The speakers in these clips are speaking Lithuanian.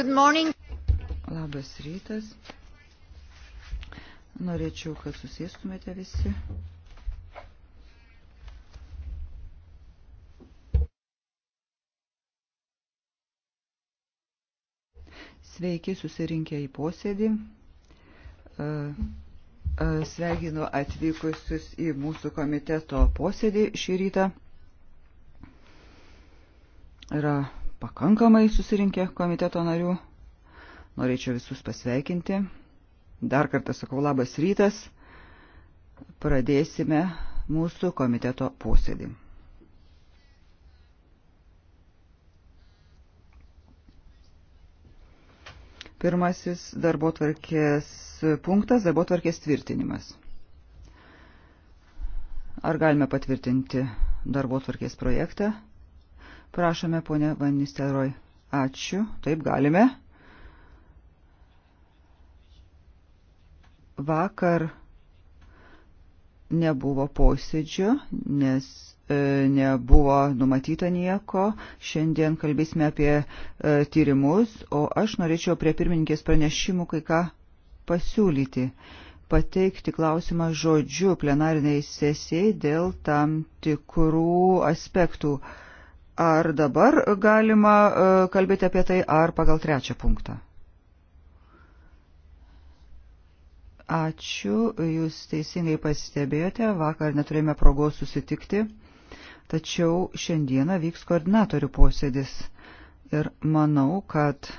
Good morning. Labas rytas. Norėčiau, kad susėstumėte visi. Sveiki susirinkę į posėdį. Sveikinu atvykusius į mūsų komiteto posėdį šį rytą. Yra pakankamai susirinkę komiteto narių. Norėčiau visus pasveikinti. Dar kartą sakau labas rytas. Pradėsime mūsų komiteto posėdį. Pirmasis darbo tvarkės punktas - darbo tvarkės tvirtinimas. Ar galime patvirtinti darbo tvarkės projektą? Prašome, ponė Vanisteroj. Ačiū, taip galime. Vakar nebuvo posėdžio, nes e, nebuvo numatyta nieko. Šiandien kalbėsime apie e, tyrimus, o aš norėčiau prie pirmininkės pranešimų kai ką pasiūlyti. Pateikti klausimą žodžiu plenariniai sesijai dėl tam tikrų aspektų. E, Ar dabar galima e, kalbėti apie tai, ar pagal trečią punktą? Ačiū, jūs teisingai pastebėjote, vakar neturėjome progos susitikti, tačiau šiandieną vyks koordinatorių posėdis ir manau, kad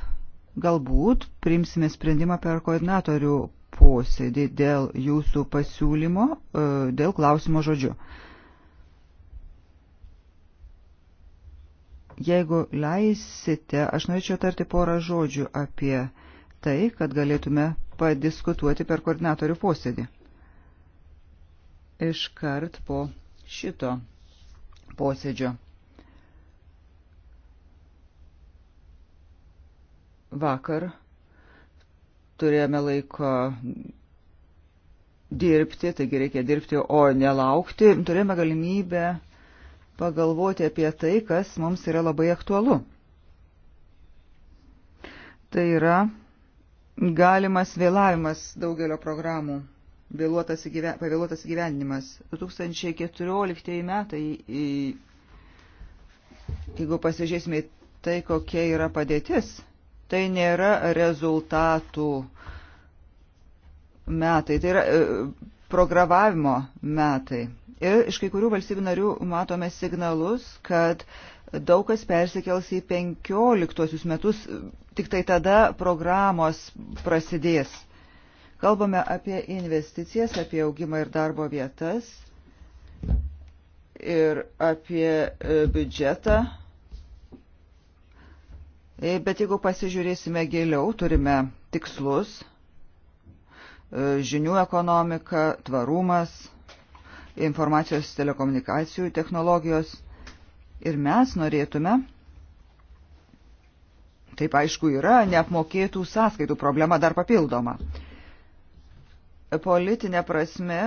galbūt primsime sprendimą per koordinatorių posėdį dėl jūsų pasiūlymo, e, dėl klausimo žodžiu. Jeigu leisite, aš norėčiau tarti porą žodžių apie tai, kad galėtume padiskutuoti per koordinatorių posėdį. Iškart po šito posėdžio. Vakar turėjome laiko dirbti, taigi reikia dirbti, o nelaukti. Turėjome galimybę pagalvoti apie tai, kas mums yra labai aktualu. Tai yra galimas vėlavimas daugelio programų, vėluotas įgyven, pavėluotas įgyvendinimas. 2014 metai, jeigu pasižiūrėsime tai, kokia yra padėtis, tai nėra rezultatų metai, tai yra e, programavimo metai. Ir iš kai kurių valstybių narių matome signalus, kad daug kas persikels į 15 metus, tik tai tada programos prasidės. Kalbame apie investicijas, apie augimą ir darbo vietas ir apie e, biudžetą. E, bet jeigu pasižiūrėsime giliau, turime tikslus, e, žinių ekonomika, tvarumas – informacijos telekomunikacijų technologijos. Ir mes norėtume, taip aišku yra, neapmokėtų sąskaitų problema dar papildoma. Politinė prasme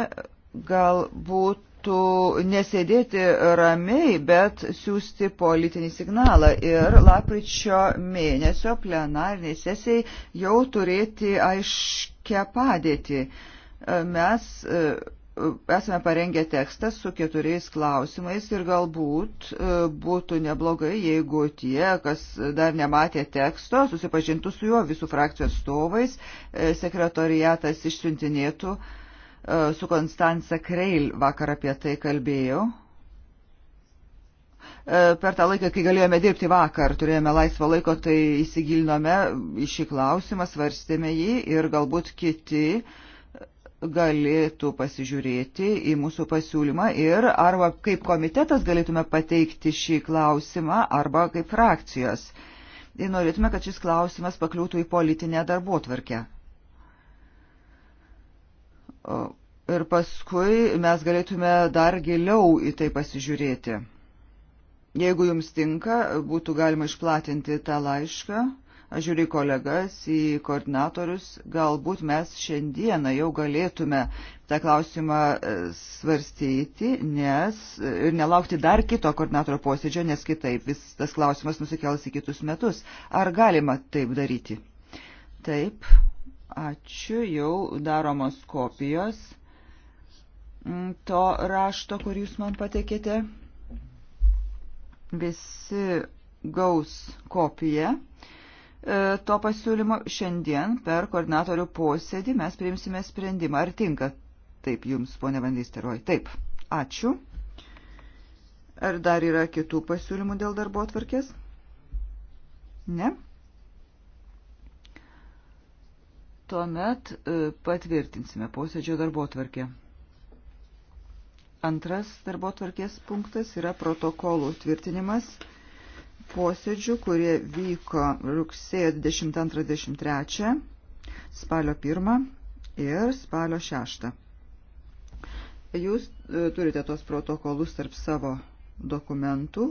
galbūt reikėtų nesėdėti ramiai, bet siūsti politinį signalą ir lapkričio mėnesio plenariniai sesijai jau turėti aiškę padėtį. Mes esame parengę tekstą su keturiais klausimais ir galbūt e, būtų neblogai, jeigu tie, kas dar nematė teksto, susipažintų su juo visų frakcijų atstovais, e, sekretoriatas išsiuntinėtų e, su Konstanca Kreil vakar apie tai kalbėjau. Per tą laiką, kai galėjome dirbti vakar, turėjome laisvo laiko, tai įsigilinome į šį klausimą, svarstėme jį ir galbūt kiti uh, galėtų pasižiūrėti į mūsų pasiūlymą ir arba kaip komitetas galėtume pateikti šį klausimą arba kaip frakcijos. Ir norėtume, kad šis klausimas pakliūtų į politinę darbo tvarkę. Ir paskui mes galėtume dar giliau į tai pasižiūrėti. Jeigu jums tinka, būtų galima išplatinti tą laišką Aš žiūriu kolegas, į koordinatorius, galbūt mes šiandieną jau galėtume tą klausimą e, svarstyti, nes e, ir nelaukti dar kito koordinatorio posėdžio, nes kitaip vis tas klausimas nusikels į kitus metus. Ar galima taip daryti? Taip, ačiū, jau daromos kopijos mm, to rašto, kur jūs man patekėte. Visi gaus kopiją. E, to pasiūlymo. Šiandien per koordinatorių posėdį mes priimsime sprendimą. Ar tinka taip jums, ponė Vandysteroj? Taip. Ačiū. Ar dar yra kitų pasiūlymų dėl darbo atvarkės? Ne? Tuomet e, patvirtinsime posėdžio darbo atvarkę. Antras darbo tvarkės punktas yra protokolų tvirtinimas posėdžių, kurie vyko rugsėjo 22-23, spalio 1 ir spalio 6. Jūs e, turite tos protokolus tarp savo dokumentų.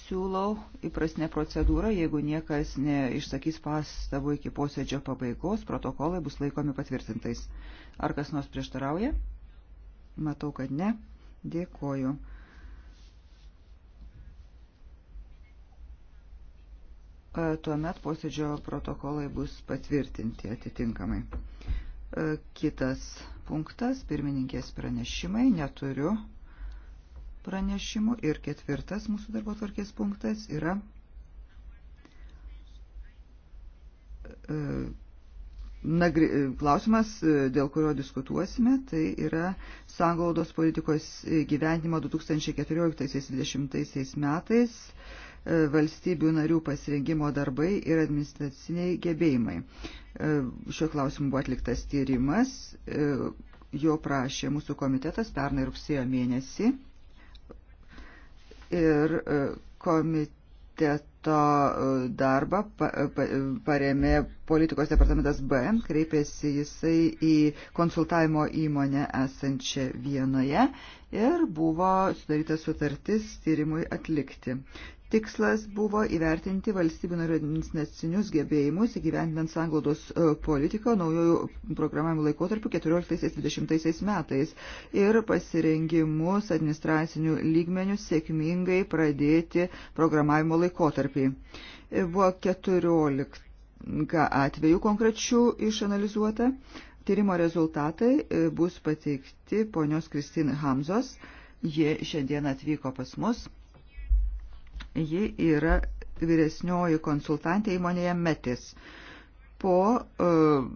Siūlau įprasnę procedūrą, jeigu niekas neišsakys pastabų iki posėdžio pabaigos, protokolai bus laikomi patvirtintais. Ar kas nors prieštarauja? Matau, kad ne. Dėkoju. E, tuomet posėdžio protokolai bus patvirtinti atitinkamai. E, kitas punktas, pirmininkės pranešimai, neturiu pranešimų. Ir ketvirtas mūsų darbo tvarkės punktas yra e, nagri, klausimas, dėl kurio diskutuosime, tai yra sanglaudos politikos gyvenimo 2014-2020 metais valstybių narių pasirengimo darbai ir administraciniai gebėjimai. E, šiuo klausimu buvo atliktas tyrimas, e, jo prašė mūsų komitetas pernai rugsėjo mėnesį ir e, komitetas to darbą paremė politikos departamentas B, kreipėsi jisai į konsultavimo įmonę esančią vienoje ir buvo sudaryta sutartis tyrimui atlikti. Tikslas buvo įvertinti valstybių narių administracinius gebėjimus įgyvendinant sanglaudos e, politiką naujojų programavimo laikotarpiu 14-20 metais ir pasirengimus administracinių lygmenių sėkmingai pradėti programavimo laikotarpį. E, buvo 14 atvejų konkrečių išanalizuota. Tyrimo rezultatai e, bus pateikti ponios Kristin Hamzos. Ji šiandien atvyko pas mus. Ji yra vyresnioji konsultantė įmonėje Metis. Po uh,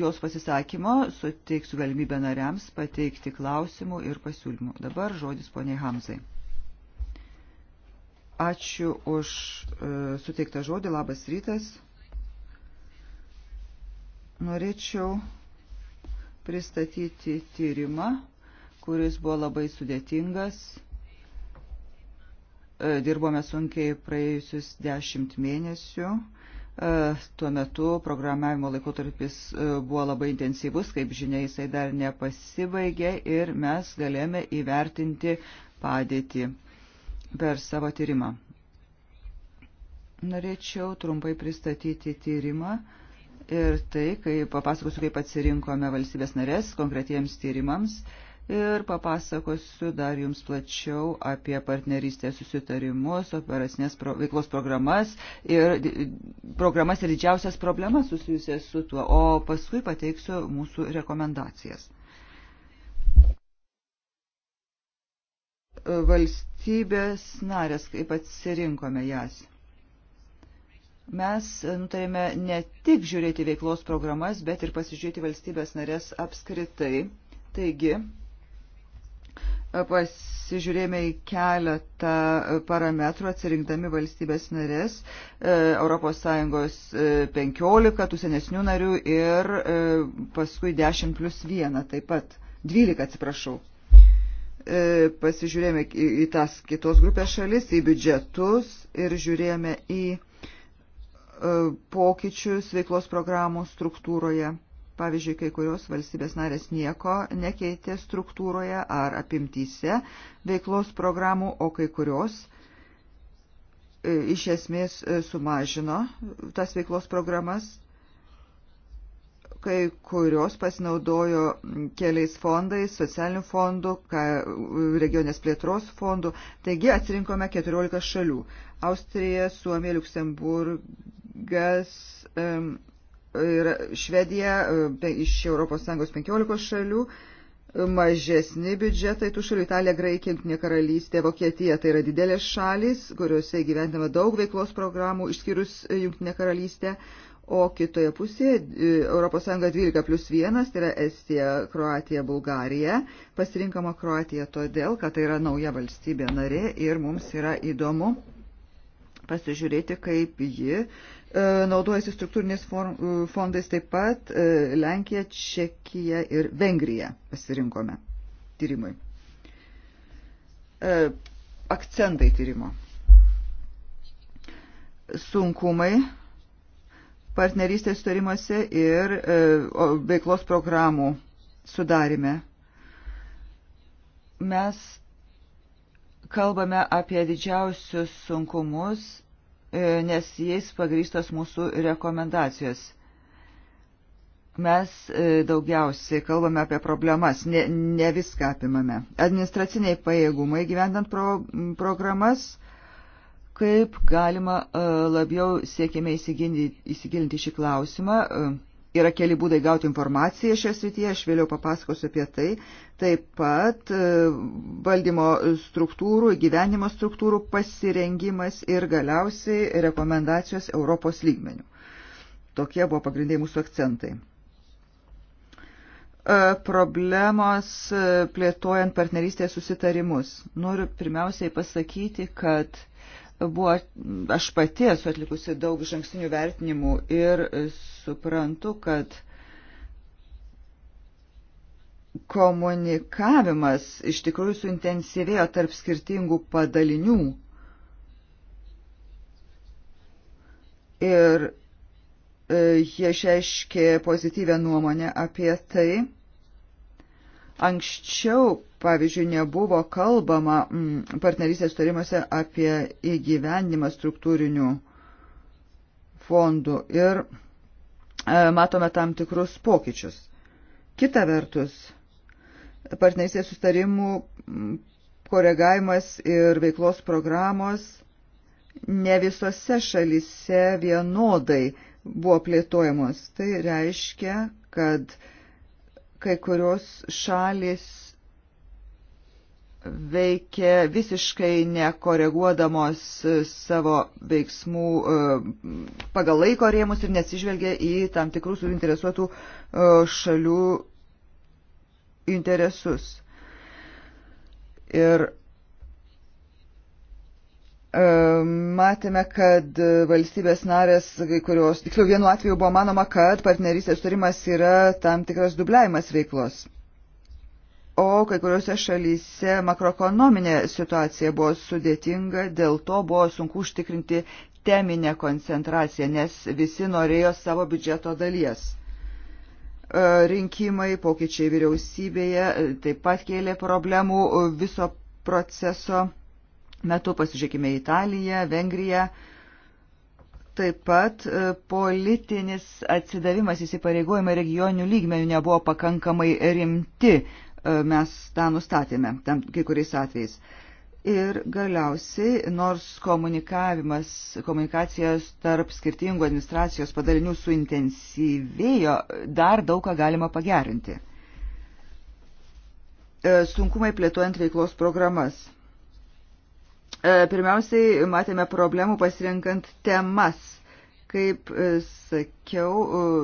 jos pasisakymo suteiksiu galimybę nariams pateikti klausimų ir pasiūlymų. Dabar žodis poniai Hamzai. Ačiū už uh, suteiktą žodį. Labas rytas. Norėčiau pristatyti tyrimą, kuris buvo labai sudėtingas E, dirbome sunkiai praėjusius dešimt mėnesių. E, tuo metu programavimo laikotarpis e, buvo labai intensyvus, kaip žinia, jisai dar nepasibaigė ir mes galėjome įvertinti padėtį per savo tyrimą. Norėčiau trumpai pristatyti tyrimą ir tai, kai papasakosiu, kaip atsirinkome valstybės narės konkretiems tyrimams. Uh, ir papasakosiu dar jums plačiau apie partnerystės susitarimus, operacinės pro, veiklos programas ir, programas ir didžiausias problemas susijusias su tuo, o paskui pateiksiu mūsų rekomendacijas. Valstybės narės, kaip atsirinkome jas mes nutarėme ne tik žiūrėti veiklos programas, bet ir pasižiūrėti valstybės narės apskritai. Taigi, pasižiūrėjome į keletą parametrų atsirinkdami valstybės narės, ES 15, e, tų senesnių narių ir e, paskui 10 plus 1 taip pat, 12 atsiprašau. E, pasižiūrėjome į tas kitos grupės šalis, į biudžetus ir žiūrėjome į pokyčius veiklos programų struktūroje Pavyzdžiui, kai kurios valstybės narės nieko nekeitė struktūroje ar apimtyse veiklos programų, o kai kurios e, iš esmės e, sumažino tas veiklos programas, kai kurios pasinaudojo keliais fondais, socialinių fondų, regionės plėtros fondų. Taigi atsirinkome 14 šalių. Austrija, Suomija, Luksemburgas, yra Švedija iš ES 15 šalių, mažesni biudžetai tų šalių Italija, Graikija, Junktinė karalystė, Vokietija. Tai yra didelės šalis, kuriuose gyvendama daug veiklos programų, išskyrus Junktinė karalystė. O kitoje pusėje ES 12 plus 1, tai yra Estija, Kroatija, Bulgarija. Pasirinkama Kroatija todėl, kad tai yra nauja valstybė narė ir mums yra įdomu pasižiūrėti, kaip ji uh, E, naudojasi struktūriniais e, fondais taip pat e, Lenkija, Čekija ir Vengrija pasirinkome tyrimui. Akcentai tyrimo. Sunkumai partnerystės sutarimuose ir veiklos programų sudarime. Mes kalbame apie didžiausius sunkumus E, nes jais pagrįstos mūsų rekomendacijos. Mes e, daugiausiai kalbame apie problemas, ne, ne viską apimame. Administraciniai pajėgumai gyvendant pro, programas, kaip galima e, labiau siekime įsigilinti šį klausimą yra keli būdai gauti informaciją šią srityje, aš vėliau papasakosiu apie tai. Taip pat e, valdymo struktūrų, gyvenimo struktūrų pasirengimas ir galiausiai rekomendacijos Europos lygmenių. Tokie buvo pagrindiniai mūsų akcentai. E, problemos e, plėtojant partnerystės susitarimus. Noriu pirmiausiai pasakyti, kad Buvo, aš pati esu atlikusi daug žangsinių vertinimų ir suprantu, kad komunikavimas iš tikrųjų suintensyvėjo tarp skirtingų padalinių. Ir e, jie išreiškė pozityvę nuomonę apie tai. Anksčiau Pavyzdžiui, nebuvo kalbama mm, partnerystės tarimuose apie įgyvendimą struktūrinių fondų ir e, matome tam tikrus pokyčius. Kita vertus, partnerystės sustarimų mm, koregavimas ir veiklos programos ne visose šalise vienodai buvo plėtojamos. Tai reiškia, kad kai kurios šalis veikia visiškai nekoreguodamos savo veiksmų e, pagal laiko rėmus ir nesižvelgia į tam tikrų suinteresuotų e, šalių interesus. Ir e, Matėme, kad valstybės narės, kurios, tiksliau vienu atveju buvo manoma, kad partnerystės turimas yra tam tikras dubliavimas veiklos o kai kuriuose šalyse makroekonominė situacija buvo sudėtinga, dėl to buvo sunku užtikrinti teminę koncentraciją, nes visi norėjo savo biudžeto dalies. E, rinkimai, pokyčiai vyriausybėje e, taip pat kėlė problemų viso proceso metu. Pasižiūrėkime Italiją, Vengriją. Taip pat e, politinis atsidavimas įsipareigojimai regioninių lygmenių nebuvo pakankamai rimti E, mes tą nustatėme tam kai kuriais atvejais. Ir galiausiai, nors komunikavimas, komunikacijos tarp skirtingų administracijos padalinių suintensyvėjo, dar daug ką galima pagerinti. E, sunkumai plėtojant veiklos programas. E, pirmiausiai matėme problemų pasirinkant temas. Kaip sakė sakiau,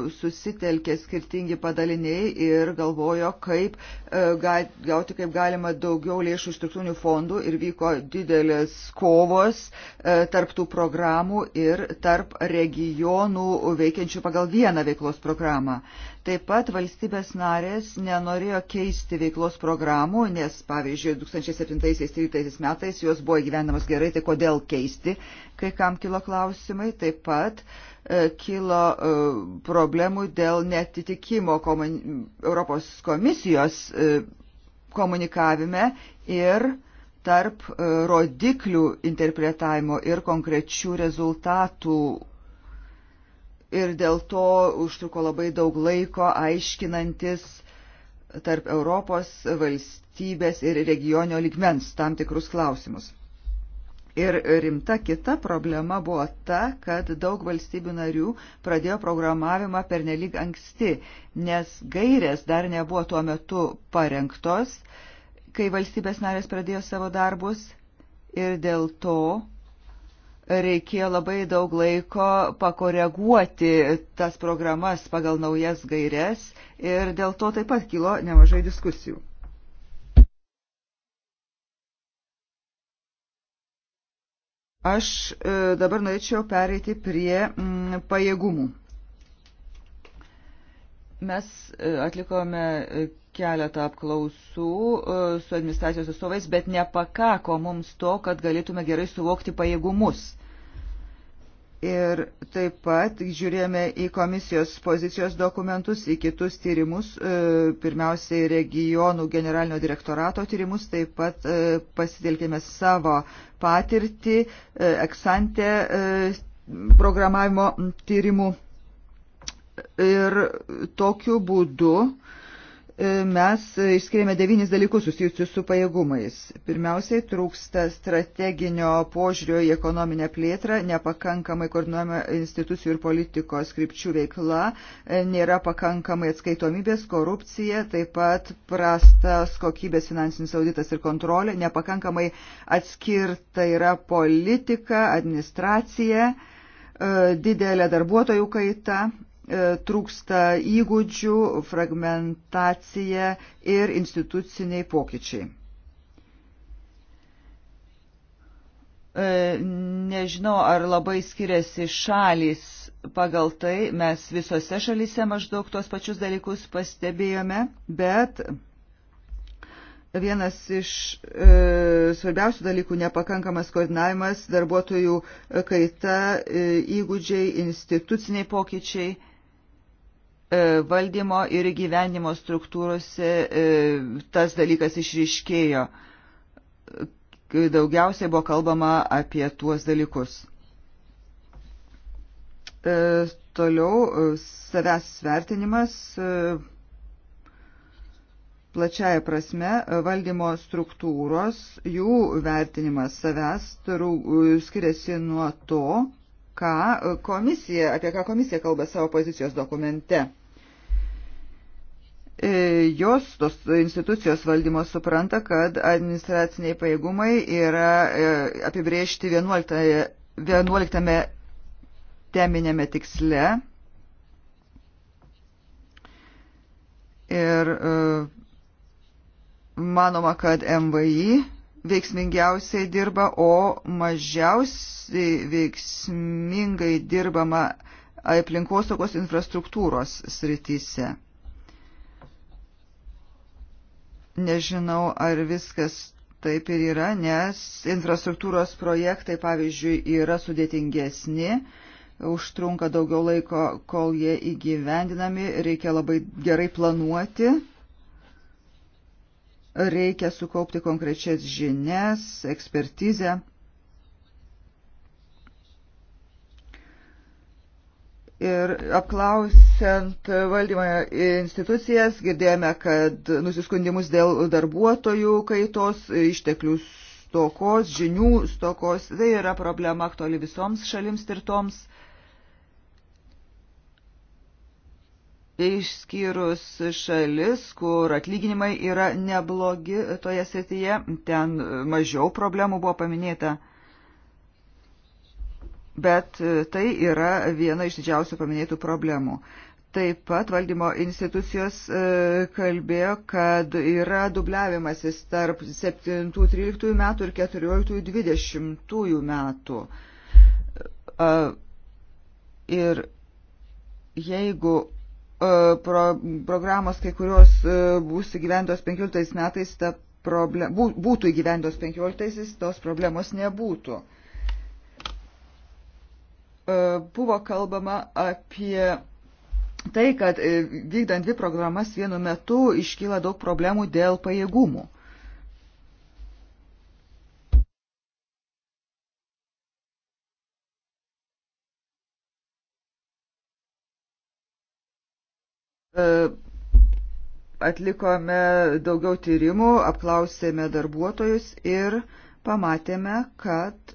e, susitelkė skirtingi padaliniai ir galvojo, kaip e, gauti kaip galima daugiau lėšų iš struktūrinių fondų ir vyko didelės kovos e, tarptų programų ir tarp regionų veikiančių pagal vieną veiklos programą. Taip pat valstybės narės nenorėjo keisti veiklos programų, nes, pavyzdžiui, 2007-2013 metais jos buvo gyvenamos gerai, tai kodėl keisti, kai kam kilo klausimai. Taip pat uh, E, kilo e, problemų dėl netitikimo komun... Europos komisijos e, komunikavime ir tarp rodiklių interpretavimo ir konkrečių rezultatų. Ir dėl to užtruko labai daug laiko aiškinantis tarp Europos valstybės ir regionio ligmens tam tikrus klausimus. Ir rimta kita problema buvo ta, kad daug valstybių narių pradėjo programavimą pernelyg anksti, nes gairės dar nebuvo tuo metu parengtos, kai valstybės narės pradėjo savo darbus ir dėl to reikėjo labai daug laiko pakoreguoti tas programas pagal naujas gairias ir dėl to taip pat kilo nemažai diskusijų. Aš e, dabar norėčiau pereiti prie m, mm, pajėgumų. Mes e, atlikome e, keletą apklausų su administracijos atstovais, bet nepakako mums to, kad galėtume gerai suvokti pajėgumus. Ir taip pat žiūrėjome į komisijos pozicijos dokumentus, į kitus tyrimus, e, pirmiausiai regionų generalinio direktorato tyrimus, taip pat e, pasitelkėme savo patirtį, e, eksante programavimo tyrimų. Ir tokiu būdu uh, E, mes išskiriame devynis dalykus susijusius su pajėgumais. Pirmiausiai, trūksta strateginio požiūrio į ekonominę plėtrą, nepakankamai koordinuojama institucijų ir politikos skripčių veikla, e, nėra pakankamai atskaitomybės, korupcija, taip pat prastas kokybės finansinis auditas ir kontrolė, nepakankamai atskirta yra politika, administracija e, didelė darbuotojų kaita E, trūksta įgūdžių, fragmentacija ir instituciniai pokyčiai. E, nežinau, ar labai skiriasi šalys pagal tai, mes visose šalyse maždaug tuos pačius dalykus pastebėjome, bet vienas iš e, svarbiausių dalykų - nepakankamas koordinavimas, darbuotojų kaita, e, įgūdžiai, instituciniai pokyčiai. E, E, valdymo ir gyvenimo struktūrose e, tas dalykas išriškėjo. Daugiausiai buvo kalbama apie tuos dalykus. E, toliau savęs svertinimas plačiaja prasme valdymo struktūros, jų vertinimas savęs skiriasi nuo to, ką komisija, apie ką komisija kalba savo pozicijos dokumente. E, jos, tos institucijos valdymo supranta, kad administraciniai pajėgumai yra e, apibriežti 11, 11 teminėme tiksle. Ir e, manoma, kad MVI veiksmingiausiai dirba, o mažiausiai veiksmingai dirbama aplinkosaugos infrastruktūros srityse. Nežinau, ar viskas taip ir yra, nes infrastruktūros projektai, pavyzdžiui, yra sudėtingesni, užtrunka daugiau laiko, kol jie įgyvendinami, reikia labai gerai planuoti reikia sukaupti konkrečias žinias, ekspertizę. Ir apklausiant valdymo institucijas, girdėjome, kad nusiskundimus dėl darbuotojų kaitos, išteklių stokos, žinių stokos, tai yra problema aktuali visoms šalims tirtoms. toms Išskyrus šalis, kur atlyginimai yra neblogi toje srityje, ten mažiau problemų buvo paminėta. Bet tai yra viena iš didžiausių paminėtų problemų. Taip pat valdymo institucijos e, kalbėjo, kad yra dubliavimasis tarp 7-13 metų ir 14-20 metų. E, ir jeigu E, pro, programos kai kurios e, bus įgyventos 15 metais, ta problem, būtų įgyventos 15, tos problemos nebūtų. E, buvo kalbama apie tai, kad vykdant dvi programas vienu metu iškyla daug problemų dėl pajėgumų. E, atlikome daugiau tyrimų, apklausėme darbuotojus ir pamatėme, kad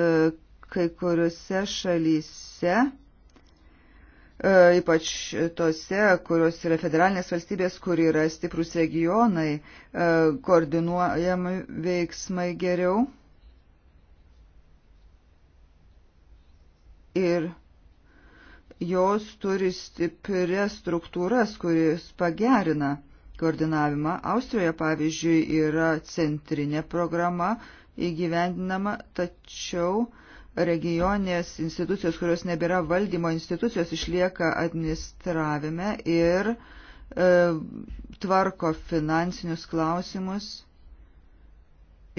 e, kai kuriuose šalyse, e, ypač tose, kurios yra federalinės valstybės, kur yra stiprus regionai, koordinuojami veiksmai geriau. Ir jos turi stiprias struktūras, kuris pagerina koordinavimą. Austrijoje, pavyzdžiui, yra centrinė programa įgyvendinama, tačiau regionės institucijos, kurios nebėra valdymo institucijos, išlieka administravime ir e, tvarko finansinius klausimus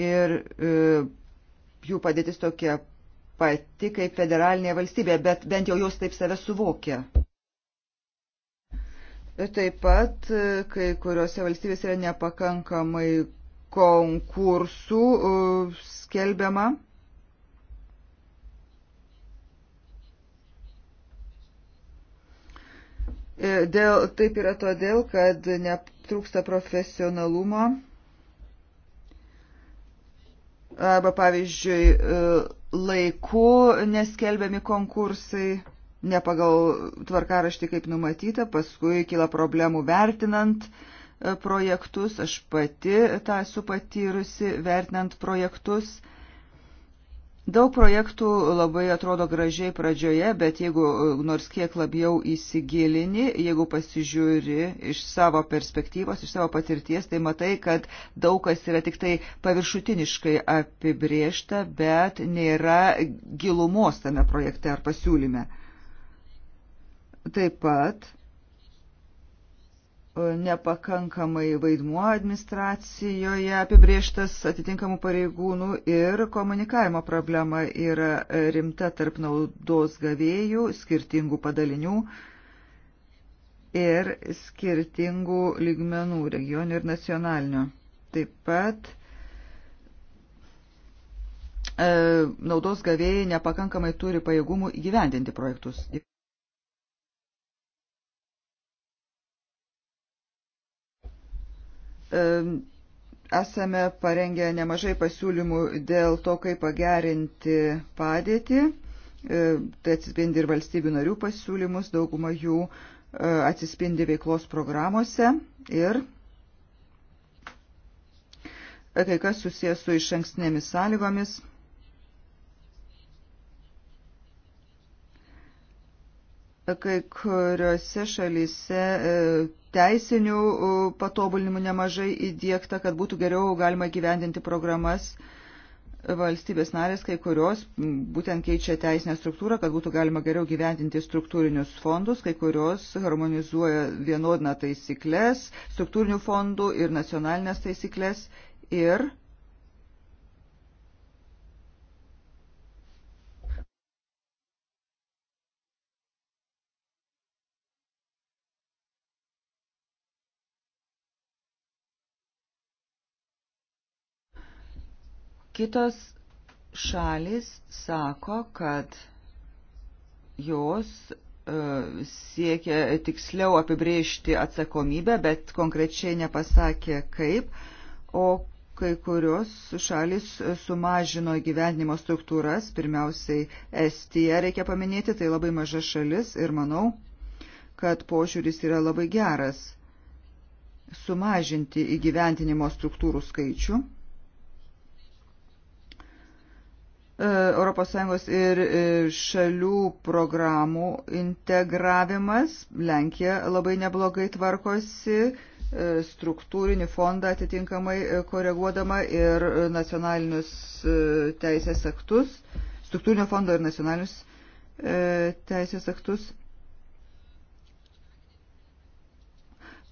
ir e, jų padėtis tokia pati kaip federalinė valstybė, bet bent jau jos taip save suvokia. Ir taip pat e, kai kuriuose valstybėse yra nepakankamai konkursų e, skelbiama. E, dėl, taip yra todėl, kad netrūksta profesionalumo arba pavyzdžiui e, laiku neskelbiami konkursai, ne pagal tvarkaraštį kaip numatyta, paskui kyla problemų vertinant e, projektus, aš pati tą esu patyrusi vertinant projektus. Daug projektų labai atrodo gražiai pradžioje, bet jeigu e, nors kiek labiau įsigilini, jeigu pasižiūri iš savo perspektyvos, iš savo patirties, tai matai, kad daug kas yra tik tai paviršutiniškai apibriešta, bet nėra gilumos tame projekte ar pasiūlyme. Taip pat nepakankamai vaidmuo administracijoje apibrieštas atitinkamų pareigūnų ir komunikavimo problema yra rimta tarp naudos gavėjų, skirtingų padalinių ir skirtingų lygmenų regionių ir nacionalinių. Taip pat e, naudos gavėjai nepakankamai turi pajėgumų įgyvendinti projektus. Esame parengę nemažai pasiūlymų dėl to, kaip pagerinti padėtį. E, tai atsispindi ir valstybių narių pasiūlymus, dauguma jų e, atsispindi veiklos programuose ir kai kas susijęs su išankstinėmis sąlygomis. kai kuriuose šalyse e, teisinių e, patobulinimų nemažai įdėkta, kad būtų geriau galima gyvendinti programas. Valstybės narės kai kurios būtent keičia teisinę struktūrą, kad būtų galima geriau gyventinti struktūrinius fondus, kai kurios harmonizuoja vienodną taisyklės, struktūrinių fondų ir nacionalinės taisyklės ir Kitos šalis sako, kad jos e, siekia tiksliau apibrėžti atsakomybę, bet konkrečiai nepasakė kaip, o kai kurios šalis sumažino gyvenimo struktūras, pirmiausiai Estija reikia paminėti, tai labai maža šalis ir manau, kad požiūris yra labai geras sumažinti įgyventinimo struktūrų skaičių E, ES ir e, šalių programų integravimas. Lenkija labai neblogai tvarkosi e, struktūrinį fondą atitinkamai koreguodama ir nacionalinius teisės aktus, struktūrinio fondo ir nacionalinius teisės aktus.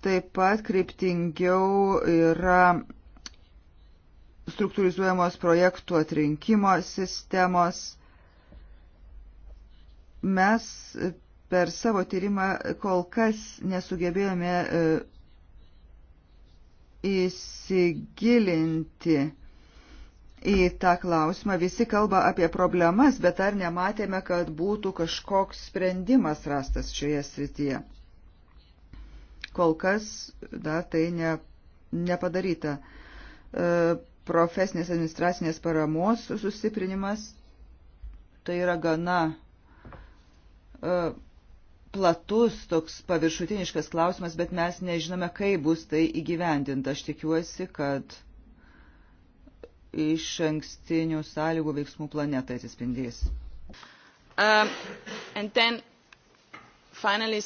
Taip pat kryptingiau yra struktūrizuojamos projektų atrinkimo sistemos. Mes per savo tyrimą kol kas nesugebėjome e, įsigilinti į tą klausimą. Visi kalba apie problemas, bet ar nematėme, kad būtų kažkoks sprendimas rastas šioje srityje. Kol kas dar tai ne, nepadaryta. E, profesinės administracinės paramos sustiprinimas. Tai yra gana e, platus toks paviršutiniškas klausimas, bet mes nežinome, kaip bus tai įgyvendinta. Aš tikiuosi, kad iš ankstinių sąlygų veiksmų planetai tai atsispindės. Um, finally...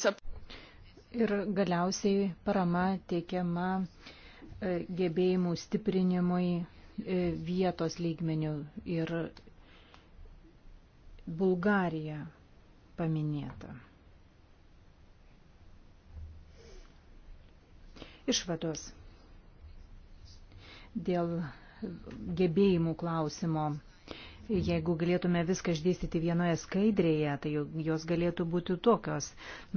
Ir galiausiai parama teikiama e, gebėjimų stiprinimui E, vietos lygmenių ir Bulgarija paminėta. Išvados dėl gebėjimų klausimo. Jeigu galėtume viską išdėstyti vienoje skaidrėje, tai jos galėtų būti tokios,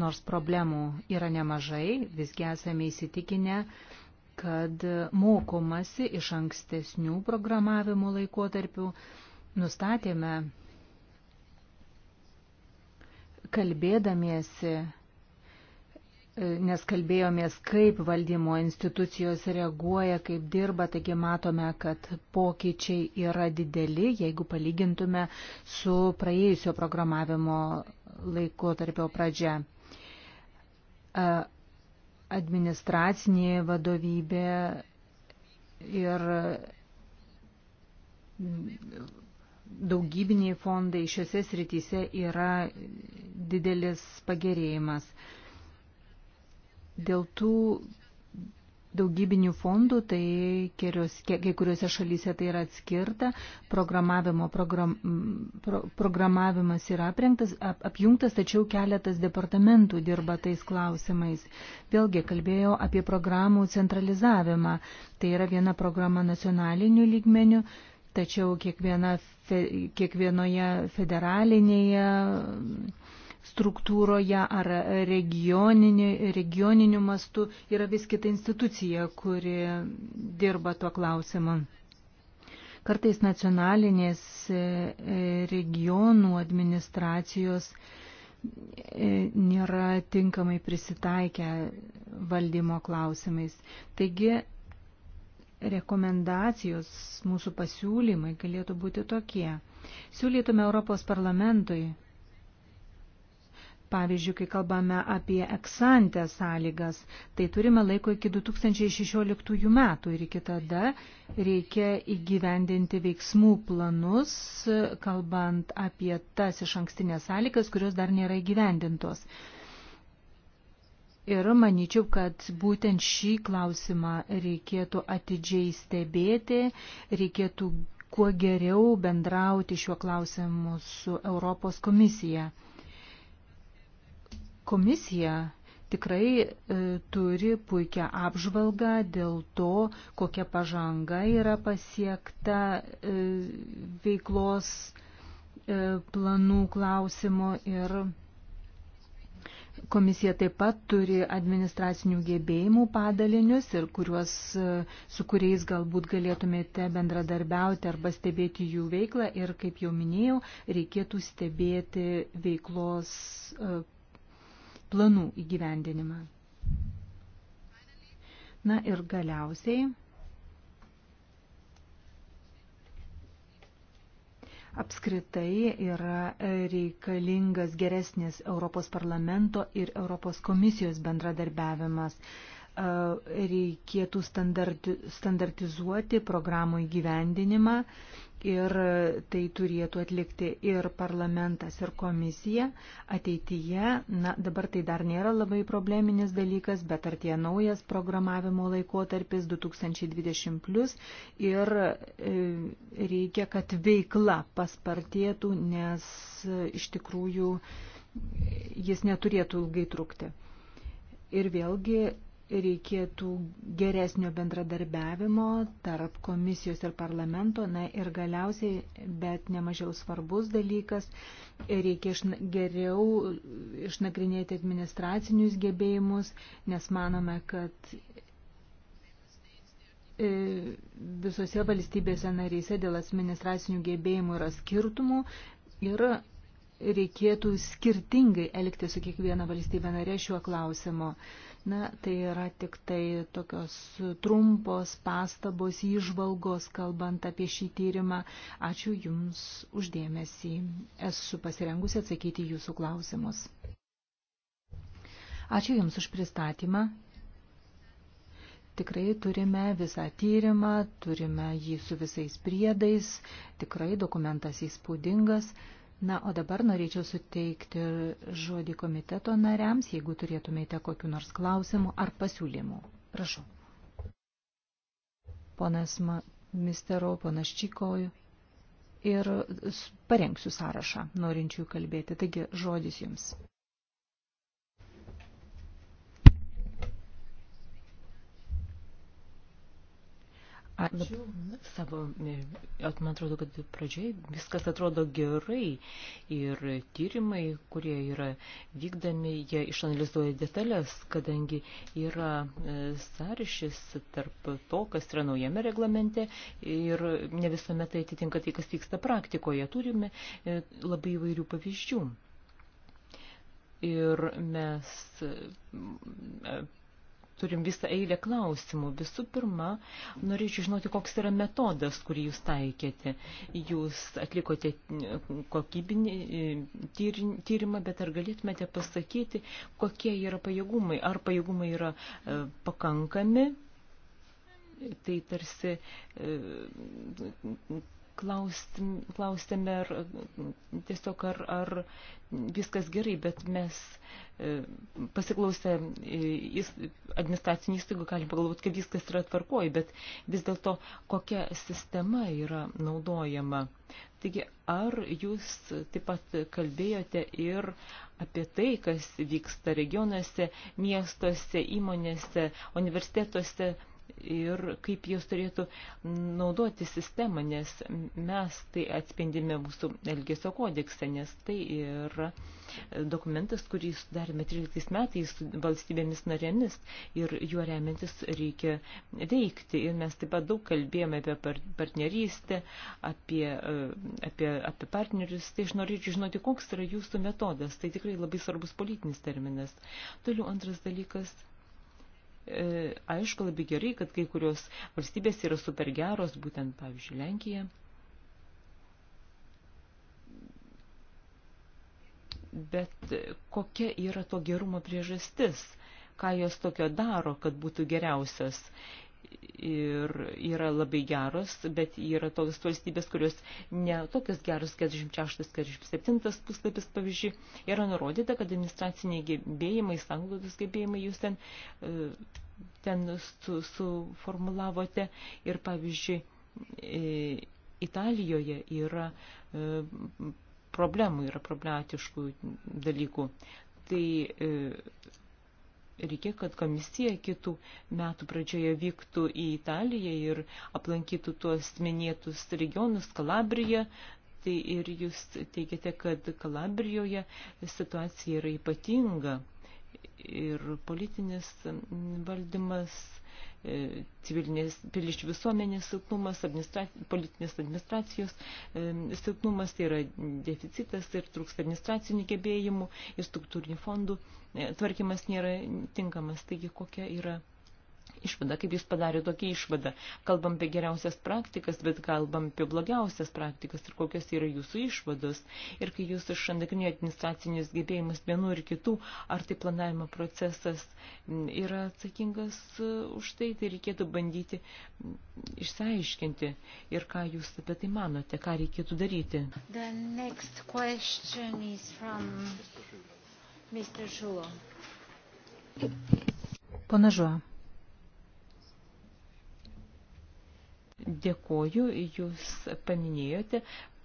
nors problemų yra nemažai, visgi esame įsitikinę, kad mokomasi iš ankstesnių programavimo laikotarpių nustatėme, kalbėdamiesi, nes kalbėjomės, kaip valdymo institucijos reaguoja, kaip dirba, taigi matome, kad pokyčiai yra dideli, jeigu palygintume su praėjusio programavimo laikotarpio pradžia administracinė vadovybė ir daugybiniai fondai šiuose srityse yra didelis pagerėjimas. Dėl tų daugybinių fondų, tai kelios, kai kuriuose šalyse tai yra atskirta, programavimo program, pro, programavimas yra aprengtas, ap, apjungtas, tačiau keletas departamentų dirba tais klausimais. Vėlgi kalbėjau apie programų centralizavimą. Tai yra viena programa nacionaliniu lygmeniu, tačiau kiekviena, fe, kiekvienoje federalinėje struktūroje ar regioniniu, regioniniu mastu yra vis kita institucija, kuri dirba tuo klausimu. Kartais nacionalinės e, regionų administracijos e, nėra tinkamai prisitaikę valdymo klausimais. Taigi rekomendacijos, mūsų pasiūlymai galėtų būti tokie. Siūlytume Europos parlamentui Pavyzdžiui, kai kalbame apie eksantę sąlygas, tai turime laiko iki 2016 metų ir iki tada reikia įgyvendinti veiksmų planus, kalbant apie tas iš ankstinės sąlygas, kurios dar nėra įgyvendintos. Ir manyčiau, kad būtent šį klausimą reikėtų atidžiai stebėti, reikėtų kuo geriau bendrauti šiuo klausimu su Europos komisija. Komisija tikrai e, turi puikią apžvalgą dėl to, kokia pažanga yra pasiekta e, veiklos e, planų klausimo ir Komisija taip pat turi administracinių gebėjimų padalinius ir kuriuos, e, su kuriais galbūt galėtumėte bendradarbiauti arba stebėti jų veiklą ir, kaip jau minėjau, reikėtų stebėti veiklos e, planų įgyvendinimą. Na ir galiausiai apskritai yra reikalingas geresnis Europos parlamento ir Europos komisijos bendradarbiavimas. Reikėtų standartizuoti programų įgyvendinimą ir tai turėtų atlikti ir parlamentas, ir komisija ateityje. Na, dabar tai dar nėra labai probleminis dalykas, bet artėja naujas programavimo laikotarpis 2020 plus ir e, reikia, kad veikla paspartėtų, nes e, iš tikrųjų jis neturėtų ilgai trukti. Ir vėlgi reikėtų geresnio bendradarbiavimo tarp komisijos ir parlamento. Na ir galiausiai, bet nemažiau svarbus dalykas, reikia išna geriau išnagrinėti administracinius gebėjimus, nes manome, kad e, visose valstybėse naryse dėl administracinių gebėjimų yra skirtumų ir reikėtų skirtingai elgti su kiekviena valstybė narė šiuo klausimu. Na, tai yra tik tai tokios trumpos pastabos, išvalgos, kalbant apie šį tyrimą. Ačiū Jums uždėmesį. Esu pasirengusi atsakyti Jūsų klausimus. Ačiū Jums už pristatymą tikrai turime visą tyrimą, turime jį su visais priedais, tikrai dokumentas įspūdingas. Na, o dabar norėčiau suteikti žodį komiteto nariams, jeigu turėtumėte kokiu nors klausimu ar pasiūlymu. Prašau. Ponas Mistero, ponas Čikoju. Ir parengsiu sąrašą norinčių kalbėti. Taigi, žodis jums. Ačiū. Savo, e, man atrodo, kad pradžiai viskas atrodo gerai ir tyrimai, kurie yra vykdami, jie išanalizuoja detalės, kadangi yra e, sąryšis tarp to, kas yra naujame reglamente ir ne visuomet tai atitinka tai, kas vyksta praktikoje. Turime e, labai įvairių pavyzdžių. Ir mes turim visą eilę klausimų. Visų pirma, norėčiau žinoti, koks yra metodas, kurį jūs taikėte. Jūs atlikote kokybinį e, tyrimą, bet ar galėtumėte pasakyti, kokie yra pajėgumai? Ar pajėgumai yra e, pakankami? Tai tarsi e, klausėme ar, tiesiog ar, ar viskas gerai, bet mes e, pasiklausę e, administracinių įstaigų galim pagalvoti, kad viskas yra tvarkoji, bet vis dėlto kokia sistema yra naudojama. Taigi, ar jūs taip pat kalbėjote ir apie tai, kas vyksta regionuose, miestuose, įmonėse, universitetuose, ir kaip jos turėtų naudoti sistemą, nes mes tai atspindime mūsų Elgesio kodekse, nes tai yra dokumentas, kurį sudarėme 13 metais su valstybėmis narėmis ir juo remiantis reikia veikti. Ir mes taip pat daug kalbėjome apie partnerystę, apie, apie, apie partnerius. Tai aš norėčiau žinoti, koks yra jūsų metodas. Tai tikrai labai svarbus politinis terminas. Toliau antras dalykas – E, aišku, labai gerai, kad kai kurios valstybės yra super geros, būtent, pavyzdžiui, Lenkija. Bet kokia yra to gerumo priežastis? Ką jos tokio daro, kad būtų geriausios? ir yra labai geros, bet yra tokios valstybės, kurios ne tokios geros, 46-47 puslapis, pavyzdžiui, yra nurodyta, kad administraciniai gebėjimai, sanglaudos gebėjimai jūs ten, e, ten su, suformulavote ir, pavyzdžiui, e, Italijoje yra e, problemų, yra problematiškų dalykų. Tai reikia, kad komisija kitų metų pradžioje vyktų į Italiją ir aplankytų tuos minėtus regionus Kalabriją. Tai ir jūs teigiate, kad Kalabrijoje situacija yra ypatinga ir politinis valdymas E, piliečių visuomenės silpnumas, administraci politinės administracijos e, silpnumas, tai yra deficitas ir trūks administracinių gebėjimų ir struktūrinių fondų e, tvarkymas nėra tinkamas. Taigi kokia yra išvadą, kaip jūs padarė tokį išvadą. Kalbam apie geriausias praktikas, bet kalbam apie blogiausias praktikas ir kokios yra jūsų išvados. Ir kai jūs išanagrinėjate administracinius gebėjimus vienų ir kitų, ar tai planavimo procesas yra atsakingas e, už tai, tai reikėtų bandyti išsiaiškinti ir ką jūs apie tai manote, ką reikėtų daryti. The next question is from Mr. Žulo. Pana Žuo. Dėkoju, jūs paminėjote,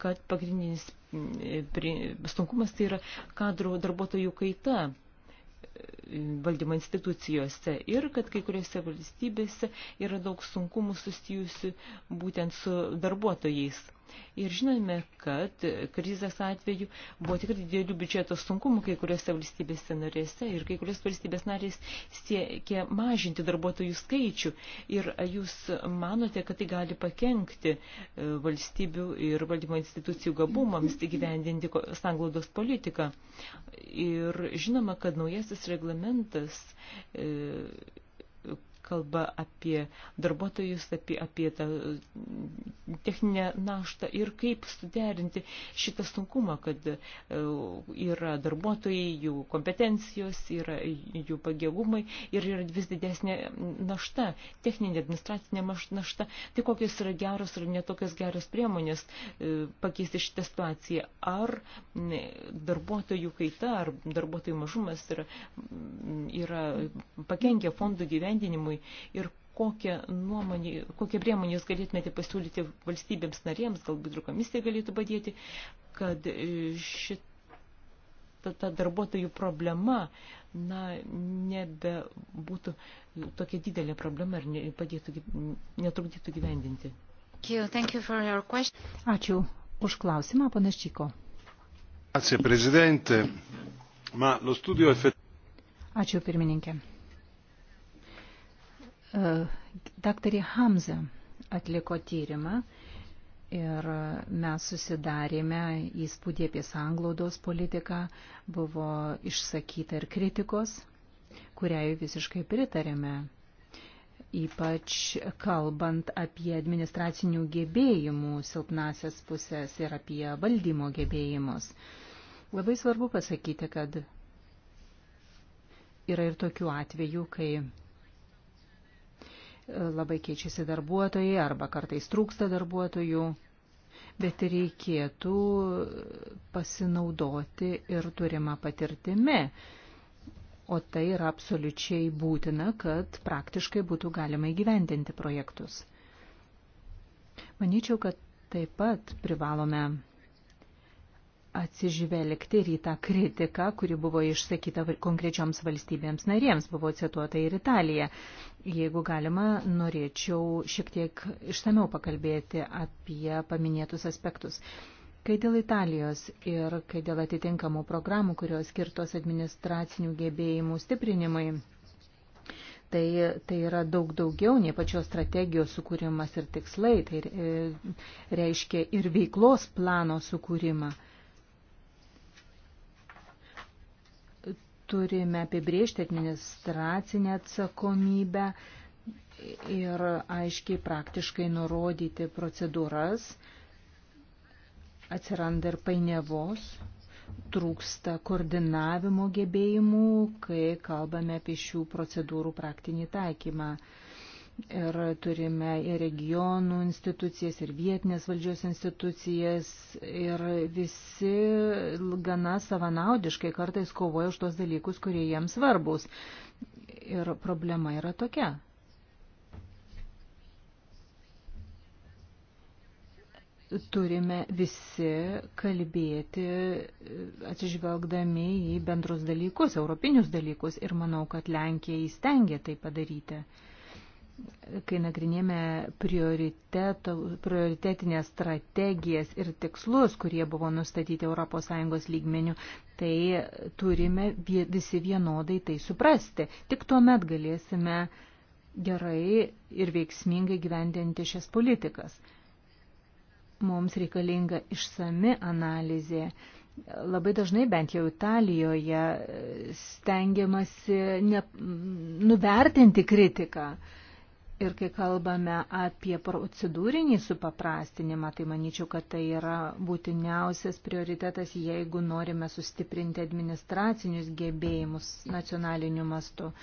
kad pagrindinis sunkumas tai yra kadrų darbuotojų kaita e, valdymo institucijose ir kad kai kuriuose valstybėse yra daug sunkumų susijusių būtent su darbuotojais ir žinome, kad krizės atveju buvo tikrai didelių biudžeto sunkumų kai kuriuose valstybėse narėse ir kai kurios valstybės narės siekia mažinti darbuotojų skaičių. Ir jūs manote, kad tai gali pakenkti e, valstybių ir valdymo institucijų gabumams įgyvendinti sanglaudos politiką. Ir žinoma, kad naujasis reglamentas e, kalba apie darbuotojus, apie, apie tą techninę naštą ir kaip suderinti šitą sunkumą, kad e, yra darbuotojai, jų kompetencijos, yra jų pagėgumai ir yra vis didesnė našta, techninė administracinė našta. Tai kokios yra geros ar netokios geros priemonės e, pakeisti šitą situaciją. Ar darbuotojų kaita, ar darbuotojų mažumas yra, yra pakenkia fondų gyvendinimui ir kokią nuomonį, kokią priemonę jūs galėtumėte pasiūlyti valstybėms narėms, galbūt ir komisija galėtų padėti, kad e, šita ta darbuotojų problema na, nebebūtų tokia didelė problema ir ne, padėtų, netrukdytų gyvendinti. Thank you for your question. Ačiū už klausimą, panas Čiko. Ačiū, prezidentė. Ma, lo studio effettivo. Ačiū pirmininkė. Daktarė Hamza atliko tyrimą ir mes susidarėme įspūdį apie sanglaudos politiką, buvo išsakyta ir kritikos, kuriai visiškai pritarėme, ypač kalbant apie administracinių gebėjimų silpnasias pusės ir apie valdymo gebėjimus. Labai svarbu pasakyti, kad yra ir tokių atvejų, kai labai keičiasi darbuotojai arba kartais trūksta darbuotojų, bet reikėtų pasinaudoti ir turimą patirtimi. O tai yra absoliučiai būtina, kad praktiškai būtų galima įgyvendinti projektus. Manyčiau, kad taip pat privalome atsižvelgti ir į tą kritiką, kuri buvo išsakyta konkrečioms valstybėms narėms, buvo cituota ir Italija. Jeigu galima, norėčiau šiek tiek išsameu pakalbėti apie paminėtus aspektus. Kai dėl Italijos ir kai dėl atitinkamų programų, kurios skirtos administracinių gebėjimų stiprinimai, tai, tai yra daug daugiau nei pačios strategijos sukūrimas ir tikslai, tai e, reiškia ir veiklos plano sukūrimą. turime apibriežti administracinę atsakomybę ir aiškiai praktiškai nurodyti procedūras. Atsiranda ir painiavos, trūksta koordinavimo gebėjimų, kai kalbame apie šių procedūrų praktinį taikymą ir turime ir regionų institucijas, ir vietinės valdžios institucijas, ir visi gana savanaudiškai kartais kovoja už tos dalykus, kurie jiems svarbus. Ir problema yra tokia. Turime visi kalbėti, atsižvelgdami į bendrus dalykus, europinius dalykus ir manau, kad Lenkija įstengė tai padaryti kai nagrinėjame prioritetinės strategijas ir tikslus, kurie buvo nustatyti ES lygmenių, tai turime visi vienodai tai suprasti. Tik tuomet galėsime gerai ir veiksmingai gyvendinti šias politikas. Mums reikalinga išsami analizė labai dažnai bent jau Italijoje stengiamasi ne, nuvertinti kritiką. Ir kai kalbame apie procedūrinį supaprastinimą, tai manyčiau, kad tai yra būtiniausias prioritetas, jeigu norime sustiprinti administracinius gebėjimus nacionaliniu mastu.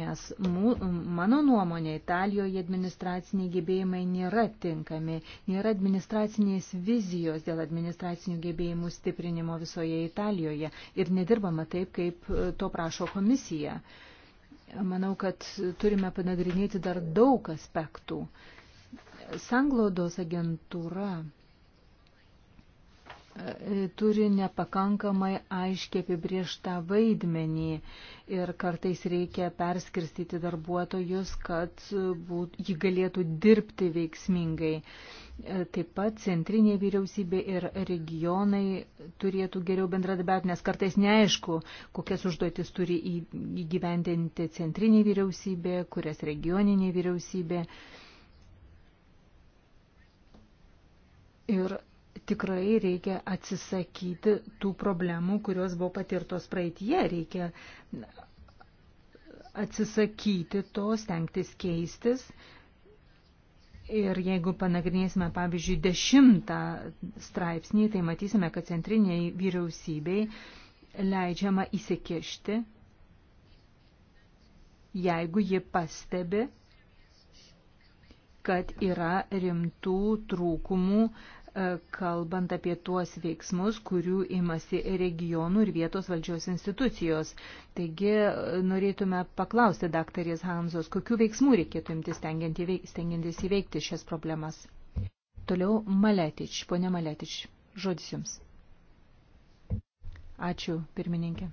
Nes mū, mano nuomonė, Italijoje administraciniai gebėjimai nėra tinkami, nėra administracinės vizijos dėl administracinių gebėjimų stiprinimo visoje Italijoje ir nedirbama taip, kaip to prašo komisija. Uh, Manau, kad turime panagrinėti dar daug aspektų. Sanglaudos agentūra turi nepakankamai aiškiai apibrieštą vaidmenį ir kartais reikia perskirstyti darbuotojus, kad būt, jį galėtų dirbti veiksmingai. Taip pat centrinė vyriausybė ir regionai turėtų geriau bendradarbiauti, nes kartais neaišku, kokias užduotis turi įgyvendinti centrinė vyriausybė, kurias regioninė vyriausybė. Ir tikrai reikia atsisakyti tų problemų, kurios buvo patirtos praeitie. Reikia atsisakyti to, stengtis keistis. Ir jeigu panagrinėsime, pavyzdžiui, dešimtą straipsnį, tai matysime, kad centriniai vyriausybei leidžiama įsikišti, jeigu ji pastebi, kad yra rimtų trūkumų E, kalbant apie tuos veiksmus, kurių imasi regionų ir vietos valdžios institucijos. Taigi e, norėtume paklausti daktarės Hamzos, kokiu veiksmu reikėtų imtis stengiantis įveikti šias problemas. Toliau Maletič, ponia Maletič, žodis jums. Ačiū, pirmininkė.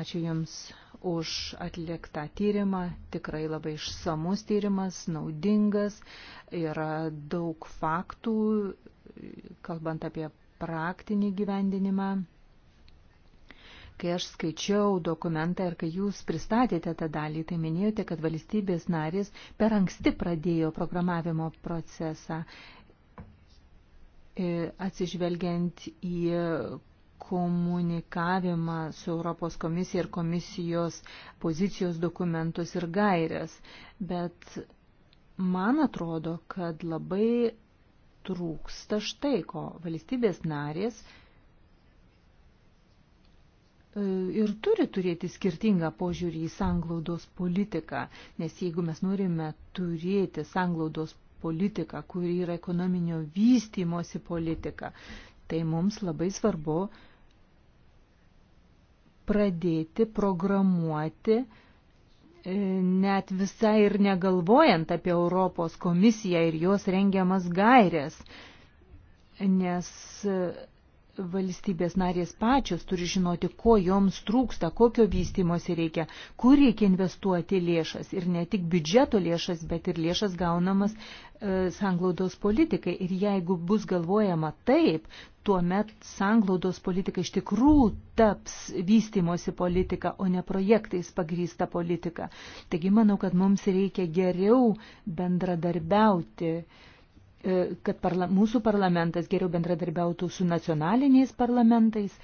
Ačiū Jums už atliktą tyrimą. Tikrai labai išsamus tyrimas, naudingas. Yra daug faktų, kalbant apie praktinį gyvendinimą. Kai aš skaičiau dokumentą ir kai jūs pristatėte tą dalį, tai minėjote, kad valstybės narės per anksti pradėjo programavimo procesą e, atsižvelgiant į komunikavimą su Europos komisija ir komisijos pozicijos dokumentus ir gairias. Bet man atrodo, kad labai trūksta štai ko valstybės narės e, ir turi turėti skirtingą požiūrį į sanglaudos politiką, nes jeigu mes norime turėti sanglaudos politiką, kuri yra ekonominio vystymosi politika, tai mums labai svarbu uh, pradėti programuoti e, net visai ir negalvojant apie Europos komisiją ir jos rengiamas gairės, nes valstybės narės pačios turi žinoti, ko joms trūksta, kokio vystimosi reikia, kur reikia investuoti lėšas ir ne tik biudžeto lėšas, bet ir lėšas gaunamas e, sanglaudos politikai. Ir jeigu bus galvojama taip, tuomet sanglaudos politika iš tikrųjų taps vystimosi politika, o ne projektais pagrįsta politika. Taigi manau, kad mums reikia geriau bendradarbiauti E, kad parla mūsų parlamentas geriau bendradarbiautų su nacionaliniais parlamentais,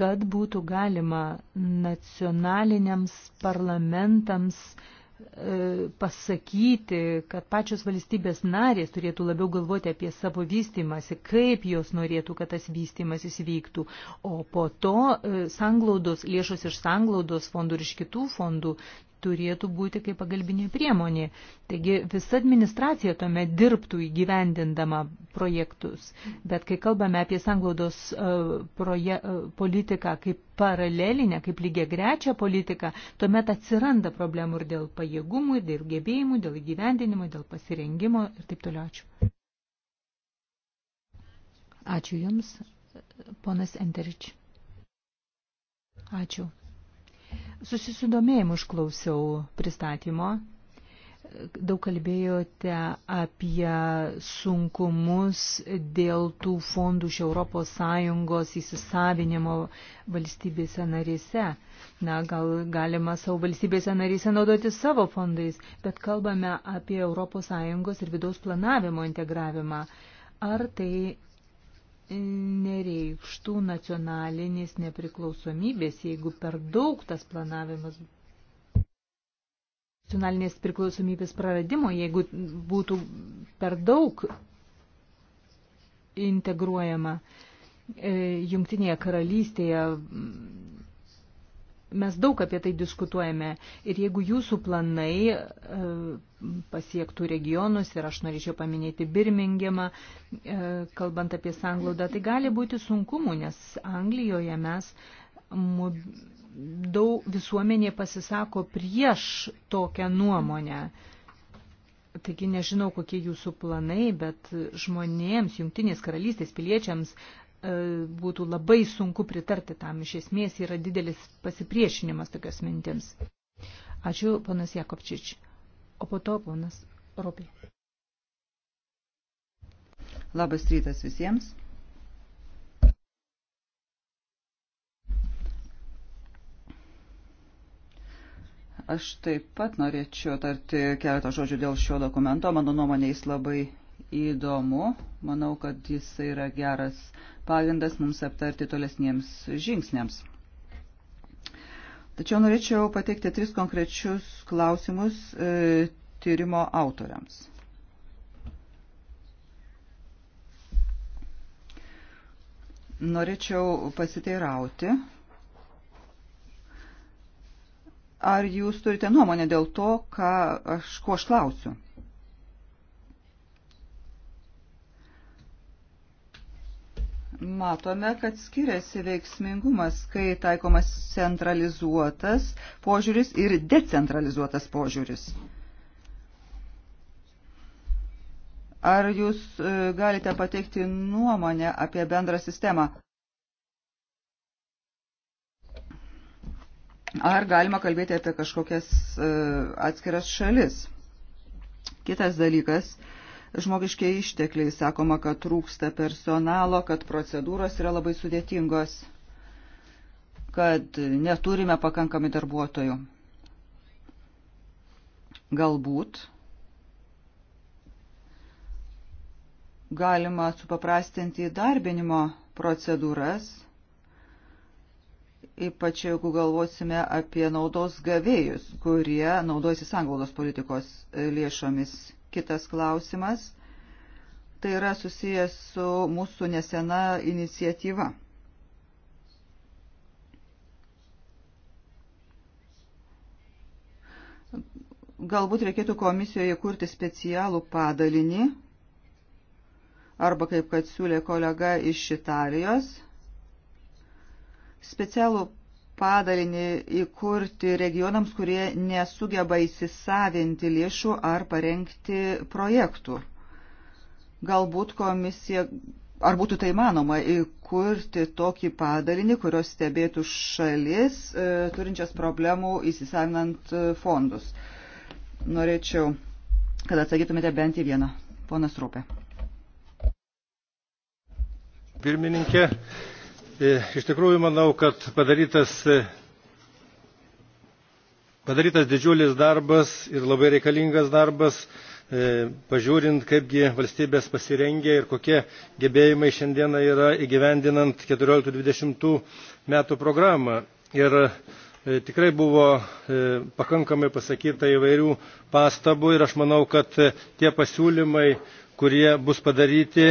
kad būtų galima nacionaliniams parlamentams e, pasakyti, kad pačios valstybės narės turėtų labiau galvoti apie savo vystimąsi, kaip jos norėtų, kad tas vystimasis vyktų, o po to e, sanglaudos, lėšos iš sanglaudos fondų ir iš kitų fondų turėtų būti kaip pagalbinė priemonė. Taigi visa administracija tuomet dirbtų įgyvendindama projektus. Bet kai kalbame apie sanglaudos e, proje, e, politiką kaip paralelinę, kaip lygiai grečią politiką, tuomet atsiranda problemų ir dėl pajėgumų, ir dėl gebėjimų, dėl įgyvendinimo, dėl pasirengimo ir taip toliau. Ačiū. Ačiū Jums, ponas Enterič. Ačiū. Susisidomėjimu išklausiau pristatymo. Daug kalbėjote apie sunkumus dėl tų fondų iš ES įsisavinimo valstybėse narėse. Na, gal galima savo valstybėse narėse naudoti savo fondais, bet kalbame apie ES ir vidaus planavimo integravimą. Ar tai nereikštų nacionalinės nepriklausomybės, jeigu per daug tas planavimas nacionalinės priklausomybės praradimo, jeigu būtų per daug integruojama e, jungtinėje karalystėje mes daug apie tai diskutuojame. Ir jeigu jūsų planai e, pasiektų regionus, ir aš norėčiau paminėti Birmingemą, e, kalbant apie sanglaudą, tai gali būti sunkumų, nes Anglijoje mes daug visuomenė pasisako prieš tokią nuomonę. Taigi nežinau, kokie jūsų planai, bet žmonėms, jungtinės karalystės piliečiams E, būtų labai sunku pritarti tam. Iš esmės yra didelis pasipriešinimas tokios mintims. Ačiū, ponas Jakovčič. O po to ponas Ropė. Labas rytas visiems. Aš taip pat norėčiau tarti keletą žodžių dėl šio dokumento. Mano nuomonė jis labai įdomu. Manau, kad jis yra geras pagrindas mums aptarti tolesniems žingsniams. Tačiau norėčiau pateikti tris konkrečius klausimus e, tyrimo autoriams. Norėčiau pasiteirauti, ar jūs turite nuomonę dėl to, ką aš, ko aš klausiu. Matome, kad skiriasi veiksmingumas, kai taikomas centralizuotas požiūris ir decentralizuotas požiūris. Ar jūs e, galite pateikti nuomonę apie bendrą sistemą? Ar galima kalbėti apie kažkokias e, atskiras šalis? Kitas dalykas. Uh, žmogiškiai ištekliai. Sakoma, kad trūksta personalo, kad procedūros yra labai sudėtingos, kad neturime pakankamai darbuotojų. Galbūt galima supaprastinti įdarbinimo procedūras, ypač jeigu galvosime apie naudos gavėjus, kurie naudojasi sanglaudos politikos lėšomis Kitas klausimas tai yra susijęs su mūsų nesena iniciatyva. Galbūt reikėtų komisijoje kurti specialų padalinį, arba kaip kad siūlė kolega iš Italijos, specialų padalinį įkurti regionams, kurie nesugeba įsisavinti lėšų ar parengti projektų. Galbūt komisija, ar būtų tai manoma, įkurti tokį padalinį, kurios stebėtų šalis e, turinčias problemų įsisavinant e, fondus. Norėčiau, kad atsakytumėte bent į vieną. Ponas Rūpė. Pirmininkė, E, iš tikrųjų manau, kad padarytas, e, padarytas didžiulis darbas ir labai reikalingas darbas, e, pažiūrint, kaipgi valstybės pasirengia ir kokie gebėjimai šiandieną yra įgyvendinant 14-20 metų programą. Ir tikrai buvo pakankamai pasakyta įvairių pastabų ir aš manau, kad tie pasiūlymai kurie bus padaryti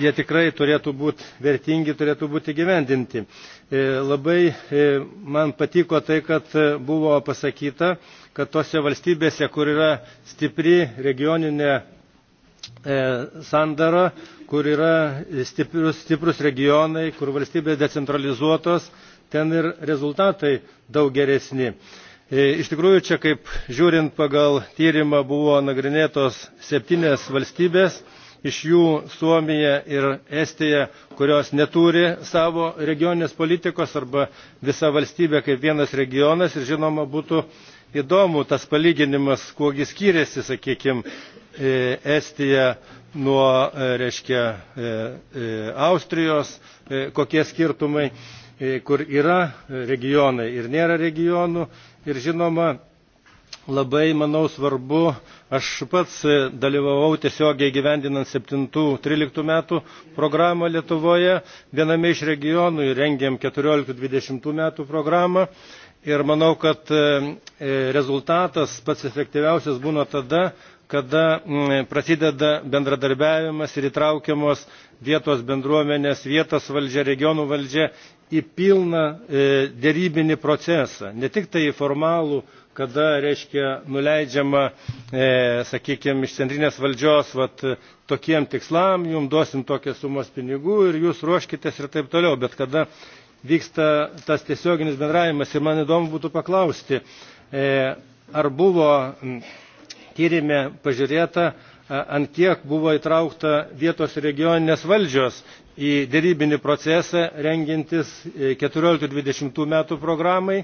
jie tikrai turėtų būti vertingi turėtų būti įgyvendinti. E, labai e, man patiko tai kad buvo pasakyta kad tose valstybėse kur yra stipri regioninė e, sandara kur yra stiprus, stiprus regionai kur valstybės decentralizuotos ten ir rezultatai daug geresni. E, iš tikrųjų čia kaip žiūrint pagal tyrimą buvo nagrinėtos septynios valstybės iš jų suomija ir estija kurios neturi savo regioninės politikos arba visa valstybė kaip vienas regionas ir žinoma būtų įdomu tas palyginimas kuo gi skiriasi sakykime estija nuo e, reiškia e, austrijos kokie skirtumai kur yra regionai ir nėra regionų ir žinoma labai manau svarbu aš pats dalyvavau tiesiogiai įgyvendinant septintų tryliktų metų programą lietuvoje viename iš regionų ir rengėm keturioliktų dvidešimtų metų programą ir manau kad e, e, rezultatas pats efektyviausias būna tada kada prasideda bendradarbiavimas ir įtraukiamos vietos bendruomenės vietos valdžia regionų valdžia į pilną e, dėrybinį procesą ne tik tai į formalų kada reiškia nuleidžiama e, sakykime iš centrinės valdžios vat tokiem tikslam jums duosim tokias sumas pinigų ir jūs ruoškitės ir taip toliau bet kada vyksta tas tiesioginis bendravimas ir man įdomu būtų paklausti e, ar buvo tyrime pažiūrėta ant kiek buvo įtraukta vietos regioninės valdžios į dėrybinį procesą rengiantis 14-20 e, metų programai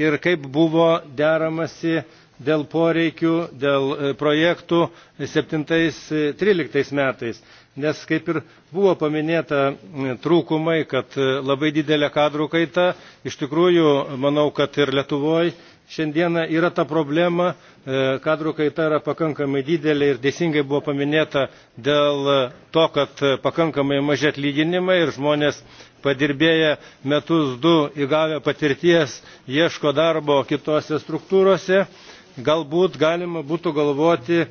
ir kaip buvo deramasi dėl poreikių, dėl e, projektų 7-13 e, metais. Nes kaip ir buvo paminėta trūkumai, kad labai didelė kadrų kaita, iš tikrųjų manau, kad ir Lietuvoje šiandieną yra ta problema e, kadrų kaita yra pakankamai didelė ir teisingai buvo paminėta dėl to kad pakankamai maži atlyginimai ir žmonės padirbėję metus du įgavę patirties ieško darbo kitose struktūrose galbūt galima būtų galvoti e,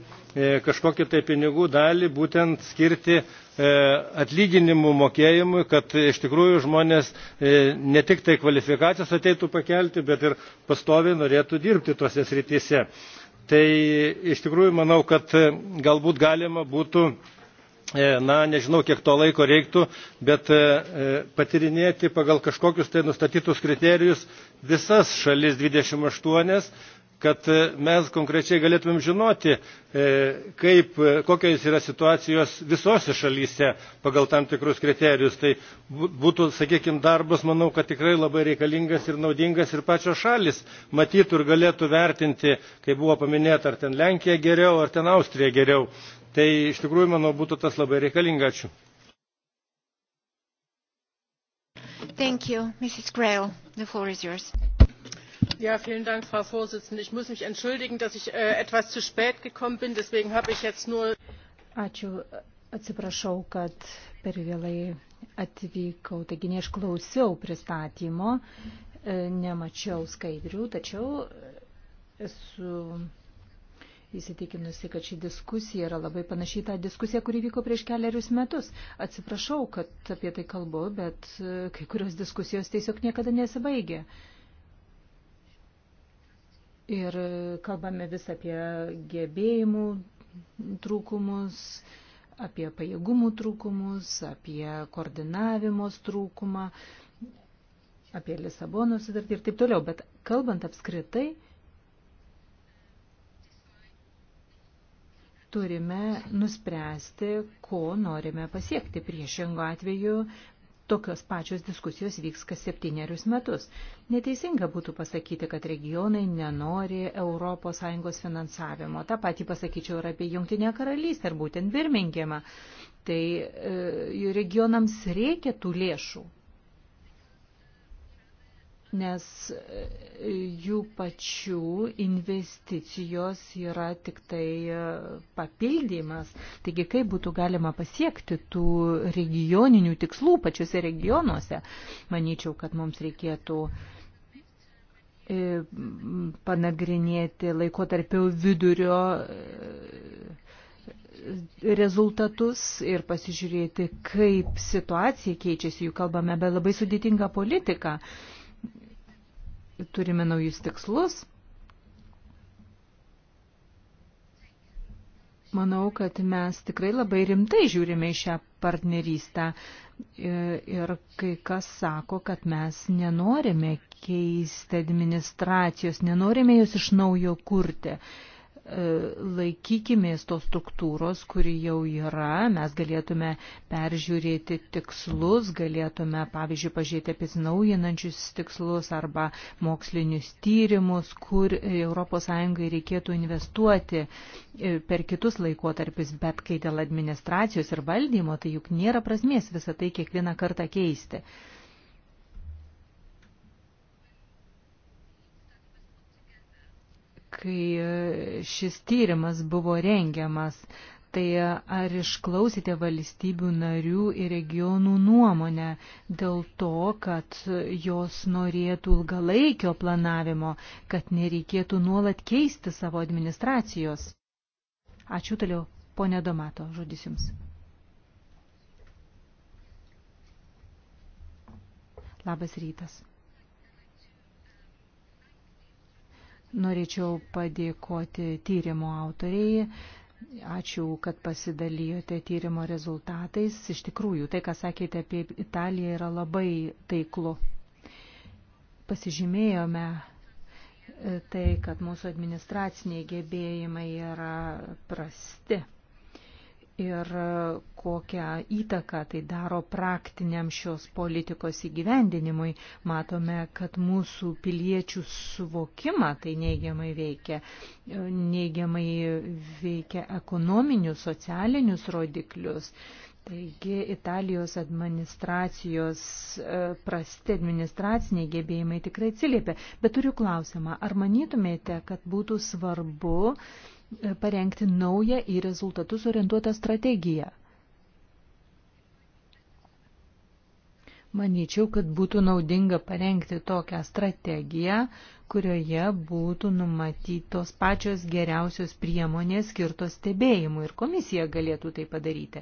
kažkokią tai pinigų dalį būtent skirti E, atlyginimų mokėjimui kad iš tikrųjų žmonės e, ne tik tai kvalifikacijos ateitų pakelti bet ir pastoviai norėtų dirbti tose srityse. tai iš tikrųjų manau kad galbūt galima būtų e, na nežinau kiek to laiko reiktų bet patyrinėti pagal kažkokius tai nustatytus kriterijus visas šalis dvidešimt aštuonias kad e, mes konkrečiai galėtumėm žinoti, e, kaip, e, kokios yra situacijos visose šalyse pagal tam tikrus kriterijus. Tai būtų, sakykime, darbas, manau, kad tikrai labai reikalingas ir naudingas ir pačios šalis matytų ir galėtų vertinti, kaip buvo paminėta, ar ten Lenkija geriau, ar ten Austrija geriau. Tai iš tikrųjų, manau, būtų tas labai reikalinga. Ačiū. Thank you. Mrs. Grail, the floor is yours. Ja, Dank, frau präsidentin! ich muss mich entschuldigen dass ich äh, etwas zu spät gekommen bin deswegen habe ich jetzt nur. ačiū atsiprašau kad per vėlai atvykau taigi neišklausiau pristatymo e, nemačiau skaidrių tačiau esu įsitikinusi, kad ši diskusija yra labai panaši į tą diskusiją, kuri vyko prieš keliarius metus. Atsiprašau, kad apie tai kalbu, bet e, kai kurios diskusijos tiesiog niekada nesibaigė. Uh, Ir kalbame vis apie gebėjimų trūkumus, apie pajėgumų trūkumus, apie koordinavimo trūkumą, apie Lisabono sutartį ir taip toliau. Bet kalbant apskritai, turime nuspręsti, ko norime pasiekti. Priešingo atveju tokios pačios diskusijos vyks kas septynerius metus. Neteisinga būtų pasakyti, kad regionai nenori ES finansavimo. Ta pati pasakyčiau ir apie Jungtinę karalystę, ar būtent Birmingemą. Tai e, regionams reikia tų lėšų nes e, jų pačių investicijos yra tik tai e, papildymas. Taigi, kaip būtų galima pasiekti tų regioninių tikslų pačiuose regionuose, manyčiau, kad mums reikėtų e, panagrinėti laikotarpio vidurio rezultatus ir pasižiūrėti, kaip situacija keičiasi, juk kalbame apie labai sudėtingą politiką turime naujus tikslus. Manau, kad mes tikrai labai rimtai žiūrime į šią partnerystę e, ir kai kas sako, kad mes nenorime keisti administracijos, nenorime jos iš naujo kurti. E, laikykimės tos struktūros, kuri jau yra, mes galėtume peržiūrėti tikslus, galėtume, pavyzdžiui, pažiūrėti apie atsinaujinančius tikslus arba mokslinius tyrimus, kur ES reikėtų investuoti e, per kitus laikotarpius, bet kai dėl administracijos ir valdymo, tai juk nėra prasmės visą tai kiekvieną kartą keisti. kai e, šis tyrimas buvo rengiamas. Tai e, ar išklausėte valstybių narių ir regionų nuomonę dėl to, kad jos norėtų ilgalaikio planavimo, kad nereikėtų nuolat keisti savo administracijos? Ačiū toliau, ponė Domato, žodis jums. Labas rytas. Norėčiau padėkoti tyrimo autoriai. Ačiū, kad pasidalijote tyrimo rezultatais. Iš tikrųjų, tai, ką sakėte apie Italiją, yra labai taiklu. Pasižymėjome e, tai, kad mūsų administraciniai gebėjimai yra prasti ir kokią įtaką tai daro praktiniam šios politikos įgyvendinimui. Matome, kad mūsų piliečių suvokimą tai neigiamai veikia. Neigiamai veikia ekonominius, socialinius rodiklius. Taigi Italijos administracijos e, prasti administraciniai gebėjimai tikrai atsiliepia. Bet turiu klausimą, ar manytumėte, kad būtų svarbu parengti naują į rezultatus orientuotą strategiją. Manyčiau, kad būtų naudinga parengti tokią strategiją, kurioje būtų numatytos pačios geriausios priemonės skirtos stebėjimui ir komisija galėtų tai padaryti.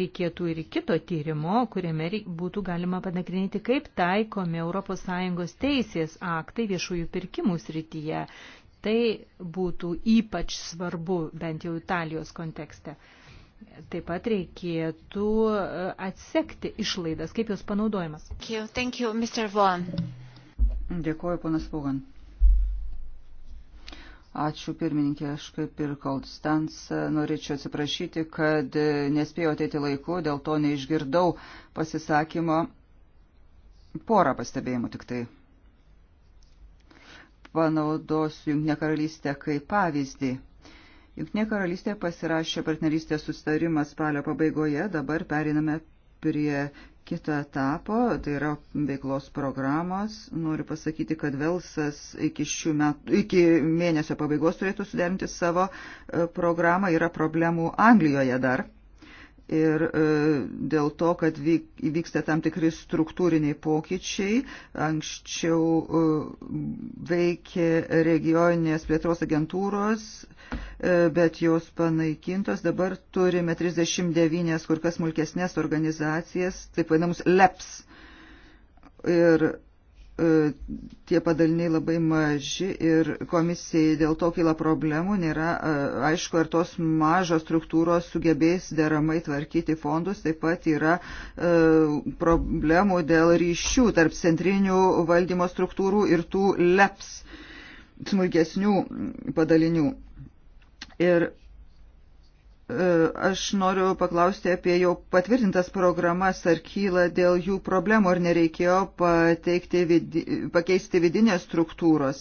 Reikėtų ir kito tyrimo, kuriame būtų galima panagrinėti, kaip taikomi ES teisės aktai viešųjų pirkimų srityje Tai būtų ypač svarbu, bent jau Italijos kontekste. Taip pat reikėtų e, atsekti išlaidas, kaip jos panaudojimas. Thank you, thank you, Mr. Vaughan. Dėkuoju, ponas Vaughan. Ačiū pirmininkė, aš kaip ir Konstans e, norėčiau atsiprašyti, kad e, nespėjau ateiti laiku, dėl to neišgirdau pasisakymo. Porą pastebėjimų tik tai panaudosiu Junktinę karalystę kaip pavyzdį. Junktinė karalystė pasirašė partnerystės sustarimą spalio pabaigoje, dabar periname prie kito etapo, tai yra veiklos programos. Noriu pasakyti, kad Velsas iki, metų, iki mėnesio pabaigos turėtų suderinti savo e, programą. Yra problemų Anglijoje dar ir e, dėl to, kad vyksta tam tikri struktūriniai pokyčiai. Anksčiau e, veikė regioninės plėtros agentūros, e, bet jos panaikintos. Dabar turime 39 kur kas smulkesnės organizacijas, taip vadinamus LEPS. Ir E, tie padaliniai labai maži ir komisijai dėl to kyla problemų, nėra e, aišku, ar tos mažos struktūros sugebės deramai tvarkyti fondus, taip pat yra e, problemų dėl ryšių tarp centrinių valdymo struktūrų ir tų leps smulkesnių padalinių. Ir E, aš noriu paklausti apie jau patvirtintas programas, ar kyla dėl jų problemų, ar nereikėjo vidi, pakeisti vidinės struktūros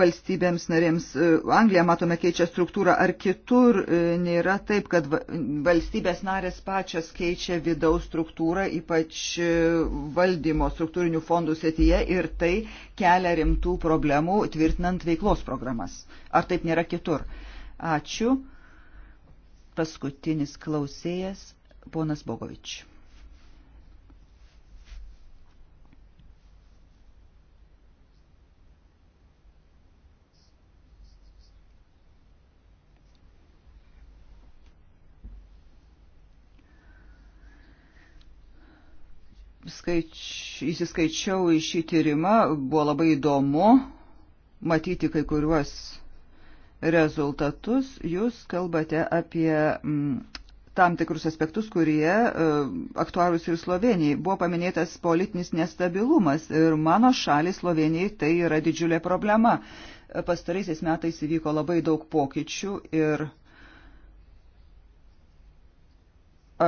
valstybėms narėms. E, Anglija, matome, keičia struktūrą, ar kitur e, nėra taip, kad valstybės narės pačios keičia vidaus struktūrą, ypač valdymo struktūrinių fondų setyje ir tai kelia rimtų problemų tvirtinant veiklos programas. Ar taip nėra kitur? Ačiū paskutinis klausėjas, ponas Bogovič. skaič, įsiskaičiau į šį tyrimą, buvo labai įdomu matyti kai kuriuos rezultatus, jūs kalbate apie m, mm, tam tikrus aspektus, kurie e, aktuarūs ir Slovenijai. Buvo paminėtas politinis nestabilumas ir mano šaliai Slovenijai tai yra didžiulė problema. E, pastaraisiais metais įvyko labai daug pokyčių ir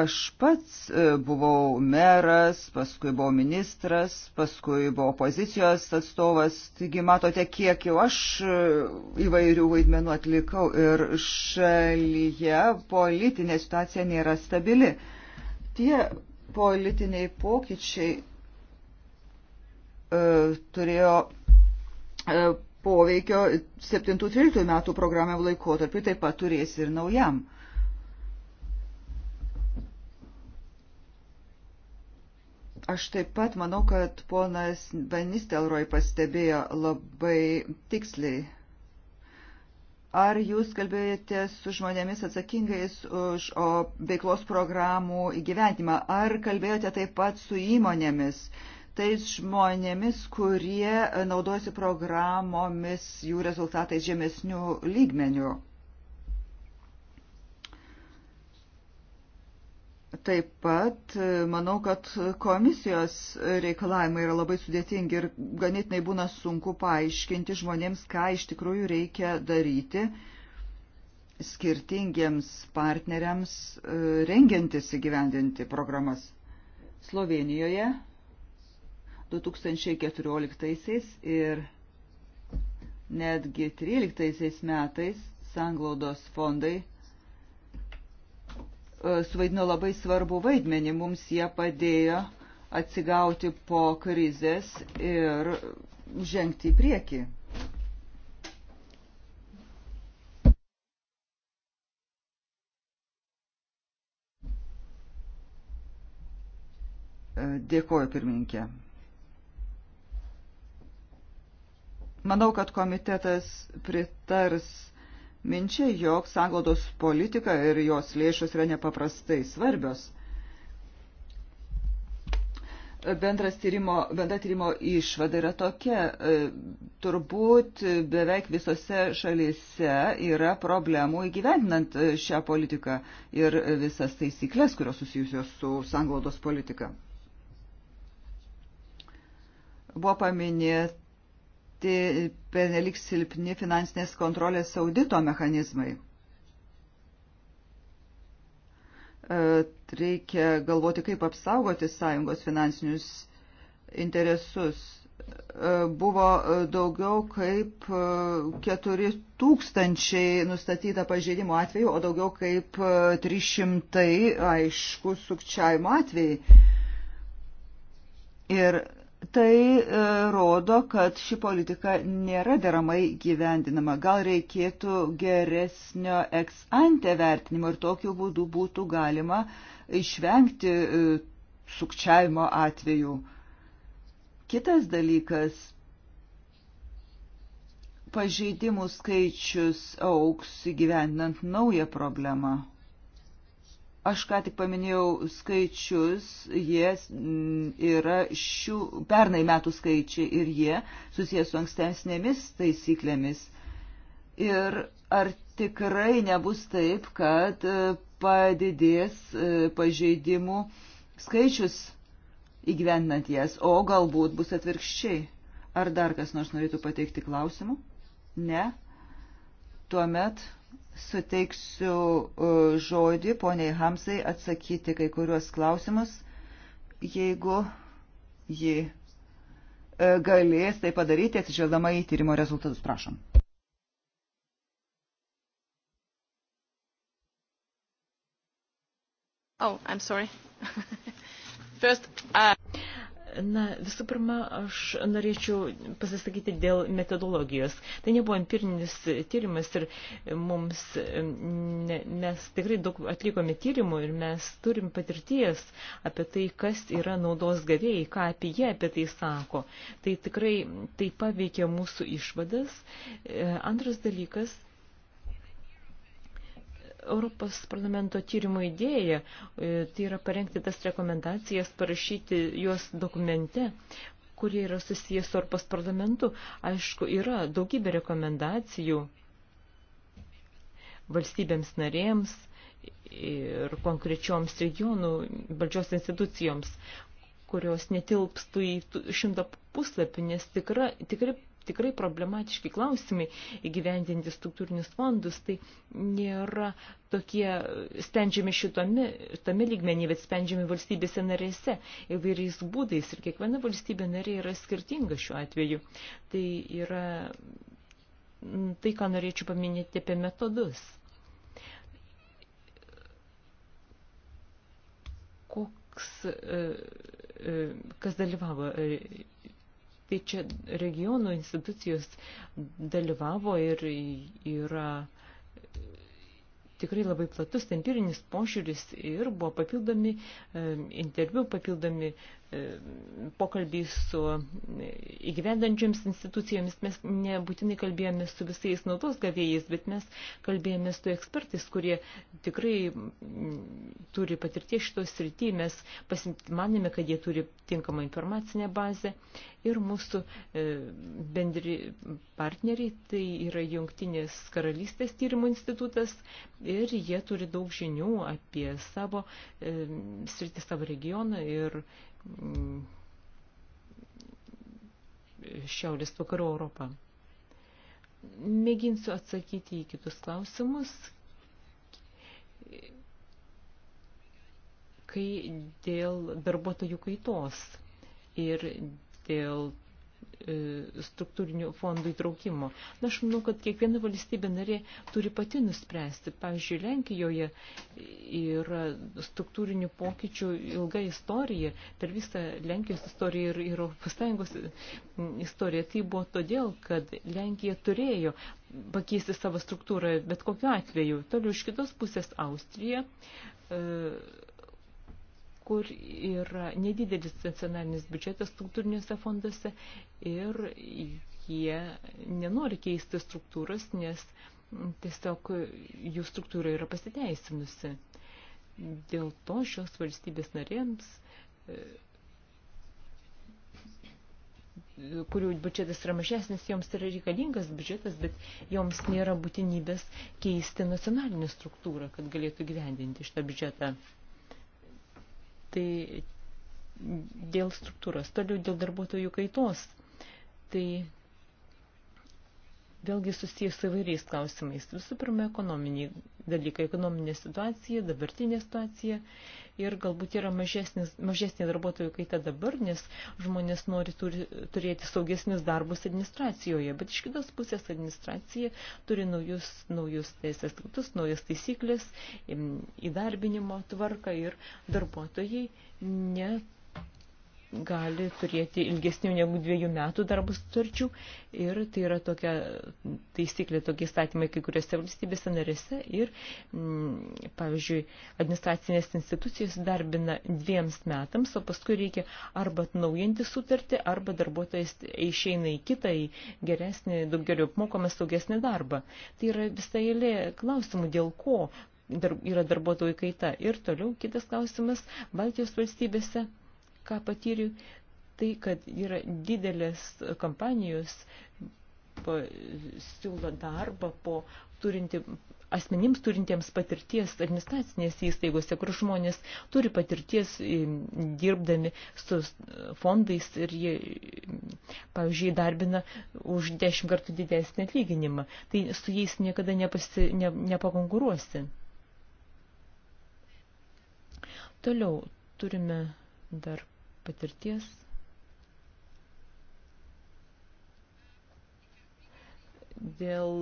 Aš pats e, buvau meras, paskui buvau ministras, paskui buvau opozicijos atstovas, taigi matote, kiek jau aš e, įvairių vaidmenų atlikau ir šalyje politinė situacija nėra stabili. Tie politiniai pokyčiai e, turėjo poveikio 7-13 metų programų laikotarpiu, taip pat turės ir naujam. Aš taip pat manau, kad ponas Banistelroj pastebėjo labai tiksliai. Ar jūs kalbėjote su žmonėmis atsakingais už o, veiklos programų įgyventimą? Ar kalbėjote taip pat su įmonėmis, tais žmonėmis, kurie naudojasi programomis jų rezultatais žemesnių lygmenių? Taip pat e, manau, kad komisijos reikalavimai yra labai sudėtingi ir ganėtinai būna sunku paaiškinti žmonėms, ką iš tikrųjų reikia daryti skirtingiems partneriams e, rengiantis įgyvendinti programas. Slovenijoje 2014 ir netgi 2013 metais sanglaudos fondai E, suvaidino labai svarbu vaidmenį. Mums jie padėjo atsigauti po krizės ir žengti į priekį. E, dėkoju pirminkė. Manau, kad komitetas pritars minčiai, jog sanglaudos politika ir jos lėšos yra nepaprastai svarbios. Bendras tyrimo, bendra tyrimo išvada yra tokia, e, turbūt beveik visose šalyse yra problemų įgyvendinant e, šią politiką ir visas taisyklės, kurios susijusios su sanglaudos politika. Buvo paminėta pernelik silpni finansinės kontrolės audito mechanizmai. E, reikia galvoti, kaip apsaugoti sąjungos finansinius interesus. E, buvo daugiau kaip 4 e, tūkstančiai nustatyta pažeidimo atveju, o daugiau kaip 300 aišku sukčiavimo atvejai. Ir Tai e, rodo, kad ši politika nėra deramai gyvendinama. Gal reikėtų geresnio ex ante vertinimo ir tokiu būdu būtų galima išvengti e, sukčiavimo atvejų. Kitas dalykas - pažeidimų skaičius auks įgyvendinant naują problemą. Aš ką tik paminėjau skaičius, jie yra šių pernai metų skaičiai ir jie susijęs su ankstesnėmis taisyklėmis. Ir ar tikrai nebus taip, kad e, padidės e, pažeidimų skaičius įgyvendinant jas, o galbūt bus atvirkščiai. Ar dar kas nors norėtų pateikti klausimų? Ne. Tuomet suteiksiu e, žodį poniai Hamsai atsakyti kai kuriuos klausimus, jeigu ji e, galės tai padaryti atsižvelgdama į tyrimo rezultatus. Prašom. Oh, I'm sorry. First, uh... Na, visų pirma, aš norėčiau pasisakyti dėl metodologijos. Tai nebuvo empirinis tyrimas ir mums, mes tikrai daug atlikome tyrimų ir mes turim patirties apie tai, kas yra naudos gavėjai, ką apie jie apie tai sako. Tai tikrai tai paveikia mūsų išvadas. E, antras dalykas, Europos parlamento tyrimo idėja, e, tai yra parengti tas rekomendacijas, parašyti juos dokumente, kurie yra susijęs su Europos parlamentu. Aišku, yra daugybė rekomendacijų valstybėms narėms ir konkrečioms regionų valdžios institucijoms, kurios netilpstų į šimtą puslapį, nes tikra, tikrai tikrai problematiški klausimai įgyvendinti struktūrinius fondus, tai nėra tokie sprendžiami šitame tame lygmenį, bet sprendžiami valstybėse narėse įvairiais būdais ir kiekviena valstybė narė yra skirtinga šiuo atveju. Tai yra tai, ką norėčiau paminėti apie metodus. Koks, e, e, kas dalyvavo e, Tai čia regionų institucijos dalyvavo ir yra tikrai labai platus empirinis požiūris ir buvo papildomi interviu, papildomi pokalbį su įgyvendančiams institucijomis, mes nebūtinai kalbėjome su visais naudos gavėjais, bet mes kalbėjome su ekspertais, kurie tikrai mm, turi patirties šitos srityje, mes pasimanėme, kad jie turi tinkamą informacinę bazę ir mūsų e, bendri partneriai, tai yra Jungtinės karalystės tyrimų institutas ir jie turi daug žinių apie savo e, sritį, savo regioną ir Mm, šiaurės vakarų Europą. Mėginsiu atsakyti į kitus klausimus, kai dėl darbuotojų kaitos ir dėl E, struktūrinių fondų įtraukimo. Na, aš manau, kad kiekviena valstybė narė turi pati nuspręsti. Pavyzdžiui, Lenkijoje yra struktūrinių pokyčių ilga istorija, per visą Lenkijos istoriją ir Europos Sąjungos istoriją. Tai buvo todėl, kad Lenkija turėjo pakeisti savo struktūrą, bet kokiu atveju. Toliau iš kitos pusės Austrija. E, kur yra nedidelis nacionalinis biudžetas struktūriniuose fonduose ir jie nenori keisti struktūros, nes tiesiog jų struktūra yra pasiteisinusi. Dėl to šios valstybės narėms, kurių biudžetas yra mažesnis, joms yra reikalingas biudžetas, bet joms nėra būtinybės keisti nacionalinę struktūrą, kad galėtų gyvendinti šitą biudžetą. Tai dėl struktūros. Toliau dėl darbuotojų kaitos. Tai vėlgi susijęs su įvairiais klausimais. Visų pirma, ekonominiai dalykai, ekonominė situacija, dabartinė situacija ir galbūt yra mažesnis, mažesnė darbuotojų kaita dabar, nes žmonės nori turi, turėti saugesnius darbus administracijoje, bet iš kitos pusės administracija turi naujus, naujus teisės aktus, naujas taisyklės, įdarbinimo tvarką ir darbuotojai net gali turėti ilgesnių negu dviejų metų darbo sutarčių ir tai yra tokia taisyklė, tokie įstatymai kai kuriuose valstybėse narėse ir, m, mm, pavyzdžiui, administracinės institucijos darbina dviems metams, o paskui reikia arba atnaujinti sutartį, arba darbuotojas išeina į kitą, į geresnį, daug geriau apmokomą, saugesnį darbą. Tai yra visai eilė klausimų, dėl ko dar, yra darbuotojų kaita. Ir toliau kitas klausimas Baltijos valstybėse ką patyriu, tai, kad yra didelės kompanijos siūlo darbą po turinti asmenims turintiems patirties administracinės įstaigose, kur žmonės turi patirties dirbdami su fondais ir jie, pavyzdžiui, darbina už dešimt kartų didesnį atlyginimą. Tai su jais niekada nepasi, ne, nepakonkuruosi. Toliau turime dar patirties. Dėl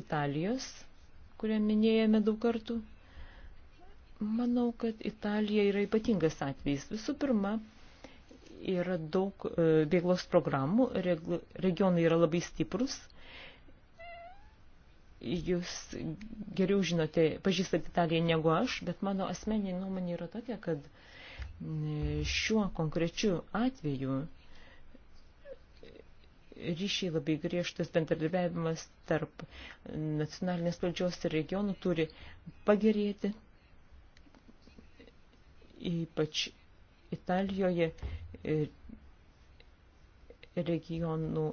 Italijos, kurią minėjome daug kartų, manau, kad Italija yra ypatingas atvejis. Visų pirma, yra daug e, veiklos programų, regionai yra labai stiprus jūs geriau žinote, pažįstate Italiją negu aš, bet mano asmeninė nuomonė yra tokia, kad e, šiuo konkrečiu atveju ryšiai labai griežtas bendradarbiavimas tarp nacionalinės valdžios ir regionų turi pagerėti, ypač Italijoje e, regionų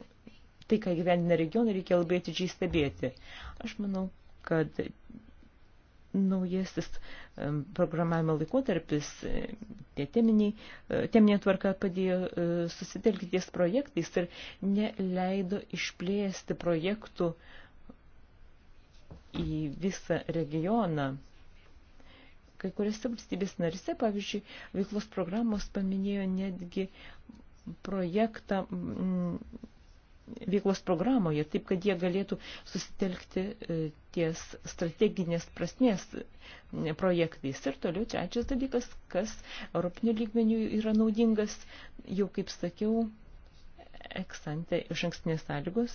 tai, ką gyvendina regionai, reikia labai atidžiai stebėti. Aš manau, kad naujasis programavimo laikotarpis, e, tie teminiai, e, teminė tvarka padėjo e, susitelkti ties projektais ir neleido išplėsti projektų į visą regioną. Kai kuriuose valstybės narise, pavyzdžiui, veiklos programos paminėjo netgi projektą veiklos programoje, taip kad jie galėtų susitelkti e, ties strateginės prasmės projektais. Ir toliau trečias dalykas, kas Europinių lygmenių yra naudingas, jau kaip sakiau, eksante iš ankstinės sąlygos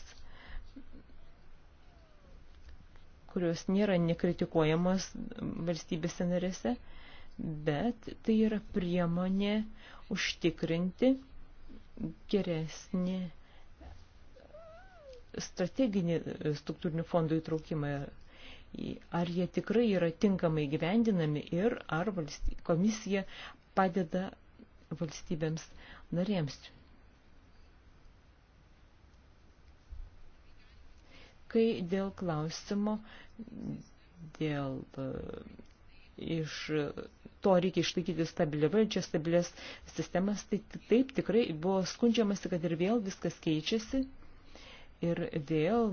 kurios nėra nekritikuojamos valstybėse narėse, bet tai yra priemonė užtikrinti geresnį strateginį e, struktūrinių fondų įtraukimą, ar jie tikrai yra tinkamai gyvendinami ir ar komisija padeda valstybėms narėms. Kai dėl klausimo, dėl e, iš to reikia išlaikyti stabilę valdžią, stabilės sistemas, tai taip tikrai buvo skundžiamasi, kad ir vėl viskas keičiasi ir vėl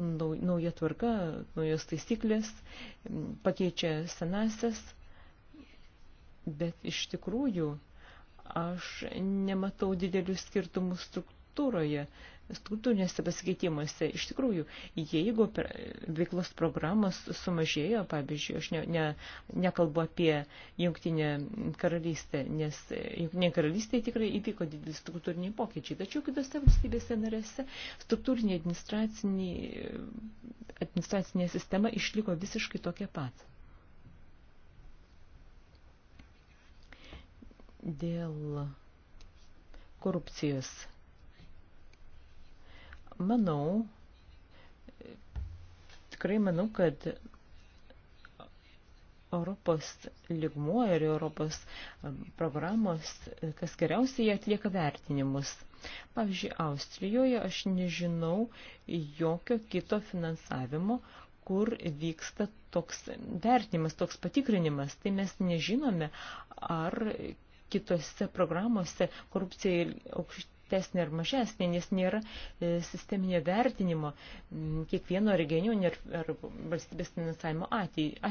nauja tvarka, naujos taisyklės pakeičia senasias, bet iš tikrųjų aš nematau didelių skirtumų struktūroje struktūrinėse pasikeitimuose. Iš tikrųjų, jeigu veiklos programos sumažėjo, pavyzdžiui, aš ne, ne, nekalbu apie jungtinę karalystę, nes jungtinė karalystė tikrai įvyko didelis struktūriniai pokyčiai, tačiau kitose valstybėse narėse struktūrinė administracinė, administracinė sistema išliko visiškai tokia pat. Dėl korupcijos Manau, tikrai manau, kad Europos ligmuo ir Europos um, programos, kas geriausiai atlieka vertinimus. Pavyzdžiui, Austrijoje aš nežinau jokio kito finansavimo, kur vyksta toks vertinimas, toks patikrinimas. Tai mes nežinome, ar kitose programuose korupcija ir aukšt platesnė ar mažesnė, nes nėra e, sisteminio vertinimo kiekvieno regioninio ar valstybės finansavimo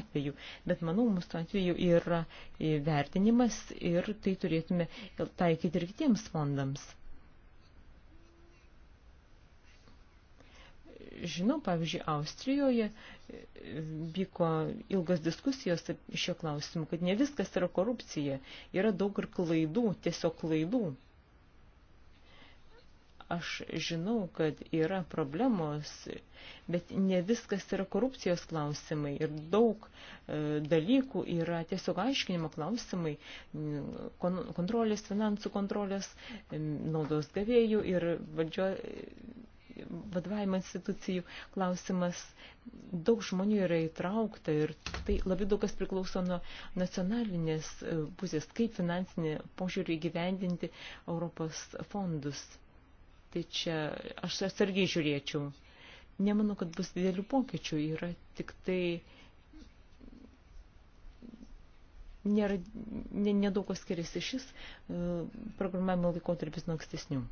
atveju. Bet manau, mūsų atveju yra e, vertinimas ir tai turėtume taikyti ir kitiems fondams. Žinau, pavyzdžiui, Austrijoje e, vyko ilgas diskusijos šio klausimu, kad ne viskas yra korupcija, yra daug ir klaidų, tiesiog klaidų. Aš žinau, kad yra problemos, bet ne viskas yra korupcijos klausimai ir daug e, dalykų yra tiesiog aiškinimo klausimai, kontrolės, finansų kontrolės, naudos gavėjų ir valdžio vadovavimo institucijų klausimas. Daug žmonių yra įtraukta ir tai labai daug kas priklauso nuo nacionalinės e, pusės, kaip finansinį požiūrį įgyvendinti Europos fondus. Tai čia aš atsargiai žiūrėčiau. Nemanau, kad bus didelių pokyčių, yra tik tai nėra, ne, nedaug kas skiriasi šis uh, programavimo laikotarpis nuo ankstesnių.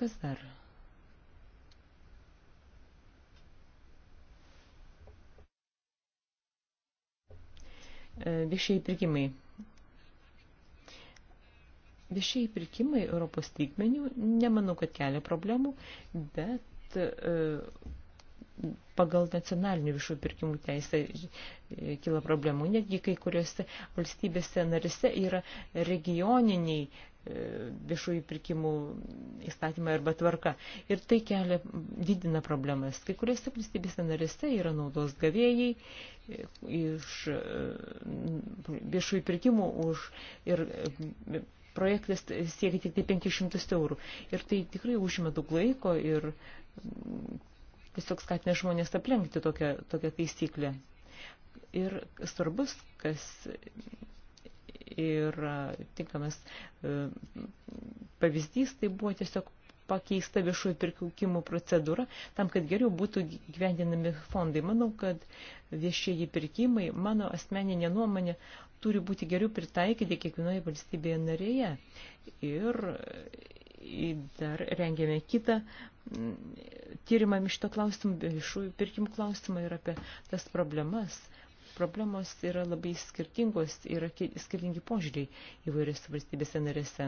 Kas dar? E, Viešiai pirkimai. Viešiai pirkimai Europos lygmenių nemanau, kad kelia problemų, bet e, pagal nacionalinių viešų pirkimų teisę e, kila problemų. Netgi kai kuriuose valstybėse narise yra regioniniai E, viešųjų pirkimų įstatymą arba tvarka. Ir tai kelia, didina problemas. Kai kuriuose valstybėse narėse yra naudos gavėjai e, iš e, viešųjų pirkimų už ir projektas siekia tik tai 500 eurų. Ir tai tikrai užima daug laiko ir mm, tiesiog skatina žmonės aplenkti tokią, tokią taisyklę. Ir svarbus, kas yra e, tinkamas e, pavyzdys, tai buvo tiesiog pakeista viešųjų pirkimų procedūra, tam, kad geriau būtų gyvendinami fondai. Manau, kad viešieji pirkimai, mano asmeninė nuomonė, turi būti geriau pritaikyti kiekvienoje valstybėje narėje. Ir e, dar rengėme kitą tyrimą iš to klausimą, viešųjų pirkimų klausimą ir apie tas problemas problemos yra labai skirtingos, yra skirtingi požiūriai įvairiose valstybėse narėse.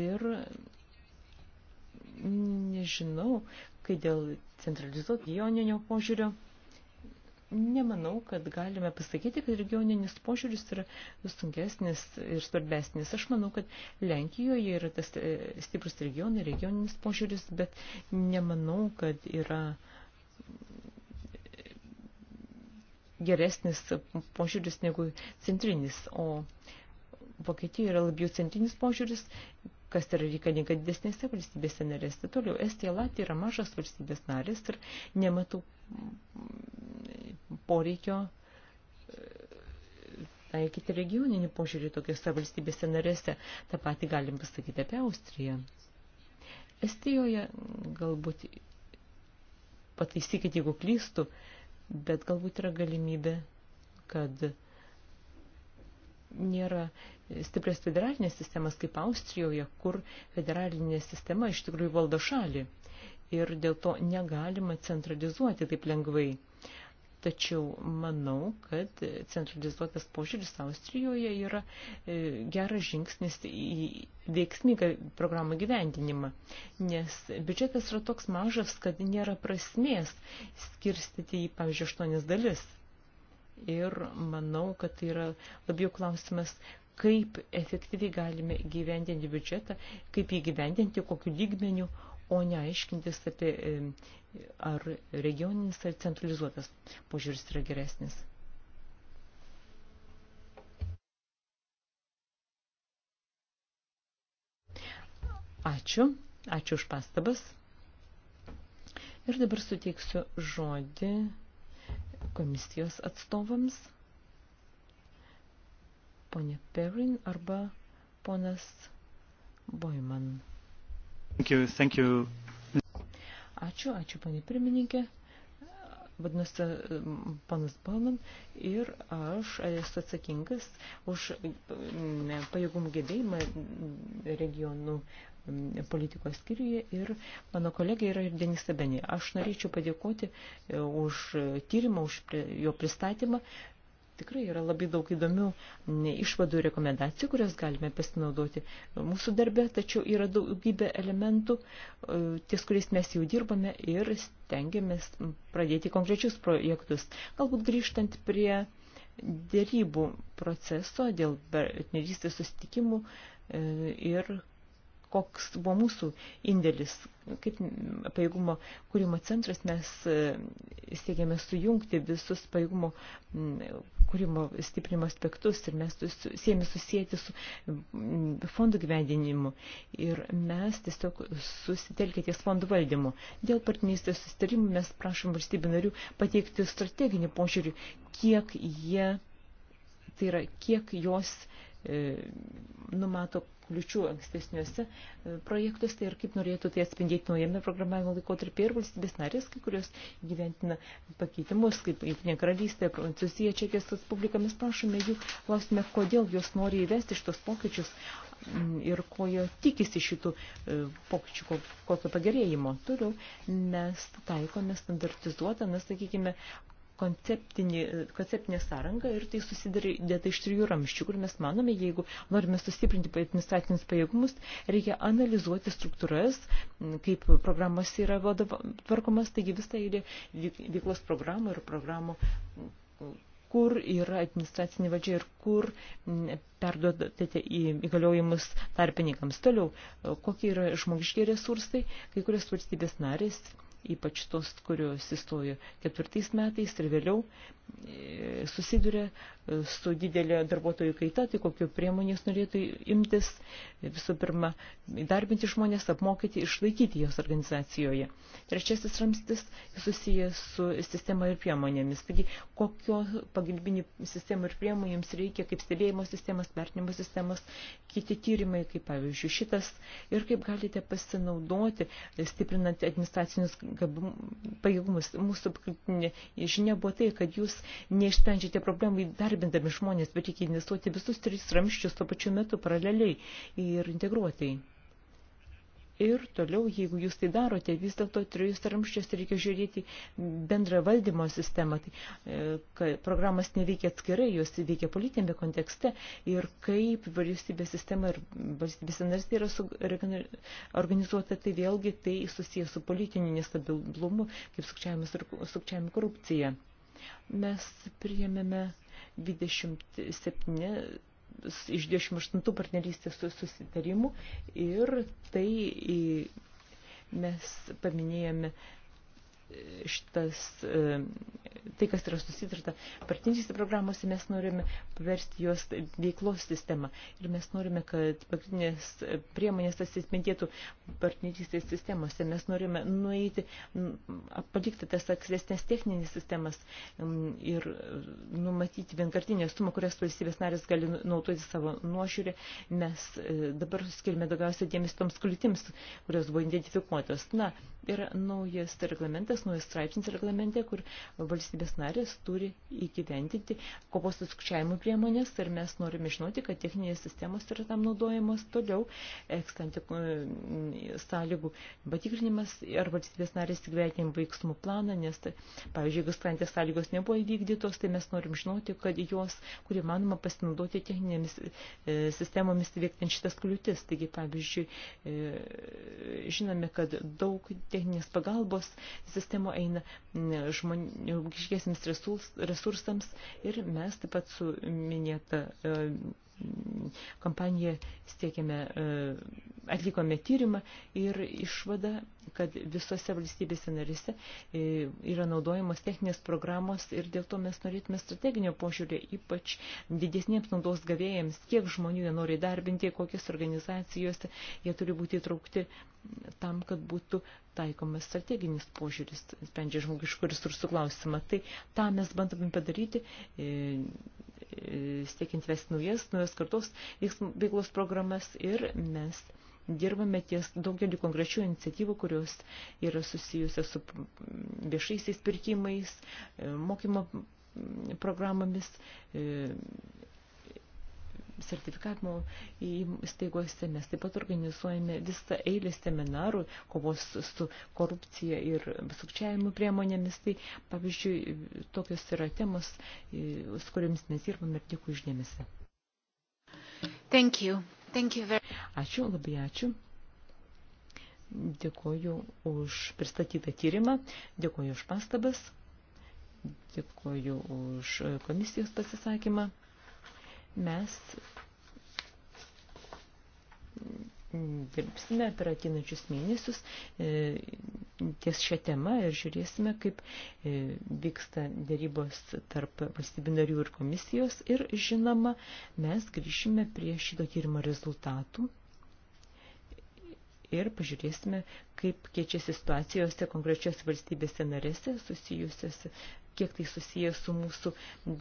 Ir nežinau, kai dėl centralizuoto regioninio požiūrio, nemanau, kad galime pasakyti, kad regioninis požiūris yra sunkesnis ir svarbesnis. Aš manau, kad Lenkijoje yra tas e, stiprus regionai, regioninis požiūris, bet nemanau, kad yra geresnis požiūris negu centrinis, o Vokietijoje yra labiau centrinis požiūris, kas yra reikalinga didesnėse valstybėse narėse. Toliau, Estija, Latvija yra mažas valstybės narės ir nematau poreikio e, taikyti regioninį požiūrį tokiuose valstybėse narėse. Ta pati galim pasakyti apie Austriją. Estijoje galbūt pataisykit, jeigu klystu, bet galbūt yra galimybė, kad nėra stiprios federalinės sistemas kaip Austrijoje, kur federalinė sistema iš tikrųjų valdo šalį ir dėl to negalima centralizuoti taip lengvai Tačiau manau, kad centralizuotas požiūris Austrijoje yra e, geras žingsnis į veiksmingą programų gyvendinimą, nes biudžetas yra toks mažas, kad nėra prasmės skirstyti į, pavyzdžiui, aštuonis dalis. Ir manau, kad tai yra labiau klausimas, kaip efektyviai galime gyvendinti biudžetą, kaip jį gyvendinti, kokiu lygmeniu, o ne aiškintis apie e, ar regioninis ar centralizuotas požiūris yra geresnis. Ačiū, ačiū už pastabas. Ir dabar suteiksiu žodį komisijos atstovams. Pone Perin arba ponas Boiman. Thank you, thank you. Ačiū, ačiū, panė pirmininkė. Vadinasi, panas Balman ir aš esu atsakingas už mm, pajėgumų gebėjimą regionų mm, politikos skyriuje ir mano kolegė yra ir Denisa Benė. Aš norėčiau padėkoti e, už tyrimą, už jo pristatymą. Tikrai yra labai daug įdomių išvadų ir rekomendacijų, kurias galime pasinaudoti mūsų darbe, tačiau yra daugybė elementų, e, ties kuriais mes jau dirbame ir stengiamės pradėti konkrečius projektus. Galbūt grįžtant prie dėrybų proceso dėl partnerystės susitikimų e, ir koks buvo mūsų indėlis, kaip pajėgumo kūrimo centras mes e, siekėme sujungti visus pajėgumo kūrimo stiprimo aspektus ir mes siejame susijęti su fondų gyvendinimu ir mes tiesiog susitelkė ties fondų valdymu. Dėl partnerystės sustarimų mes prašom valstybių narių pateikti strateginį požiūrį, kiek jie, tai yra, kiek jos E, numato kliučių ankstesniuose e, projektuose ir kaip norėtų tai atspindėti naujame programavimo laikotarpyje ir valstybės narės, kai kurios gyventina pakeitimus, kaip Jungtinė karalystė, Prancūzija, Čekijos Respublika, mes prašome jų, klausime, kodėl jos nori įvesti šitos pokyčius ir ko jie tikisi šitų e, pokyčių, kokio pagerėjimo. Toliau mes taikome standartizuotą, na, sakykime, konceptinė sąranga ir tai susideda iš trijų ramščių, kur mes manome, jeigu norime sustiprinti administracinius pajėgumus, reikia analizuoti struktūras, kaip programos yra tvarkomas, taigi visą eilė veiklos programų ir programų kur yra administracinė valdžia ir kur perduodate įgaliojimus tarpininkams. Toliau, kokie yra žmogiškiai resursai, kai kurios valstybės narės ypač tos, kurios įstojo ketvirtais metais ir vėliau, E, susiduria e, su didelė darbuotojų kaita, tai kokio priemonės norėtų imtis e, visų pirma darbinti žmonės, apmokyti, išlaikyti jos organizacijoje. Trečiasis ramstis susijęs su sistema ir priemonėmis. Taigi, kokio pagalbinį sistemą ir priemonėms reikia, kaip stebėjimo sistemas, vertinimo sistemas, kiti tyrimai, kaip pavyzdžiui šitas, ir kaip galite pasinaudoti, stiprinant administracinius pajėgumus. Mūsų žinia buvo tai, kad jūs jūs neišsprendžiate problemų įdarbindami žmonės, bet reikia investuoti visus tris ramščius tuo pačiu metu paraleliai ir integruotai. Ir toliau, jeigu jūs tai darote, vis dėlto trijus ramščius reikia žiūrėti bendrą valdymo sistemą. Tai, e, programas neveikia atskirai, jos veikia politinėme kontekste ir kaip valstybės sistema ir valstybės narystė yra su, organizuota, tai vėlgi tai susijęs su politiniu nestabilumu, kaip sukčiavimas ir sukčiavimu korupcija. Mes priėmėme 27 iš 28 partnerystės susitarimų ir tai mes paminėjome šitas, e, tai, kas yra susitarta partnerystė programuose, mes norime paversti jos veiklos sistemą. Ir mes norime, kad pagrindinės priemonės atsispindėtų partnerystės sistemose. Mes norime nueiti, palikti tas akslesnės techninės sistemas ir numatyti vienkartinę sumą, kurias valstybės narės gali naudoti savo nuošiūrį. Mes e, dabar skirime daugiausiai dėmesį toms kliūtims, kurios buvo identifikuotos. Na, yra naujas reglamentas, naujas straipsnis reglamente, kur valstybės narės turi įgyvendinti kovos su sukčiavimu priemonės ir mes norime žinoti, kad techninės sistemos yra tam naudojamos toliau, eh, ekstantį mm, sąlygų patikrinimas ar valstybės narės įgyvendinti veiksmų planą, nes, tai, pavyzdžiui, jeigu ekstantės sąlygos nebuvo įvykdytos, tai mes norim žinoti, kad jos, kur įmanoma pasinaudoti techninėmis e, sistemomis įveikti šitas kliūtis. Taigi, pavyzdžiui, e, žinome, kad daug techninės pagalbos sistemo eina žmonių giškiesiams resursams ir mes taip pat su minėta e, kompaniją stiekėme, e, atlikome tyrimą ir išvada, kad visose valstybėse narise e, yra naudojamos techninės programos ir dėl to mes norėtume strateginio požiūrį, ypač didesniems naudos gavėjams, kiek žmonių jie nori darbinti, kokias organizacijose jie turi būti įtraukti tam, kad būtų taikomas strateginis požiūris, sprendžia žmogiškų resursų klausimą. Tai tą mes bandome padaryti e, siekiant vesti naujas, naujas kartos veiklos programas ir mes dirbame ties daugelį konkrečių iniciatyvų, kurios yra susijusios su viešaisiais pirkimais, mokymo programomis, sertifikavimo įstaigose. Mes taip pat organizuojame visą eilę seminarų kovos su korupcija ir sukčiavimu priemonėmis. Tai, pavyzdžiui, tokios yra temos, e, su kuriamis mes dirbame ir dėkui uždėmesi. Thank you. Thank you very... Ačiū, labai ačiū. Dėkoju už pristatytą tyrimą, dėkoju už pastabas, dėkoju už komisijos pasisakymą mes dirbsime per atinačius mėnesius e, ties šią temą ir žiūrėsime, kaip e, vyksta dėrybos tarp valstybinarių ir komisijos ir žinoma, mes grįšime prie šito tyrimo rezultatų ir pažiūrėsime, kaip keičiasi situacijose konkrečios valstybėse narėse susijusiose, kiek tai susijęs su mūsų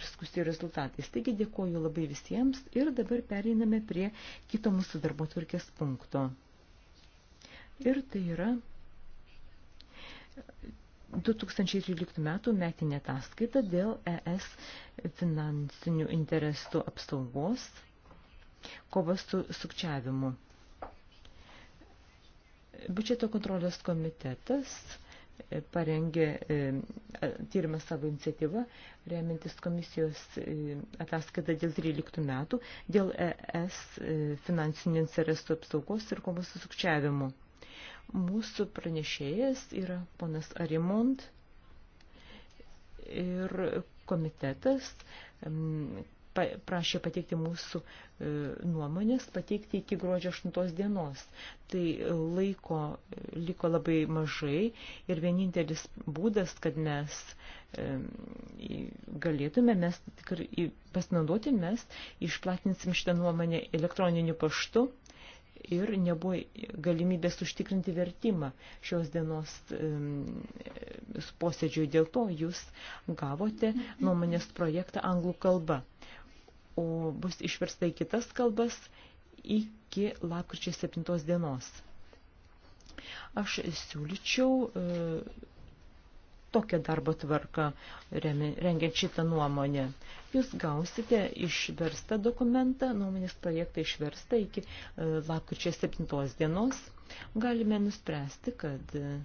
diskusijų rezultatais. Taigi dėkoju labai visiems ir dabar pereiname prie kito mūsų darbo tvarkės punkto. Ir tai yra 2013 metų metinė ataskaita dėl ES finansinių interesų apsaugos kova su sukčiavimu. Biudžeto kontrolės komitetas e, parengė e, tyrimą savo iniciatyvą, remintis komisijos e, ataskaitą dėl 13 metų, dėl ES finansinių interesų apsaugos ir kovos su sukčiavimu. Mūsų pranešėjas yra ponas Arimont ir komitetas prašė pateikti mūsų e, nuomonės, pateikti iki gruodžio 8 dienos. Tai laiko liko labai mažai ir vienintelis būdas, kad mes e, galėtume mes tikrai pasinaudoti, mes išplatinsim šitą nuomonę elektroniniu paštu ir nebuvo galimybės užtikrinti vertimą šios dienos posėdžiui. Dėl to jūs gavote nuomonės projektą anglų kalba o bus išversta į kitas kalbas iki lapkričio 7 dienos. Aš siūlyčiau e, tokią darbo tvarką rengiant šitą nuomonę. Jūs gausite išverstą dokumentą, nuomonės projektą išverstą iki e, lapkričio 7 dienos. Galime nuspręsti, kad e,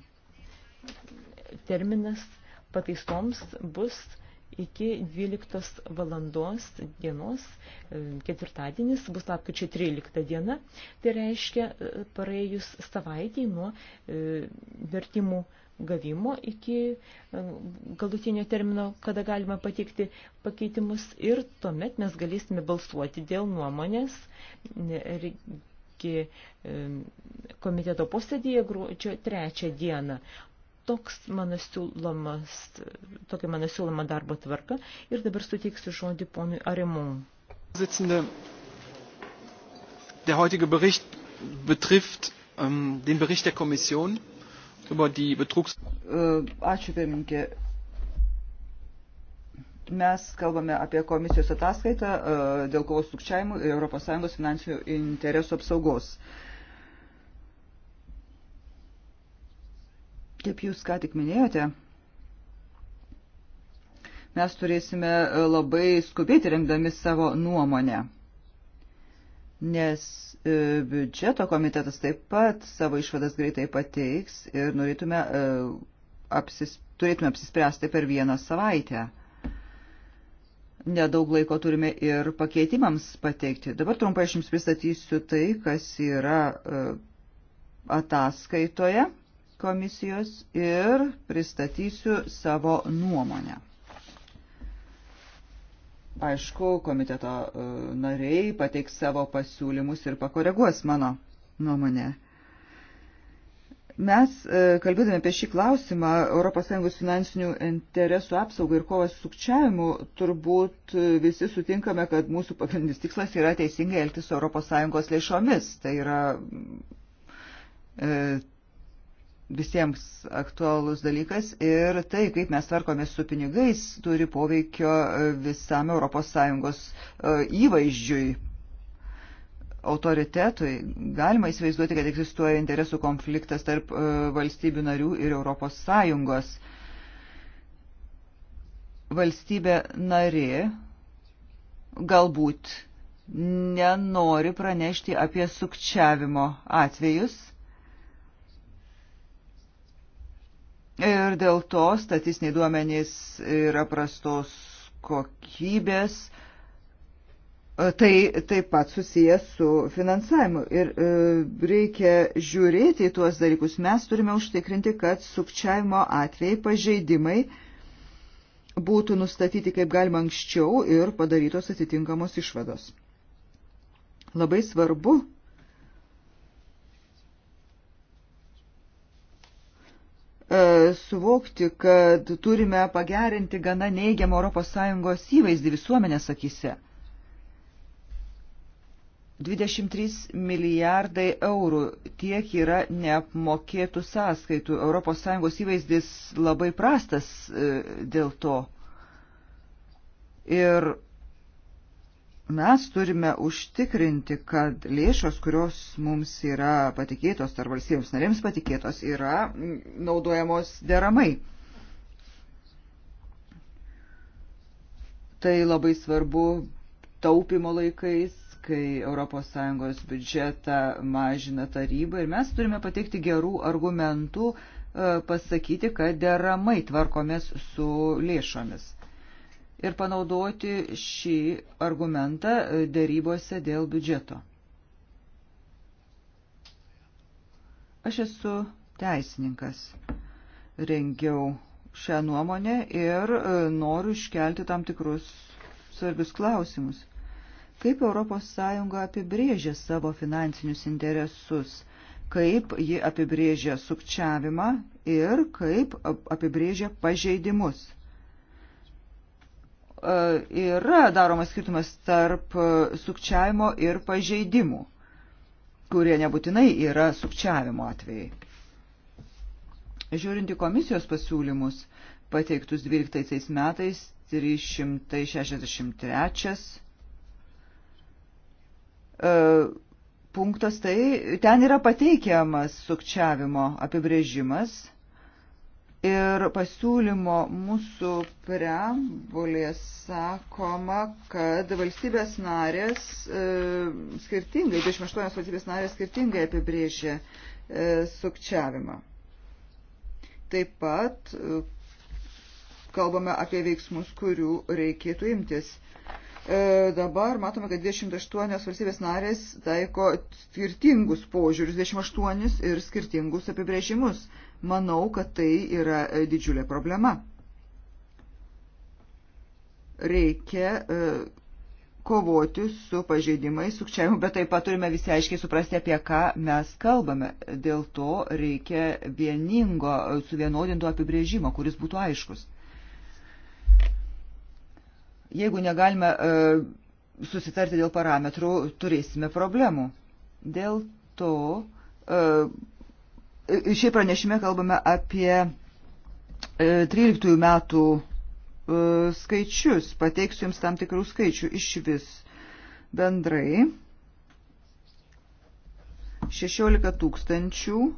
terminas pataisoms bus iki 12 valandos dienos, e, ketvirtadienis, bus lapkričio 13 diena, tai reiškia e, praėjus savaitėj nuo e, vertimų gavimo iki galutinio termino, kada galima pateikti pakeitimus ir tuomet mes galėsime balsuoti dėl nuomonės iki komiteto posėdėje gruodžio trečią dieną, toks mano siūlomas, tokia mano siūloma darbo tvarka ir dabar suteiksiu žodį ponui Arimum. Der heutige Bericht betrifft ähm, den Bericht der Kommission über die Betrugs... Äh, ačiū, pirmininkė. Mes kalbame apie komisijos ataskaitą äh, dėl kovos sukčiavimų ir ES finansinių interesų apsaugos. Uh, Kaip jūs ką tik minėjote, mes turėsime e, labai skubėti remdami savo nuomonę, nes e, biudžeto komitetas taip pat savo išvadas greitai pateiks ir norėtume, e, apsis, turėtume apsispręsti per vieną savaitę. Nedaug laiko turime ir pakeitimams pateikti. Dabar trumpai aš jums pristatysiu tai, kas yra ataskaitoje komisijos ir pristatysiu savo nuomonę. Aišku, komiteto e, nariai pateiks savo pasiūlymus ir pakoreguos mano nuomonę. Mes, e, kalbėdami apie šį klausimą, ES finansinių interesų apsaugą ir kovą su sukčiavimu, turbūt e, visi sutinkame, kad mūsų pagrindinis tikslas yra teisingai elgtis su ES lėšomis. Tai yra e, visiems aktualus dalykas ir tai, kaip mes tvarkomės su pinigais, turi poveikio visam ES e, įvaizdžiui, autoritetui. Galima įsivaizduoti, kad egzistuoja interesų konfliktas tarp e, valstybių narių ir ES. Valstybė narė galbūt nenori pranešti apie sukčiavimo atvejus Ir dėl to statistiniai duomenys yra prastos kokybės. Tai taip pat susijęs su finansavimu. Ir e, reikia žiūrėti į tuos dalykus. Mes turime užtikrinti, kad sukčiavimo atvejai pažeidimai būtų nustatyti kaip galima anksčiau ir padarytos atitinkamos išvados. Labai svarbu E, suvokti, kad turime pagerinti gana neigiamą ES įvaizdį visuomenės akise. 23 milijardai eurų tiek yra neapmokėtų sąskaitų. ES įvaizdis labai prastas e, dėl to. Ir mes turime užtikrinti, kad lėšos, kurios mums yra patikėtos ar valstybėms narėms patikėtos, yra naudojamos deramai. Tai labai svarbu taupimo laikais, kai ES biudžetą mažina taryba ir mes turime pateikti gerų argumentų e, pasakyti, kad deramai tvarkomės su lėšomis ir panaudoti šį argumentą e, darybose dėl biudžeto. Aš esu teisininkas, rengiau šią nuomonę ir e, noriu iškelti tam tikrus svarbius klausimus. Kaip ES apibrėžia savo finansinius interesus, kaip ji apibrėžia sukčiavimą ir kaip apibrėžia pažeidimus – E, yra daromas skirtumas tarp e, sukčiavimo ir pažeidimų, kurie nebūtinai yra sukčiavimo atvejai. Žiūrint į komisijos pasiūlymus, pateiktus 12 metais 363 e, punktas, tai ten yra pateikiamas sukčiavimo apibrėžimas – Ir pasiūlymo mūsų preambulė sakoma, kad valstybės narės e, skirtingai, 28 valstybės narės skirtingai apibrėžė e, sukčiavimą. Taip pat e, kalbame apie veiksmus, kurių reikėtų imtis. E, dabar matome, kad 28 valstybės narės taiko skirtingus požiūrius, 28 ir skirtingus apibrėžimus Manau, kad tai yra e, didžiulė problema. Reikia e, kovoti su pažeidimais, sukčiavimu, bet taip pat turime visi aiškiai suprasti, apie ką mes kalbame. Dėl to reikia vieningo, e, suvienodinto apibrėžimo, kuris būtų aiškus. Jeigu negalime e, susitarti dėl parametrų, turėsime problemų. Dėl to e, Šiaip pranešime kalbame apie 13 e, metų e, skaičius. Pateiksiu Jums tam tikrų skaičių iš vis bendrai. 16 tūkstančių e,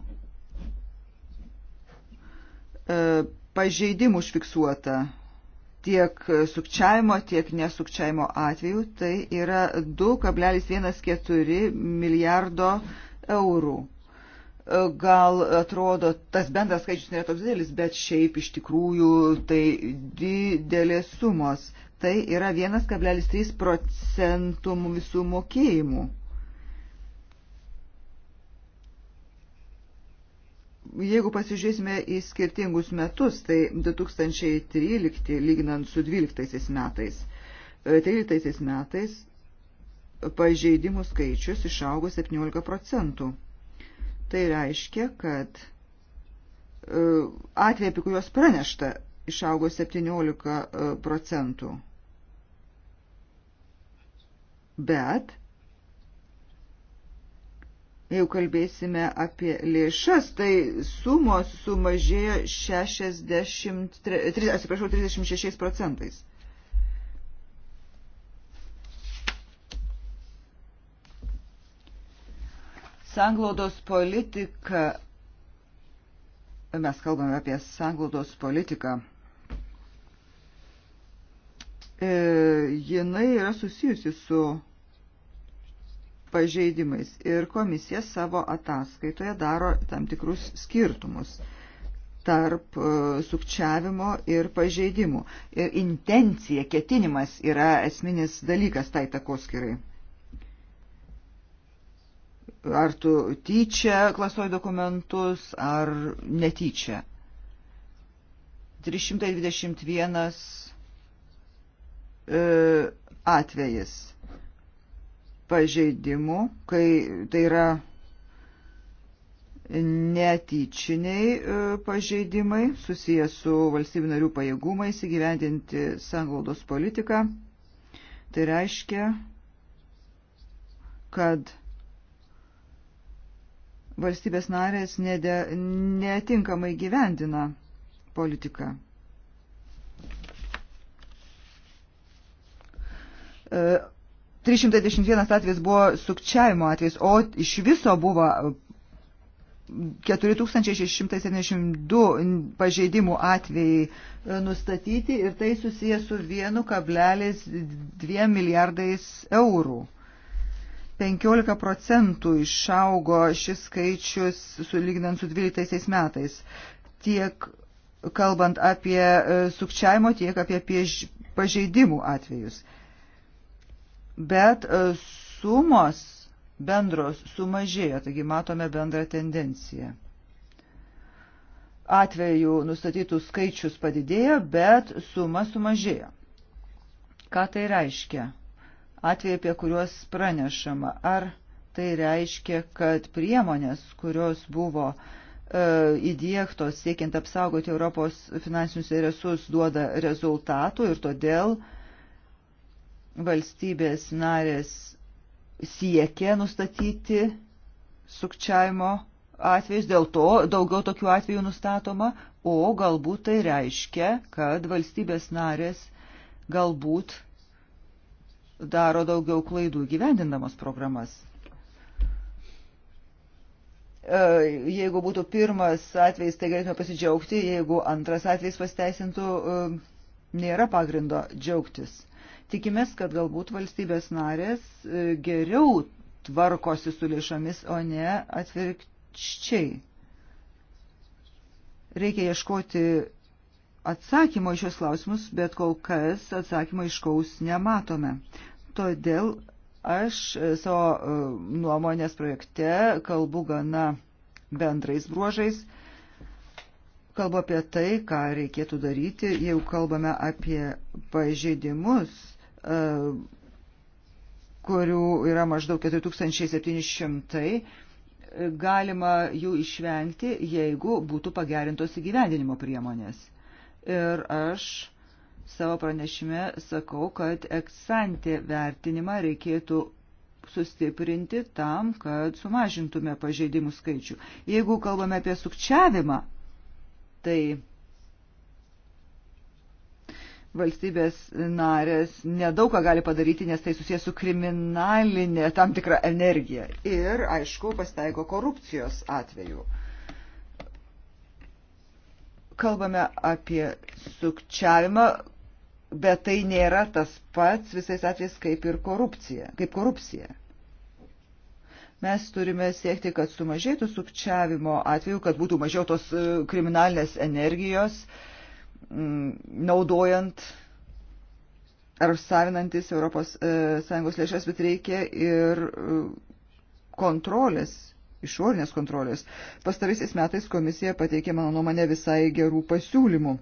pažeidimų užfiksuota tiek sukčiavimo, tiek nesukčiavimo atveju, tai yra 2,14 milijardo eurų gal atrodo tas bendras skaičius nėra toks didelis, bet šiaip iš tikrųjų tai didelės sumos. Tai yra 1,3 procentų visų mokėjimų. Jeigu pasižiūrėsime į skirtingus metus, tai 2013 lyginant su 2012 metais. 2013 e, metais pažeidimų skaičius išaugo 17 procentų. Tai reiškia, kad e, atvejai, apie kuriuos pranešta, išaugo 17 e, procentų. Bet jeigu kalbėsime apie lėšas, tai sumos sumažėjo 63, atsiprašau, 36 procentais. Sanglaudos politika, mes kalbame apie sanglaudos politiką, e, jinai yra susijusi su pažeidimais ir komisija savo ataskaitoje daro tam tikrus skirtumus tarp e, sukčiavimo ir pažeidimų. Ir e, intencija, ketinimas yra esminis dalykas tai takoskirai ar tu tyčia klastoji dokumentus, ar netyčia. 321 e, atvejis pažeidimų, kai tai yra netyčiniai e, pažeidimai susijęs su valstybių narių pajėgumais įgyvendinti sanglaudos politiką. Tai reiškia, kad valstybės narės nedė, netinkamai gyvendina politiką. E, 311 atvejs buvo sukčiavimo atvejs, o iš viso buvo 4672 pažeidimų atvejai e, nustatyti ir tai susijęs su 1,2 milijardais eurų. 15 procentų išaugo šis skaičius sulyginant su 12 metais. Tiek kalbant apie e, sukčiavimo, tiek apie pažeidimų atvejus. Bet e, sumos bendros sumažėjo, taigi matome bendrą tendenciją. Atvejų nustatytų skaičius padidėjo, bet suma sumažėjo. Ką tai reiškia? atvejai, apie kuriuos pranešama. Ar tai reiškia, kad priemonės, kurios buvo e, įdėktos siekiant apsaugoti Europos finansinius interesus, duoda rezultatų ir todėl valstybės narės siekia nustatyti sukčiavimo atvejus, dėl to daugiau tokių atvejų nustatoma, o galbūt tai reiškia, kad valstybės narės galbūt daro daugiau klaidų gyvendindamos programas. E, jeigu būtų pirmas atvejs, tai galėtume pasidžiaugti, jeigu antras atvejs pasteisintų, e, nėra pagrindo džiaugtis. Tikimės, kad galbūt valstybės narės e, geriau tvarkosi su lėšomis, o ne atvirkščiai. Reikia ieškoti atsakymo iš šios klausimus, bet kol kas atsakymo iškaus nematome. Todėl aš e, savo e, nuomonės projekte kalbu gana bendrais bruožais. Kalbu apie tai, ką reikėtų daryti, jeigu kalbame apie pažeidimus e, kurių yra maždaug 4700, galima jų išvengti, jeigu būtų pagerintos įgyvendinimo priemonės. Ir aš savo pranešime sakau, kad eksantį vertinimą reikėtų sustiprinti tam, kad sumažintume pažeidimų skaičių. Jeigu kalbame apie sukčiavimą, tai valstybės narės nedaug ką gali padaryti, nes tai susijęs su kriminalinė tam tikra energija. Ir, aišku, pasitaiko korupcijos atveju. Kalbame apie sukčiavimą, bet tai nėra tas pats visais atvejais kaip ir korupcija, kaip korupcija. Mes turime siekti, kad sumažėtų sukčiavimo atveju, kad būtų mažiau tos e, kriminalinės energijos, mm, naudojant ar savinantis ES e, lėšas, bet reikia ir e, kontrolės, išorinės kontrolės. Pastaraisiais metais komisija pateikė, mano nuomonė, visai gerų pasiūlymų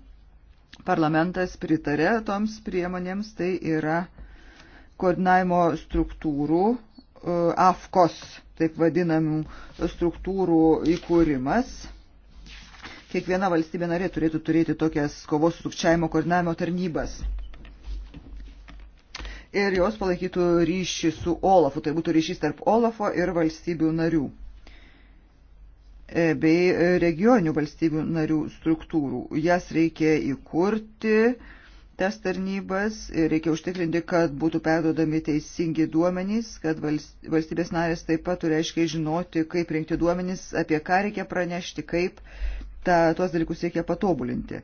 parlamentas pritarė toms priemonėms, tai yra koordinavimo struktūrų, e, AFKOS, taip vadinamų struktūrų įkūrimas. Kiekviena valstybė narė turėtų turėti tokias kovos sukčiavimo koordinavimo tarnybas. Ir jos palaikytų ryšį su Olafu, tai būtų ryšys tarp Olafo ir valstybių narių. E, bei e, regioninių valstybių narių struktūrų. Jas reikia įkurti, tas tarnybas, reikia užtikrinti, kad būtų perdodami teisingi duomenys, kad valstybės narės taip pat turi aiškiai žinoti, kaip rinkti duomenys, apie ką reikia pranešti, kaip ta, tuos dalykus reikia patobulinti.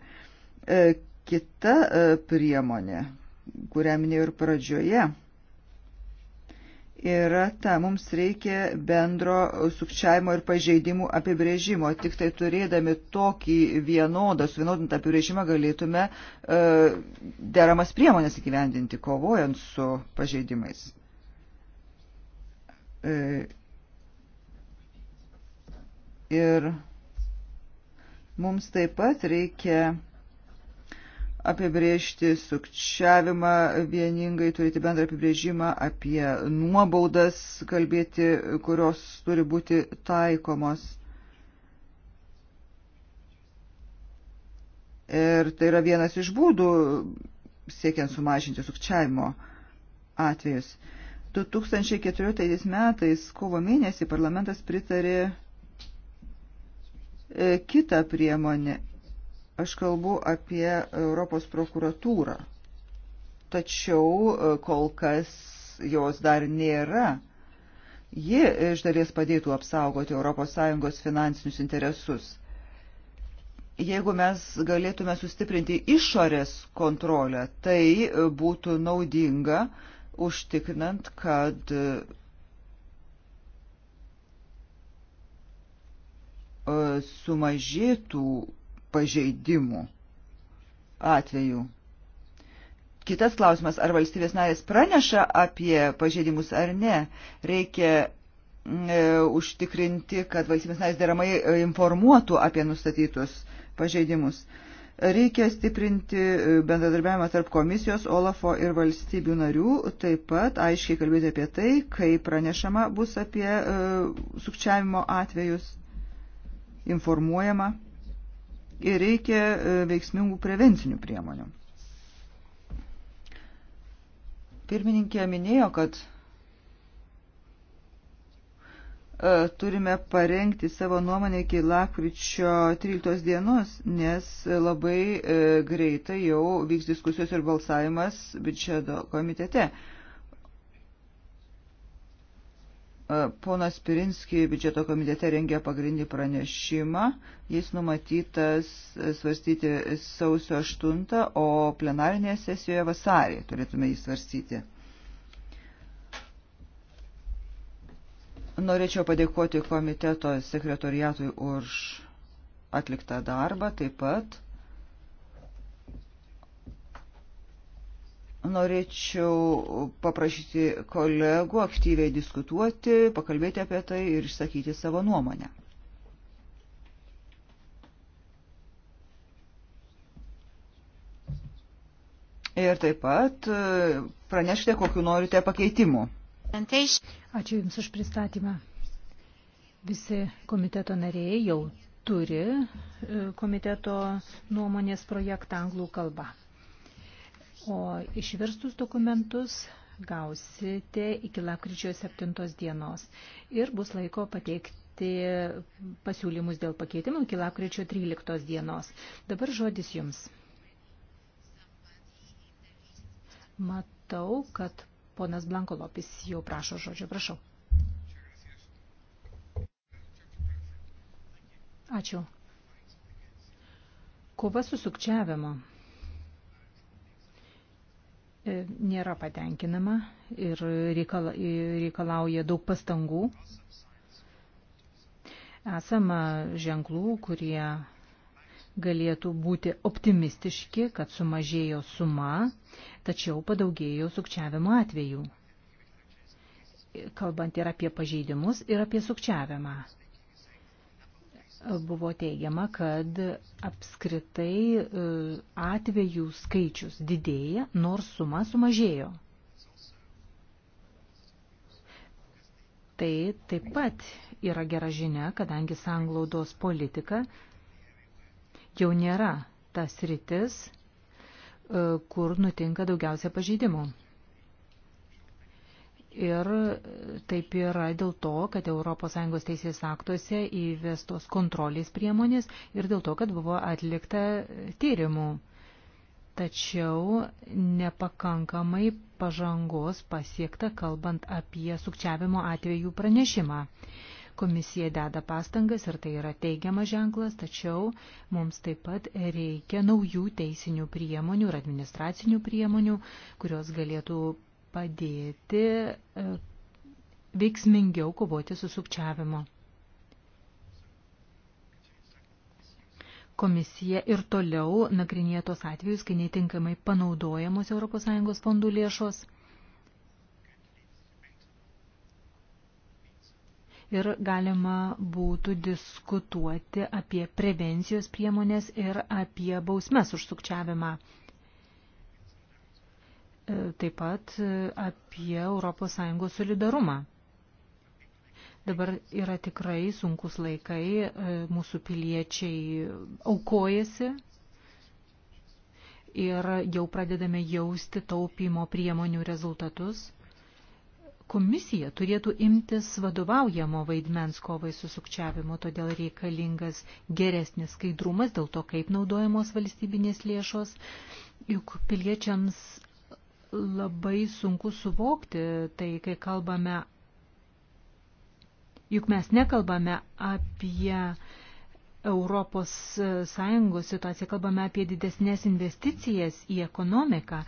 E, kita priemonė, kurią minėjau ir pradžioje, yra ta, mums reikia bendro sukčiavimo ir pažeidimų apibrėžimo. Tik tai turėdami tokį vienodą, suvienodintą apibrėžimą galėtume e, deramas priemonės įgyvendinti, kovojant su pažeidimais. E, ir mums taip pat reikia apibriežti sukčiavimą vieningai, turėti bendrą apibrėžimą apie nuobaudas, kalbėti, kurios turi būti taikomos. Ir tai yra vienas iš būdų siekiant sumažinti sukčiavimo atvejus. 2014 metais kovo mėnesį parlamentas pritarė e, kitą priemonę Aš kalbu apie Europos prokuratūrą. Tačiau e, kol kas jos dar nėra. Ji iš dalies padėtų apsaugoti ES finansinius interesus. Jeigu mes galėtume sustiprinti išorės kontrolę, tai e, būtų naudinga užtikrinant, kad e, sumažėtų pažeidimų atveju. Kitas klausimas, ar valstybės narės praneša apie pažeidimus ar ne. Reikia mm, e, užtikrinti, kad valstybės narės deramai e, informuotų apie nustatytus pažeidimus. Reikia stiprinti e, bendradarbiavimą tarp komisijos, OLAFO ir valstybių narių, taip pat aiškiai kalbėti apie tai, kai pranešama bus apie e, sukčiavimo atvejus, informuojama ir reikia e, veiksmingų prevencinių priemonių. Pirmininkė minėjo, kad e, turime parengti savo nuomonę iki lakryčio 13 dienos, nes labai e, greitai jau vyks diskusijos ir balsavimas biudžeto komitete. E, ponas Pirinski biudžeto komitete rengia pagrindį pranešimą. Jis numatytas e, svarstyti sausio 8, o plenarinėje sesijoje vasarį turėtume jį svarstyti. Norėčiau padėkoti komiteto sekretoriatui už atliktą darbą, taip pat Norėčiau paprašyti kolegų aktyviai diskutuoti, pakalbėti apie tai ir išsakyti savo nuomonę. Ir taip pat e, pranešite, kokiu norite pakeitimu. Ačiū Jums už pristatymą. Visi komiteto nariai jau turi e, komiteto nuomonės projektą anglų kalbą. O išverstus dokumentus gausite iki lapkričio 7 dienos ir bus laiko pateikti pasiūlymus dėl pakeitimų iki lapkričio 13 dienos. Dabar žodis jums. Matau, kad ponas Blanko Lopis jau prašo žodžio. Prašau. Ačiū. Kova su sukčiavimu. E, nėra patenkinama ir e, reikalauja daug pastangų. Esama ženklų, kurie galėtų būti optimistiški, kad sumažėjo suma, tačiau padaugėjo sukčiavimo atvejų. Kalbant ir apie pažeidimus, ir apie sukčiavimą buvo teigiama, kad apskritai e, atvejų skaičius didėja, nors suma sumažėjo. Tai taip pat yra gera žinia, kadangi sanglaudos politika jau nėra tas rytis, e, kur nutinka daugiausia pažeidimų. Ir taip yra dėl to, kad ES teisės aktuose įvestos kontrolės priemonės ir dėl to, kad buvo atlikta tyrimų. Tačiau nepakankamai pažangos pasiekta, kalbant apie sukčiavimo atvejų pranešimą. Komisija deda pastangas ir tai yra teigiamas ženklas, tačiau mums taip pat reikia naujų teisinių priemonių ir administracinių priemonių, kurios galėtų padėti e, veiksmingiau kovoti su sukčiavimu. Komisija ir toliau nagrinėja tos atvejus, kai netinkamai panaudojamos ES fondų lėšos. Ir galima būtų diskutuoti apie prevencijos priemonės ir apie bausmes už sukčiavimą. E, taip pat e, apie ES solidarumą. Dabar yra tikrai sunkus laikai, e, mūsų piliečiai aukojasi ir jau pradedame jausti taupimo priemonių rezultatus. Komisija turėtų imtis vadovaujamo vaidmens kovai su sukčiavimu, todėl reikalingas geresnis skaidrumas dėl to, kaip naudojamos valstybinės lėšos, juk piliečiams labai sunku suvokti tai, kai kalbame, juk mes nekalbame apie Europos Sąjungos situaciją, kalbame apie didesnės investicijas į ekonomiką.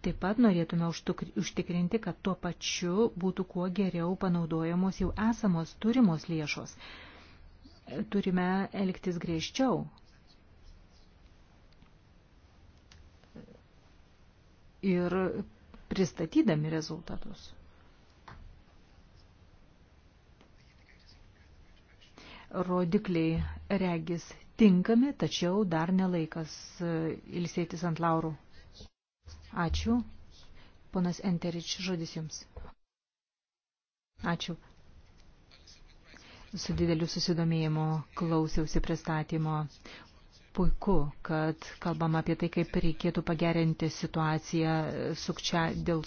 Taip pat norėtume užtikrinti, kad tuo pačiu būtų kuo geriau panaudojamos jau esamos turimos lėšos. Turime elgtis griežčiau, ir pristatydami rezultatus. Rodikliai regis tinkami, tačiau dar nelaikas e, ilsėtis ant laurų. Ačiū. Ponas Enterič, žodis jums. Ačiū. Su dideliu susidomėjimu klausiausi pristatymo. Puiku, kad kalbam apie tai, kaip reikėtų pagerinti situaciją sukčia, dėl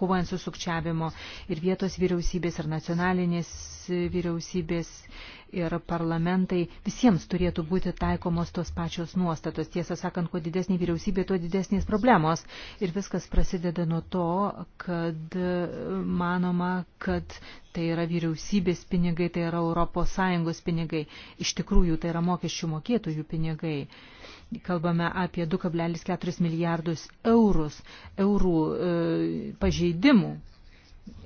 kovojant su sukčiavimo ir vietos vyriausybės, ir nacionalinės vyriausybės, ir parlamentai visiems turėtų būti taikomos tos pačios nuostatos. Tiesą sakant, kuo didesnė vyriausybė, tuo didesnės problemos. Ir viskas prasideda nuo to, kad manoma, kad tai yra vyriausybės pinigai, tai yra ES pinigai. Iš tikrųjų, tai yra mokesčių mokėtojų pinigai kalbame apie 2,4 milijardus eurus, eurų e, pažeidimų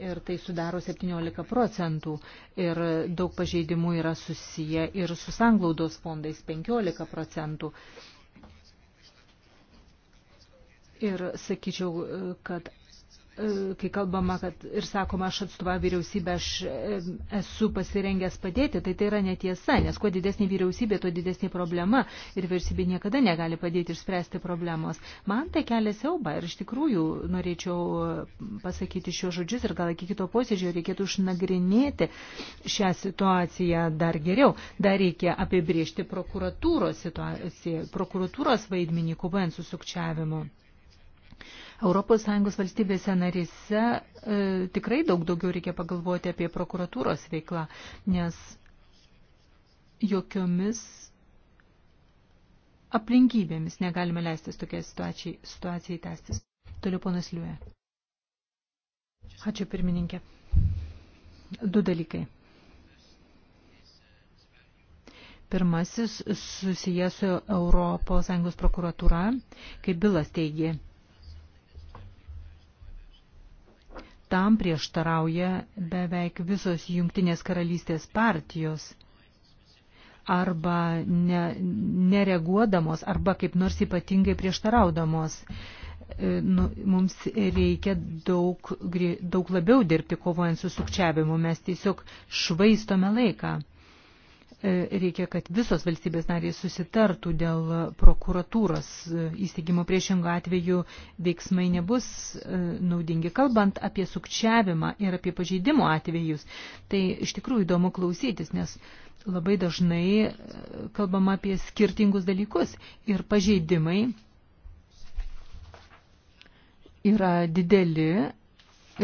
ir tai sudaro 17 procentų ir daug pažeidimų yra susiję ir su sanglaudos fondais 15 procentų. Ir sakyčiau, kad E, kai kalbama, kad ir sakoma, aš atstovauju vyriausybę, aš e, esu pasirengęs padėti, tai tai yra netiesa, nes kuo didesnė vyriausybė, tuo didesnė problema ir vyriausybė niekada negali padėti išspręsti problemos. Man tai kelia siauba ir iš tikrųjų norėčiau pasakyti šios žodžius ir gal iki kito posėdžio reikėtų išnagrinėti šią situaciją dar geriau. Dar reikia apibriežti prokuratūros situaciją, prokuratūros vaidmenį kovojant su sukčiavimu. ES valstybėse narise e, tikrai daug daugiau reikia pagalvoti apie prokuratūros veiklą, nes jokiomis aplinkybėmis negalime leistis tokiai situacijai, situacijai tęstis. Toliau ponas Liuė. Ačiū pirmininkė. Du dalykai. Pirmasis susijęs su ES prokuratūra, kaip bilas teigė. Tam prieštarauja beveik visos jungtinės karalystės partijos arba ne, nereaguodamos, arba kaip nors ypatingai prieštaraudamos e, nu, mums reikia daug, daug labiau dirbti kovojant su sukčiavimu. Mes tiesiog švaistome laiką. E, reikia, kad visos valstybės nariai susitartų dėl prokuratūros e, įsteigimo priešingų atveju veiksmai nebus e, naudingi. Kalbant apie sukčiavimą ir apie pažeidimo atvejus, tai iš tikrųjų įdomu klausytis, nes labai dažnai kalbama apie skirtingus dalykus ir pažeidimai yra dideli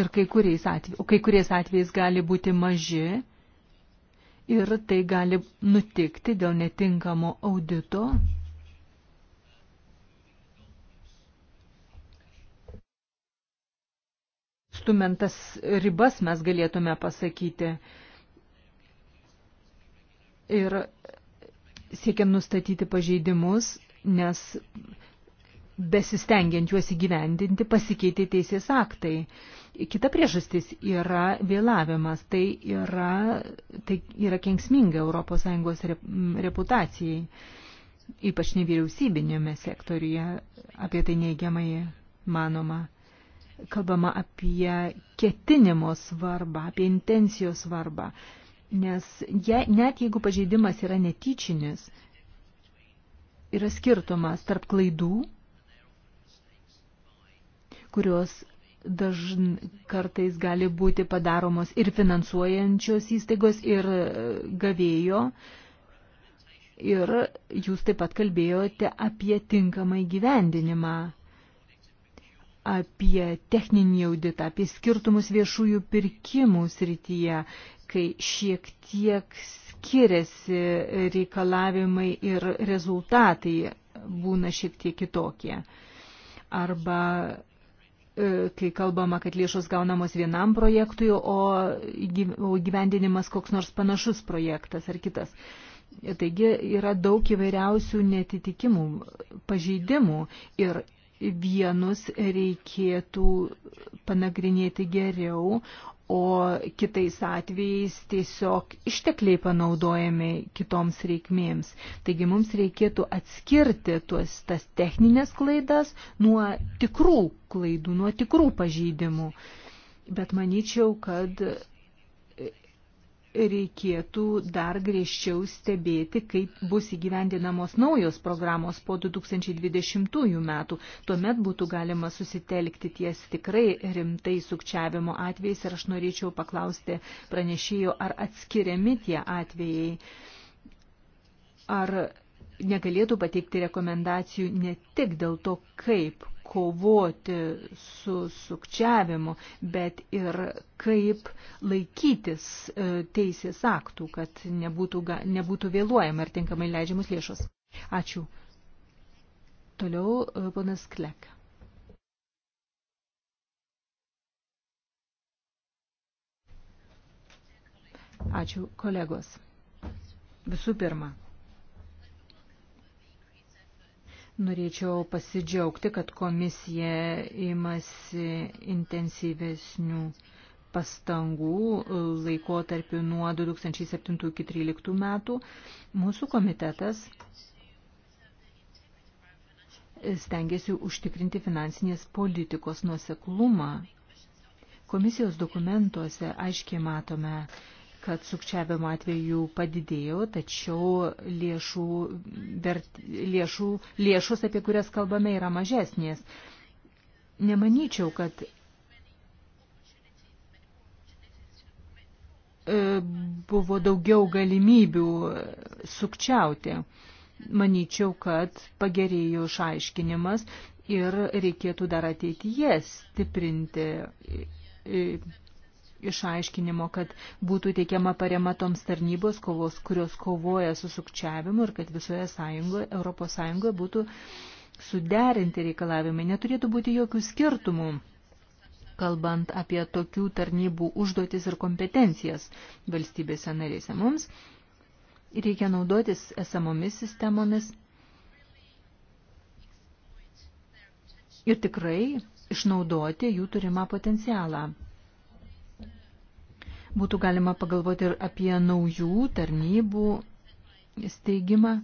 ir kai kuriais atvejais, o kai kuriais atvejais gali būti maži ir tai gali nutikti dėl netinkamo audito. Stumentas ribas mes galėtume pasakyti. Ir siekiam nustatyti pažeidimus, nes besistengiant juos įgyvendinti pasikeitė teisės aktai. Kita priežastis yra vėlavimas. Tai yra, tai yra kengsminga ES reputacijai, ypač nevyriausybinėme sektoriuje, apie tai neigiamai manoma. Kalbama apie ketinimo svarbą, apie intencijos svarbą. Nes je, net jeigu pažeidimas yra netyčinis, yra skirtumas tarp klaidų, kurios dažn kartais gali būti padaromos ir finansuojančios įstaigos, ir e, gavėjo. Ir jūs taip pat kalbėjote apie tinkamą įgyvendinimą, apie techninį auditą, apie skirtumus viešųjų pirkimų srityje, kai šiek tiek skiriasi reikalavimai ir rezultatai būna šiek tiek kitokie. Arba E, kai kalbama, kad lėšos gaunamos vienam projektui, o gyvendinimas koks nors panašus projektas ar kitas. Taigi yra daug įvairiausių netitikimų, pažeidimų ir vienus reikėtų panagrinėti geriau, o kitais atvejais tiesiog ištekliai panaudojami kitoms reikmėms. Taigi mums reikėtų atskirti tuos, tas techninės klaidas nuo tikrų klaidų, nuo tikrų pažydimų. Bet manyčiau, kad reikėtų dar griežčiau stebėti, kaip bus įgyvendinamos naujos programos po 2020 metų. Tuomet būtų galima susitelkti ties tikrai rimtai sukčiavimo atvejais ir aš norėčiau paklausti pranešėjo, ar atskiriami tie atvejai. Ar negalėtų pateikti rekomendacijų ne tik dėl to, kaip kovoti su sukčiavimu, bet ir kaip laikytis e, teisės aktų, kad nebūtų, nebūtų vėluojama ir tinkamai leidžiamus lėšos. Ačiū. Toliau e, ponas Klek. Ačiū kolegos. Visų pirma, Norėčiau pasidžiaugti, kad komisija imasi intensyvesnių pastangų laikotarpiu nuo 2007 iki 2013 metų. Mūsų komitetas stengiasi užtikrinti finansinės politikos nuoseklumą. Komisijos dokumentuose aiškiai matome, kad sukčiavimo atveju padidėjo, tačiau lėšų, vert, lėšų, lėšus, apie kurias kalbame, yra mažesnės. Nemanyčiau, kad e, buvo daugiau galimybių sukčiauti. Manyčiau, kad pagerėjo išaiškinimas ir reikėtų dar ateityje stiprinti e, išaiškinimo, kad būtų teikiama parema toms tarnybos kovos, kurios kovoja su sukčiavimu ir kad visoje sąjungoje, Europos sąjungoje būtų suderinti reikalavimai. Neturėtų būti jokių skirtumų, kalbant apie tokių tarnybų užduotis ir kompetencijas valstybėse narėse. Mums reikia naudotis esamomis sistemomis ir tikrai išnaudoti jų turimą potencialą. Būtų galima pagalvoti ir apie naujų tarnybų steigimą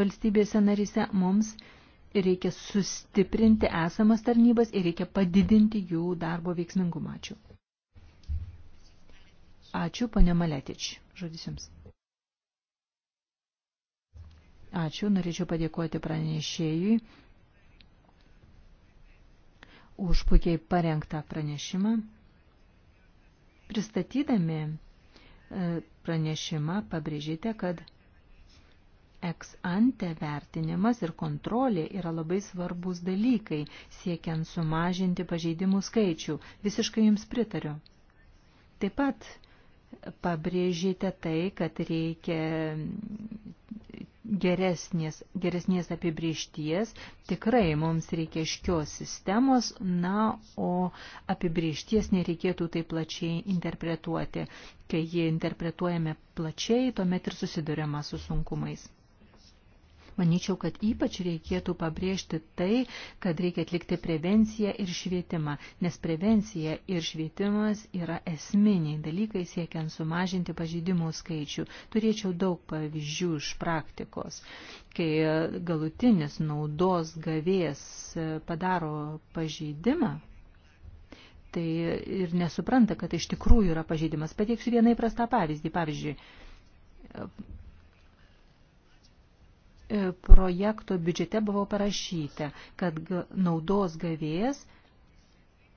valstybėse narise. Mums reikia sustiprinti esamas tarnybas ir reikia padidinti jų darbo veiksmingumą. Ačiū. Ačiū, ponė Maletič. Žodis jums. Ačiū, norėčiau padėkoti pranešėjui už puikiai parengtą pranešimą. Pristatydami e, pranešimą pabrėžite, kad ex ante vertinimas ir kontrolė yra labai svarbus dalykai, siekiant sumažinti pažeidimų skaičių. Visiškai jums pritariu. Taip pat pabrėžite tai, kad reikia geresnės, geresnės apibriešties. Tikrai mums reikia iškios sistemos, na, o apibriešties nereikėtų taip plačiai interpretuoti. Kai jį interpretuojame plačiai, tuomet ir susidurėma su sunkumais. Manyčiau, kad ypač reikėtų pabrėžti tai, kad reikia atlikti prevenciją ir švietimą, nes prevencija ir švietimas yra esminiai dalykai siekiant sumažinti pažydimų skaičių. Turėčiau daug pavyzdžių iš praktikos, kai galutinis naudos gavės padaro pažydimą, tai ir nesupranta, kad iš tikrųjų yra pažeidimas. Pateiksiu vieną įprastą pavyzdį. Pavyzdžiui, E, projekto biudžete buvo parašyta, kad naudos gavėjas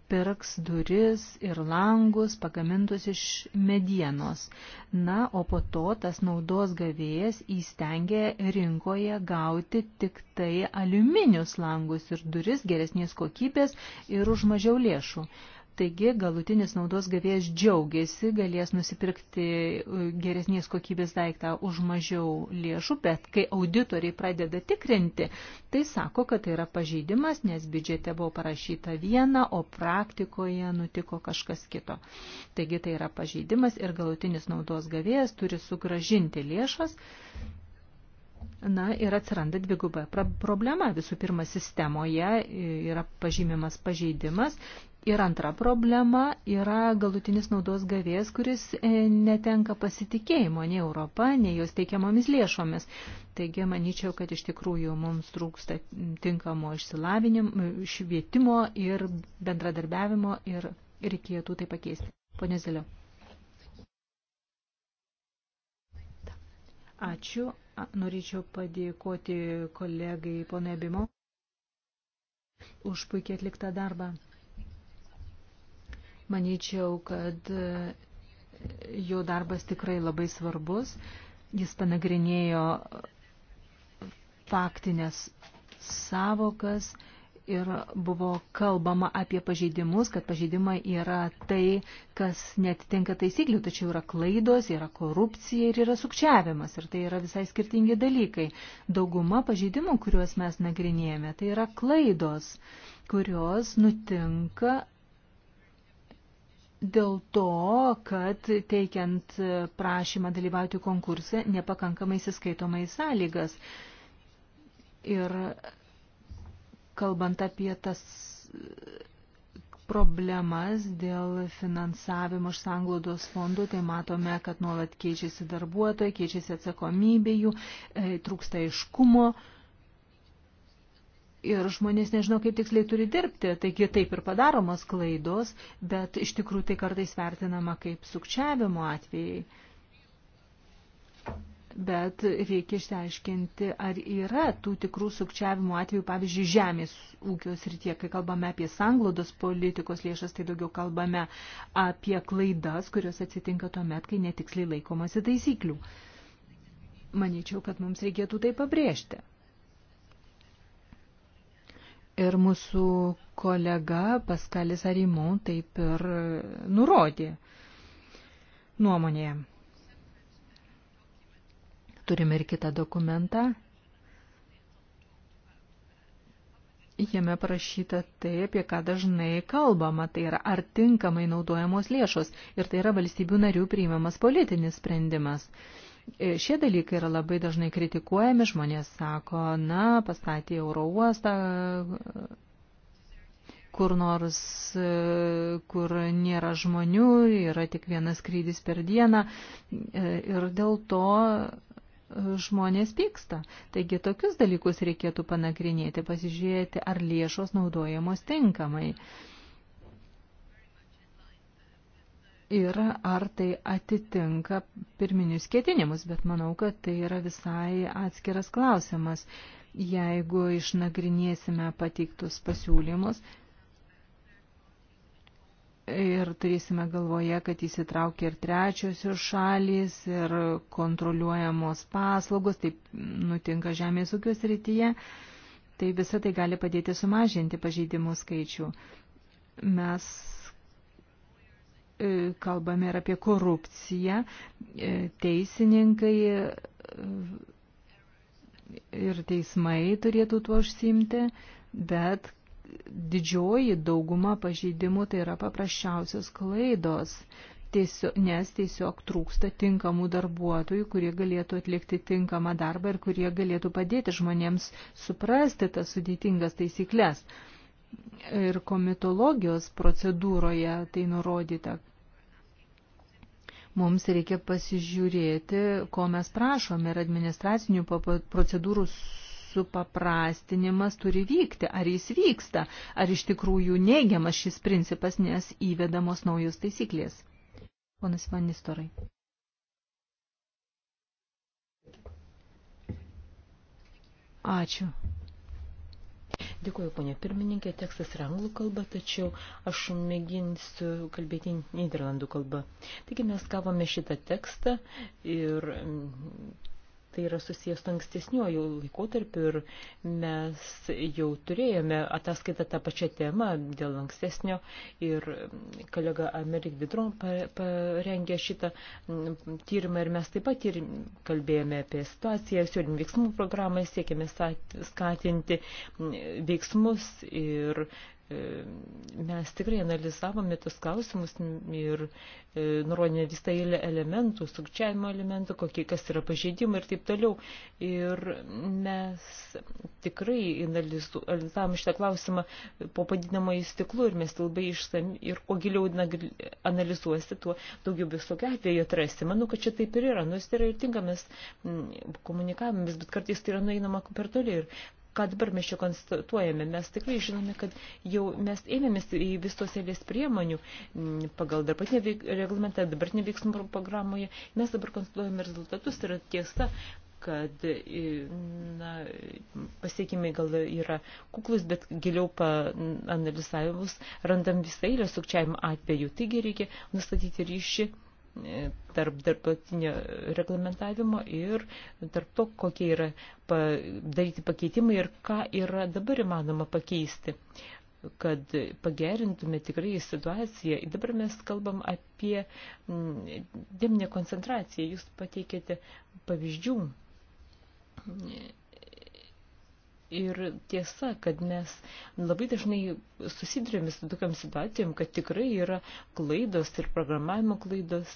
pirks duris ir langus pagamintus iš medienos. Na, o po to tas naudos gavėjas įstengė rinkoje gauti tik tai aliuminius langus ir duris geresnės kokybės ir už mažiau lėšų. Taigi galutinis naudos gavėjas džiaugiasi, galės nusipirkti e, geresnės kokybės daiktą už mažiau lėšų, bet kai auditoriai pradeda tikrinti, tai sako, kad tai yra pažeidimas, nes biudžete buvo parašyta viena, o praktikoje nutiko kažkas kito. Taigi tai yra pažeidimas ir galutinis naudos gavėjas turi sugražinti lėšas Na ir atsiranda dviguba problema. Visų pirma, sistemoje e, yra pažymimas pažeidimas Ir antra problema yra galutinis naudos gavėjas, kuris e, netenka pasitikėjimo nei Europą, nei jos teikiamomis lėšomis. Taigi, manyčiau, kad iš tikrųjų mums trūksta tinkamo išsilavinimo, švietimo ir bendradarbiavimo ir reikėtų tai pakeisti. Pone Zilio. Ačiū. Norėčiau padėkoti kolegai ponai Bimo už puikiai atliktą darbą. Manyčiau, kad e, jo darbas tikrai labai svarbus. Jis panagrinėjo faktinės savokas ir buvo kalbama apie pažeidimus, kad pažeidimai yra tai, kas netitinka taisyklių, tačiau yra klaidos, yra korupcija ir yra sukčiavimas. Ir tai yra visai skirtingi dalykai. Dauguma pažeidimų, kuriuos mes nagrinėjame, tai yra klaidos, kurios nutinka dėl to, kad teikiant prašymą dalyvauti konkurse nepakankamai įsiskaitomai sąlygas. Ir kalbant apie tas problemas dėl finansavimo iš sanglaudos fondų, tai matome, kad nuolat keičiasi darbuotojai, keičiasi atsakomybė jų, e, trūksta iškumo. E, ir žmonės nežino, kaip tiksliai turi dirbti. Taigi taip ir padaromos klaidos, bet iš tikrųjų tai kartais vertinama kaip sukčiavimo atvejai. Bet reikia išsiaiškinti, ar yra tų tikrų sukčiavimo atvejų, pavyzdžiui, žemės ūkio srityje, kai kalbame apie sanglodos politikos lėšas, tai daugiau kalbame apie klaidas, kurios atsitinka tuo met, kai netiksliai laikomasi taisyklių. Maničiau, kad mums reikėtų tai pabrėžti. Ir mūsų kolega Paskalis Arimon taip ir nurodė nuomonėje. Turime ir kitą dokumentą. Jame parašyta tai, apie ką dažnai kalbama, tai yra ar tinkamai naudojamos lėšos ir tai yra valstybių narių priimamas politinis sprendimas. E, šie dalykai yra labai dažnai kritikuojami, žmonės sako, na, pastatė euro uostą kur nors, e, kur nėra žmonių, yra tik vienas skrydis per dieną e, ir dėl to žmonės pyksta. Taigi tokius dalykus reikėtų panagrinėti, pasižiūrėti, ar lėšos naudojamos tinkamai. ir ar tai atitinka pirminius ketinimus, bet manau, kad tai yra visai atskiras klausimas. Jeigu išnagrinėsime pateiktus pasiūlymus ir turėsime galvoje, kad įsitraukia ir trečiosios šalys, ir kontroliuojamos paslaugos, taip nutinka žemės ūkio srityje, tai visą tai gali padėti sumažinti pažeidimų skaičių. Mes E, kalbame ir apie korupciją, e, teisininkai e, ir teismai turėtų tuo užsimti, bet didžioji dauguma pažeidimų tai yra paprasčiausios klaidos, tiesiog, nes tiesiog trūksta tinkamų darbuotojų, kurie galėtų atlikti tinkamą darbą ir kurie galėtų padėti žmonėms suprasti tas sudėtingas taisyklės ir komitologijos procedūroje tai nurodyta. Mums reikia pasižiūrėti, ko mes prašome ir administracinių procedūrų supaprastinimas turi vykti, ar jis vyksta, ar iš tikrųjų neigiamas šis principas, nes įvedamos naujos taisyklės. Ponas Vanistorai. Ačiū. Dėkuoju, ponė pirmininkė, tekstas yra anglų kalba, tačiau aš mėginsiu kalbėti Niderlandų kalba. Taigi mes gavome šitą tekstą ir tai yra susijęs su ankstesniuoju laikotarpiu ir mes jau turėjome ataskaitą tą pačią temą dėl ankstesnio ir kolega Amerik Bidron parengė šitą mm, tyrimą ir mes taip pat ir kalbėjome apie situaciją, siūlėm veiksmų programą, siekėme skatinti mm, veiksmus ir E, mes tikrai analizavome tos klausimus ir e, nurodėme visą eilę elementų, sukčiavimo elementų, kokie kas yra pažeidimai ir taip toliau. Ir mes tikrai analizavome šitą klausimą po padidinamojo stiklu ir mes labai išsam ir kuo giliau analizuosi, tuo daugiau visokių atvejų atrasti. Manau, kad čia taip ir yra. Nus tai yra ir tinkamas komunikavimas, bet kartais tai yra nueinama per toli. Ir ką dabar mes čia konstatuojame. Mes tikrai žinome, kad jau mes ėmėmės į visos eilės priemonių pagal dabartinį reglamentą, dabartinį veiksmų programoje. Mes dabar konstatuojame rezultatus ir tiesa, kad na, pasiekimai gal yra kuklus, bet giliau paanalizavus randam visą eilę sukčiavimo atveju. Taigi reikia nustatyti ryšį tarp tarptautinio reglamentavimo ir tarp to, kokie yra daryti pakeitimai ir ką yra dabar įmanoma pakeisti kad pagerintume tikrai situaciją. Dabar mes kalbam apie mm, deminę koncentraciją. Jūs pateikėte pavyzdžių Ir tiesa, kad mes labai dažnai susidurėme su tokiam situacijom, kad tikrai yra klaidos ir programavimo klaidos,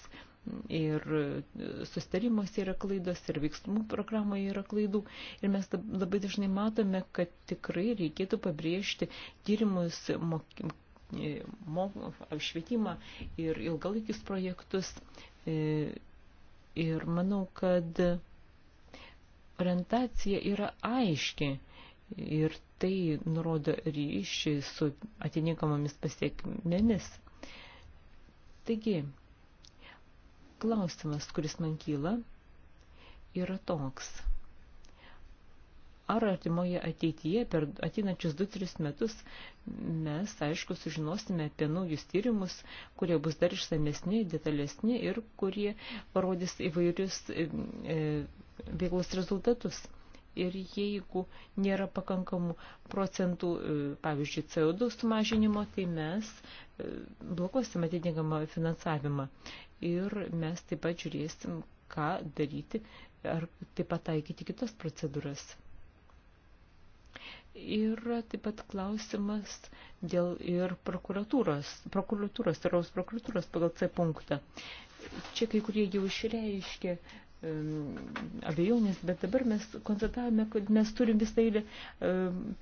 ir e, sustarimuose yra klaidos, ir veiksmų programoje yra klaidų. Ir mes labai dažnai matome, kad tikrai reikėtų pabrėžti tyrimus, e, apšvietimą ir ilgalaikius projektus. E, ir manau, kad orientacija yra aiški ir tai nurodo ryšį su atitinkamomis pasiekmėmis. Taigi, klausimas, kuris man kyla, yra toks. Ar artimoje ateityje per atinačius 2-3 metus mes, aišku, sužinosime apie naujus tyrimus, kurie bus dar išsamesni, detalesni ir kurie parodys įvairius e, e veiklos rezultatus. E, Ir jeigu nėra pakankamų procentų, e, pavyzdžiui, CO2 sumažinimo, tai mes e, blokuosim atitinkamą finansavimą. Ir mes taip pat žiūrėsim, ką daryti, ar taip pat taikyti kitas procedūras. Ir taip pat klausimas dėl ir prokuratūros, prokuratūros, Europos prokuratūros pagal C punktą. Čia kai kurie jau išreiškė abejonės, bet dabar mes konstatavome, kad mes turim visą eilę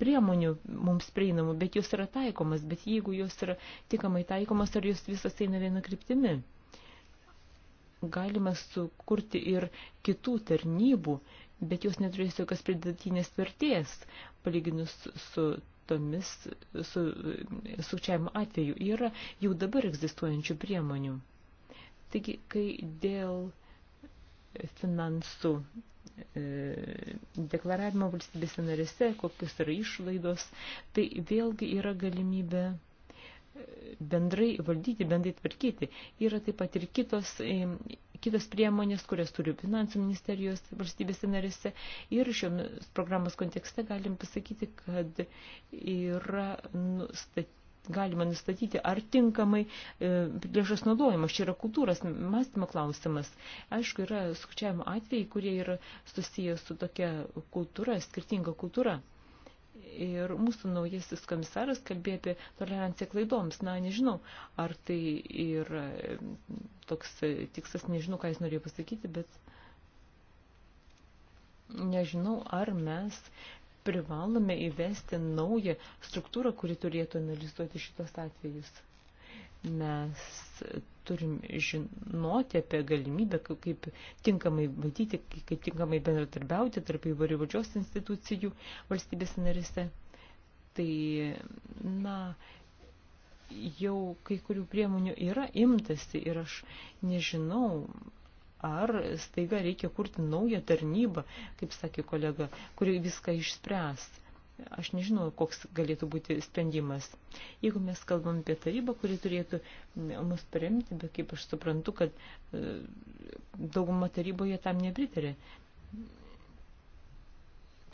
priemonių mums prieinamų, bet jos yra taikomas, bet jeigu jos yra tikamai taikomas, ar jos visas eina viena kryptimi. Galima sukurti ir kitų tarnybų, bet jos neturės jokios pridatinės vertės, palyginus su tomis su sukčiavimo atveju. Yra jau dabar egzistuojančių priemonių. Taigi, kai dėl finansų e, deklaravimo valstybėse narėse, kokius yra išlaidos, tai vėlgi yra galimybė e, bendrai valdyti, bendrai tvarkyti. Yra taip pat ir kitos, e, kitos priemonės, kurias turi finansų ministerijos valstybėse narėse. Ir šiomis programos kontekste galim pasakyti, kad yra nustatyti galima nustatyti, ar tinkamai e, lėšas naudojamas. Čia yra kultūros mąstymo klausimas. Aišku, yra sukčiavimo atvejai, kurie yra susijęs su tokia kultūra, skirtinga kultūra. Ir mūsų naujasis komisaras kalbėjo apie toleranciją klaidoms. Na, nežinau, ar tai ir e, toks e, tikslas, nežinau, ką jis norėjo pasakyti, bet nežinau, ar mes privalome įvesti naują struktūrą, kuri turėtų analizuoti šitos atvejus. Mes turim žinoti apie galimybę, kaip tinkamai valdyti, kaip tinkamai bendratarbiauti tarp įvairių valdžios institucijų valstybės narise. Tai, na, jau kai kurių priemonių yra imtasi ir aš nežinau, ar staiga reikia kurti naują tarnybą, kaip sakė kolega, kuri viską išspręs. Aš nežinau, koks galėtų būti sprendimas. Jeigu mes kalbam apie tarybą, kuri turėtų mus paremti, bet kaip aš suprantu, kad e, dauguma taryboje tam nepritarė.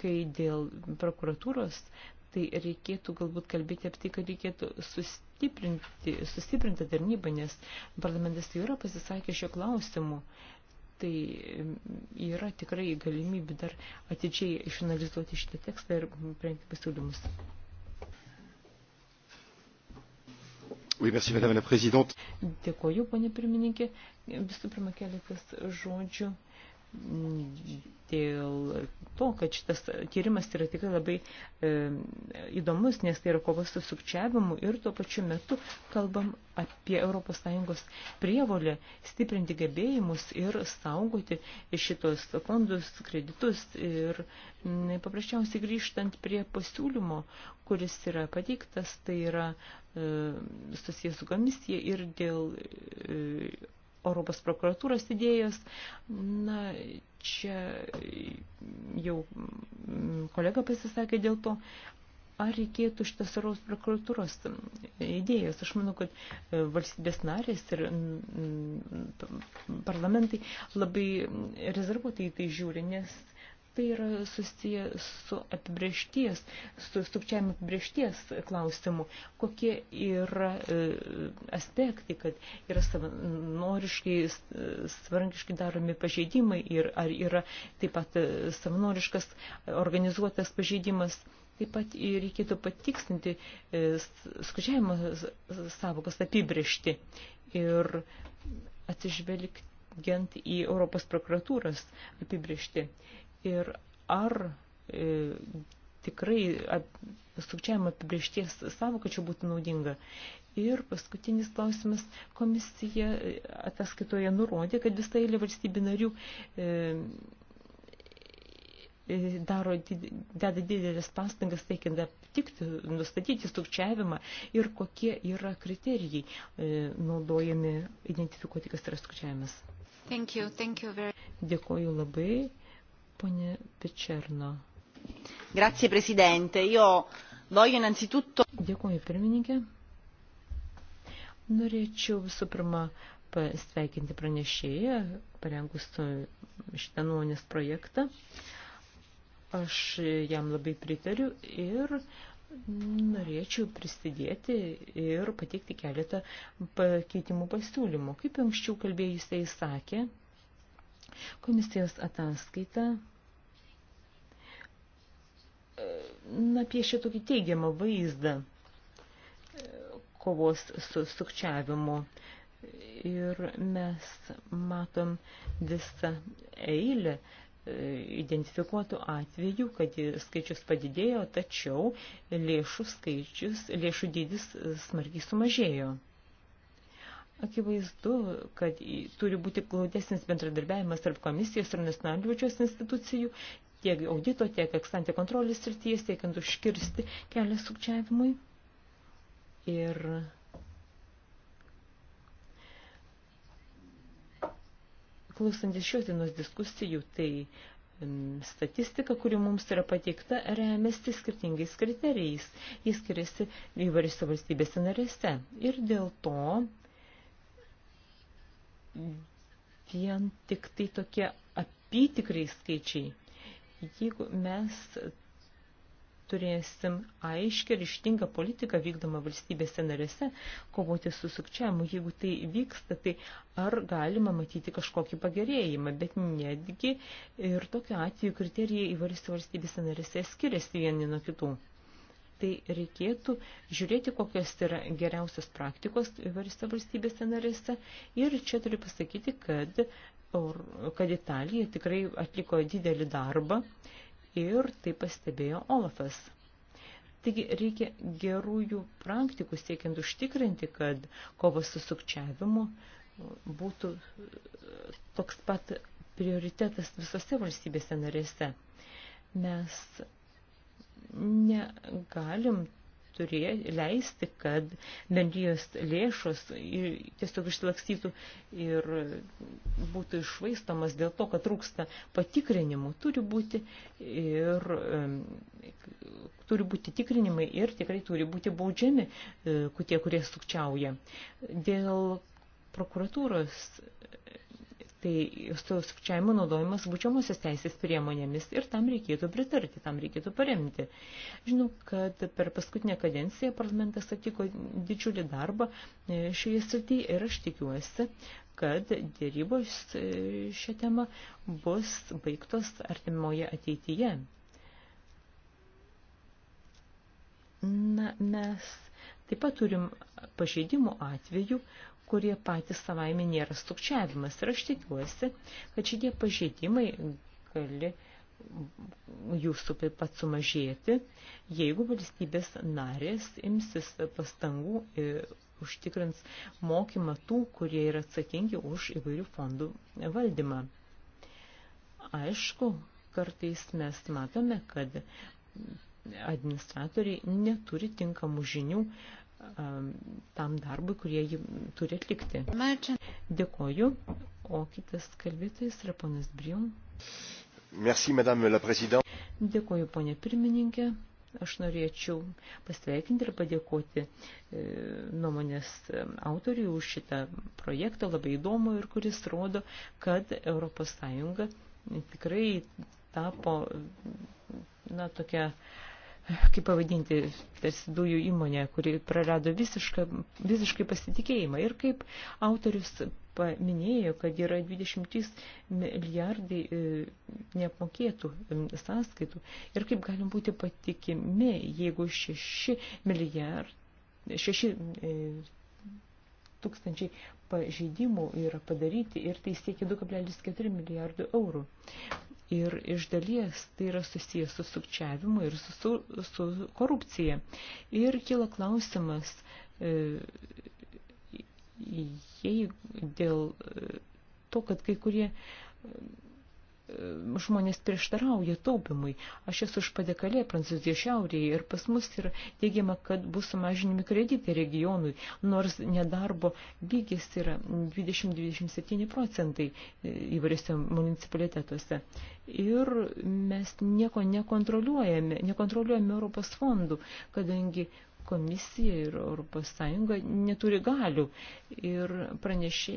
Kai dėl prokuratūros, tai reikėtų galbūt kalbėti apie tai, kad reikėtų sustiprinti, sustiprinti tarnybą, nes parlamentas jau yra pasisakė šio klausimu. Tai yra tikrai galimybė dar atidžiai išanalizuoti šitą tekstą ir prengti pasiūlymus. Oui, merci, Madame la Présidente. Dėkoju, ponė pirmininkė. Visų pirma, keletas žodžių dėl to, kad šitas tyrimas yra tikrai labai e, įdomus, nes tai yra kovas su sukčiavimu ir tuo pačiu metu kalbam apie ES prievolę stiprinti gebėjimus ir saugoti šitos fondus, kreditus ir m, paprasčiausiai grįžtant prie pasiūlymo, kuris yra pateiktas, tai yra e, susijęs su komisija ir dėl e, Europos prokuratūros idėjos. Na, čia jau kolega pasisakė dėl to, ar reikėtų šitas Europos prokuratūros idėjos. Aš manau, kad e, valstybės narės ir parlamentai labai rezervuotai tai žiūri, nes tai yra susiję su apibriešties, su sukčiavimo apibriešties klausimu, kokie yra e, aspektai, kad yra savanoriškai, savarankiškai daromi pažeidimai ir ar yra taip pat e, savanoriškas organizuotas pažeidimas. Taip pat reikėtų patikslinti e, skučiavimo savokas apibriešti ir atsižvelgti gent į Europos prokuratūros apibriešti ir ar e, tikrai ap, sukčiavimo apibriešties savoka čia būtų naudinga. Ir paskutinis klausimas, komisija e, ataskaitoje nurodė, kad visą eilę valstybių narių e, e daro, deda didelis pastangas, teikiant aptikti, nustatyti sukčiavimą ir kokie yra kriterijai e, naudojami identifikuoti, kas yra sukčiavimas. Thank you, thank you very... Dėkoju labai. Pone Pičerno. Grazie, prezidente. Jo voglio innanzitutto. Dėkuoju, pirmininkė. Norėčiau visų pirma pasveikinti pranešėją, parengus šitą nuomonės projektą. Aš jam labai pritariu ir norėčiau prisidėti ir pateikti keletą pakeitimų pasiūlymų. Kaip anksčiau kalbėjusiai sakė, Komisijos ataskaita na, piešia tokį teigiamą vaizdą kovos su sukčiavimu. Ir mes matom visą eilę e, identifikuotų atvejų, kad skaičius padidėjo, tačiau lėšų skaičius, lėšų dydis smarkiai sumažėjo. Akivaizdu, kad turi būti glaudesnis bendradarbiavimas tarp komisijos ir nacionalinių valdžios institucijų, tiek audito, tiek ekstantė kontrolės srityje, siekiant užkirsti kelią sukčiavimui. Ir klausantis šios dienos diskusijų, tai statistika, kuri mums yra pateikta, remiasi skirtingais kriterijais. Jis skiriasi įvairiose valstybėse narėse. Ir dėl to vien tik tai tokie apytikriai skaičiai. Jeigu mes turėsim aiškį ir ištingą politiką vykdomą valstybėse narėse, kovoti su sukčiavimu, jeigu tai vyksta, tai ar galima matyti kažkokį pagerėjimą, bet netgi ir tokiu atveju kriterijai įvairiose valstybėse narėse skiriasi vieni nuo kitų tai reikėtų žiūrėti, kokios yra geriausios praktikos įvairiose valstybėse narėse. Ir čia turiu pasakyti, kad, kad Italija tikrai atliko didelį darbą ir tai pastebėjo Olafas. Taigi reikia gerųjų praktikų siekiant užtikrinti, kad kova su sukčiavimu būtų toks pat prioritetas visose valstybėse narėse. Mes negalim turė, leisti, kad bendrijos lėšos tiesiog išlakstytų ir būtų išvaistamas dėl to, kad trūksta patikrinimų. Turi būti, ir, turi būti tikrinimai ir tikrai turi būti baudžiami e, tie, kurie sukčiauja. Dėl prokuratūros tai su sukčiavimu naudojimas būčiamosios teisės priemonėmis ir tam reikėtų pritarti, tam reikėtų paremti. Žinau, kad per paskutinę kadenciją parlamentas atiko didžiulį darbą e, šioje srityje ir aš tikiuosi, kad dėrybos e, šią temą bus baigtos artimoje ateityje. Na, mes taip pat turim pažeidimų atvejų, kurie patys savaime nėra sukčiavimas. Ir aš tikiuosi, kad šitie pažeidimai gali jūsų taip pat sumažėti, jeigu valstybės narės imsis pastangų užtikrins mokymą tų, kurie yra atsakingi už įvairių fondų valdymą. Aišku, kartais mes matome, kad administratoriai neturi tinkamų žinių Um, tam darbui, kurie jį turi atlikti. Dėkoju, o kitas kalbėtojas yra ponas Brium. Merci, madame la présidente. Dėkoju, ponė pirmininkė. Aš norėčiau pasveikinti ir padėkoti e, nuomonės e, autoriui už šitą projektą, labai įdomų ir kuris rodo, kad ES tikrai tapo na, tokia uh, kaip pavadinti, tarsi dujų įmonė, kuri prarado visišką, visiškai pasitikėjimą. Ir kaip autorius paminėjo, kad yra 23 milijardai e, neapmokėtų sąskaitų. Ir kaip galim būti patikimi, jeigu 6 milijardai, 6 e, tūkstančiai pažeidimų yra padaryti ir tai siekia 2,4 milijardų eurų ir iš dalies tai yra susijęs su sukčiavimu ir su, su, su korupcija. Ir kila klausimas, e, jei dėl to, kad kai kurie žmonės prieštarauja taupimui. Aš esu iš padėkalė Prancūzijos šiaurėje ir pas mus yra teigiama, kad bus sumažinimi kreditai regionui, nors nedarbo lygis yra 20-27 procentai e, įvairiose municipalitetuose. Ir mes nieko nekontroliuojame, nekontroliuojame Europos fondų, kadangi komisija ir Europos Sąjunga neturi galių ir pranešė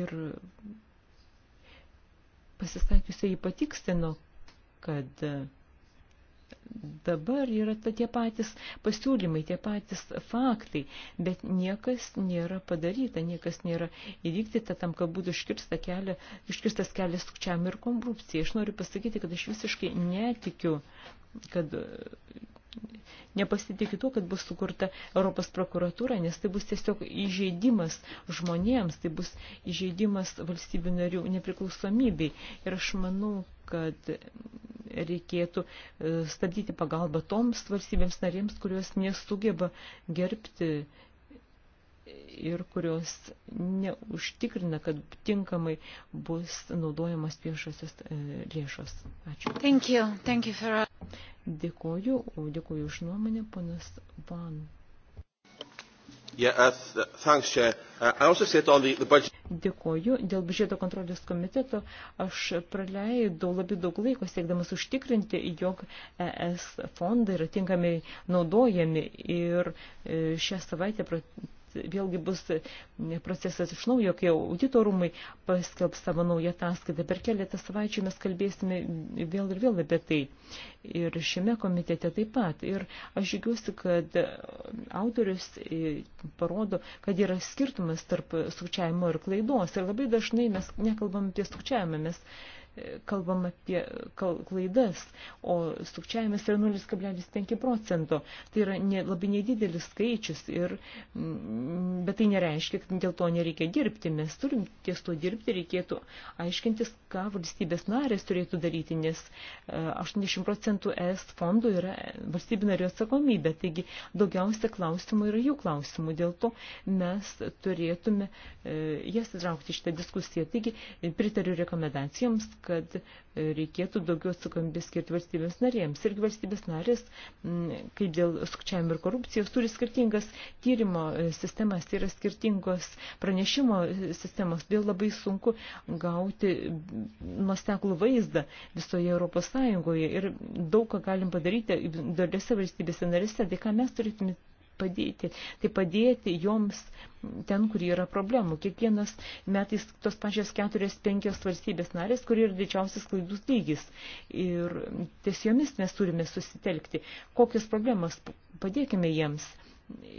ir pasisakiusiai patikstino, kad e, dabar yra ta tie patys pasiūlymai, tie patys faktai, bet niekas nėra padaryta, niekas nėra įvykdyta tam, kad būtų iškirsta kelia, iškirstas kelias sukčiam ir korupcijai. Aš noriu pasakyti, kad aš visiškai netikiu, kad nepasitikiu tuo, kad bus sukurta Europos prokuratūra, nes tai bus tiesiog įžeidimas žmonėms, tai bus įžeidimas valstybių narių nepriklausomybei. Ir aš manau, kad reikėtų e, stabdyti pagalbą toms valstybėms narėms, kurios nesugeba gerbti ir kurios neužtikrina, kad tinkamai bus naudojamas viešosios e, lėšos. Ačiū. Thank you. Thank you for... Dėkoju, o dėkoju už nuomonę, panas Van. Yeah, uh, th thanks, Chair. Uh, I also sit on the, the budget. Dėkoju. Dėl biudžeto kontrolės komiteto aš praleidau labai daug laiko siekdamas užtikrinti, jog ES fondai yra tinkamai naudojami ir e, šią savaitę vėlgi bus e, procesas iš naujo, kai auditorumai paskelbs savo naują ataskaitą. Per keletą savaičių mes kalbėsime vėl ir vėl apie tai. Ir šiame komitete taip pat. Ir aš žiūriuosi, kad autorius e, parodo, kad yra skirtumas tarp sukčiavimo ir klaidos. Ir labai dažnai mes nekalbam apie sukčiavimą, mes kalbam apie klaidas, o sukčiavimas yra 0,5 procento. Tai yra ne, labai nedidelis skaičius, ir, mm, bet tai nereiškia, kad dėl to nereikia dirbti. Mes turim ties to dirbti, reikėtų aiškintis, ką valstybės narės turėtų daryti, nes 80 e, procentų ES fondų yra valstybė narių atsakomybė, taigi daugiausia klausimų yra jų klausimų. Dėl to mes turėtume e, jas įtraukti šitą diskusiją. Taigi pritariu rekomendacijoms, kad reikėtų daugiau atsakomybės skirti valstybės narėms. Irgi valstybės narės, kai dėl sukčiavimo ir korupcijos, turi skirtingas tyrimo e, sistemas, tai yra skirtingos pranešimo e, sistemos, dėl labai sunku gauti nuosteklų vaizdą visoje Europos Sąjungoje ir daug ką galim padaryti daliose valstybėse narėse, tai ką mes turėtume padėti, tai padėti joms ten, kur yra problemų. Kiekvienas metais tos pačios keturios, penkios valstybės narės, kur yra didžiausias klaidus lygis. Ir ties jomis mes turime susitelkti. Kokios problemos padėkime jiems.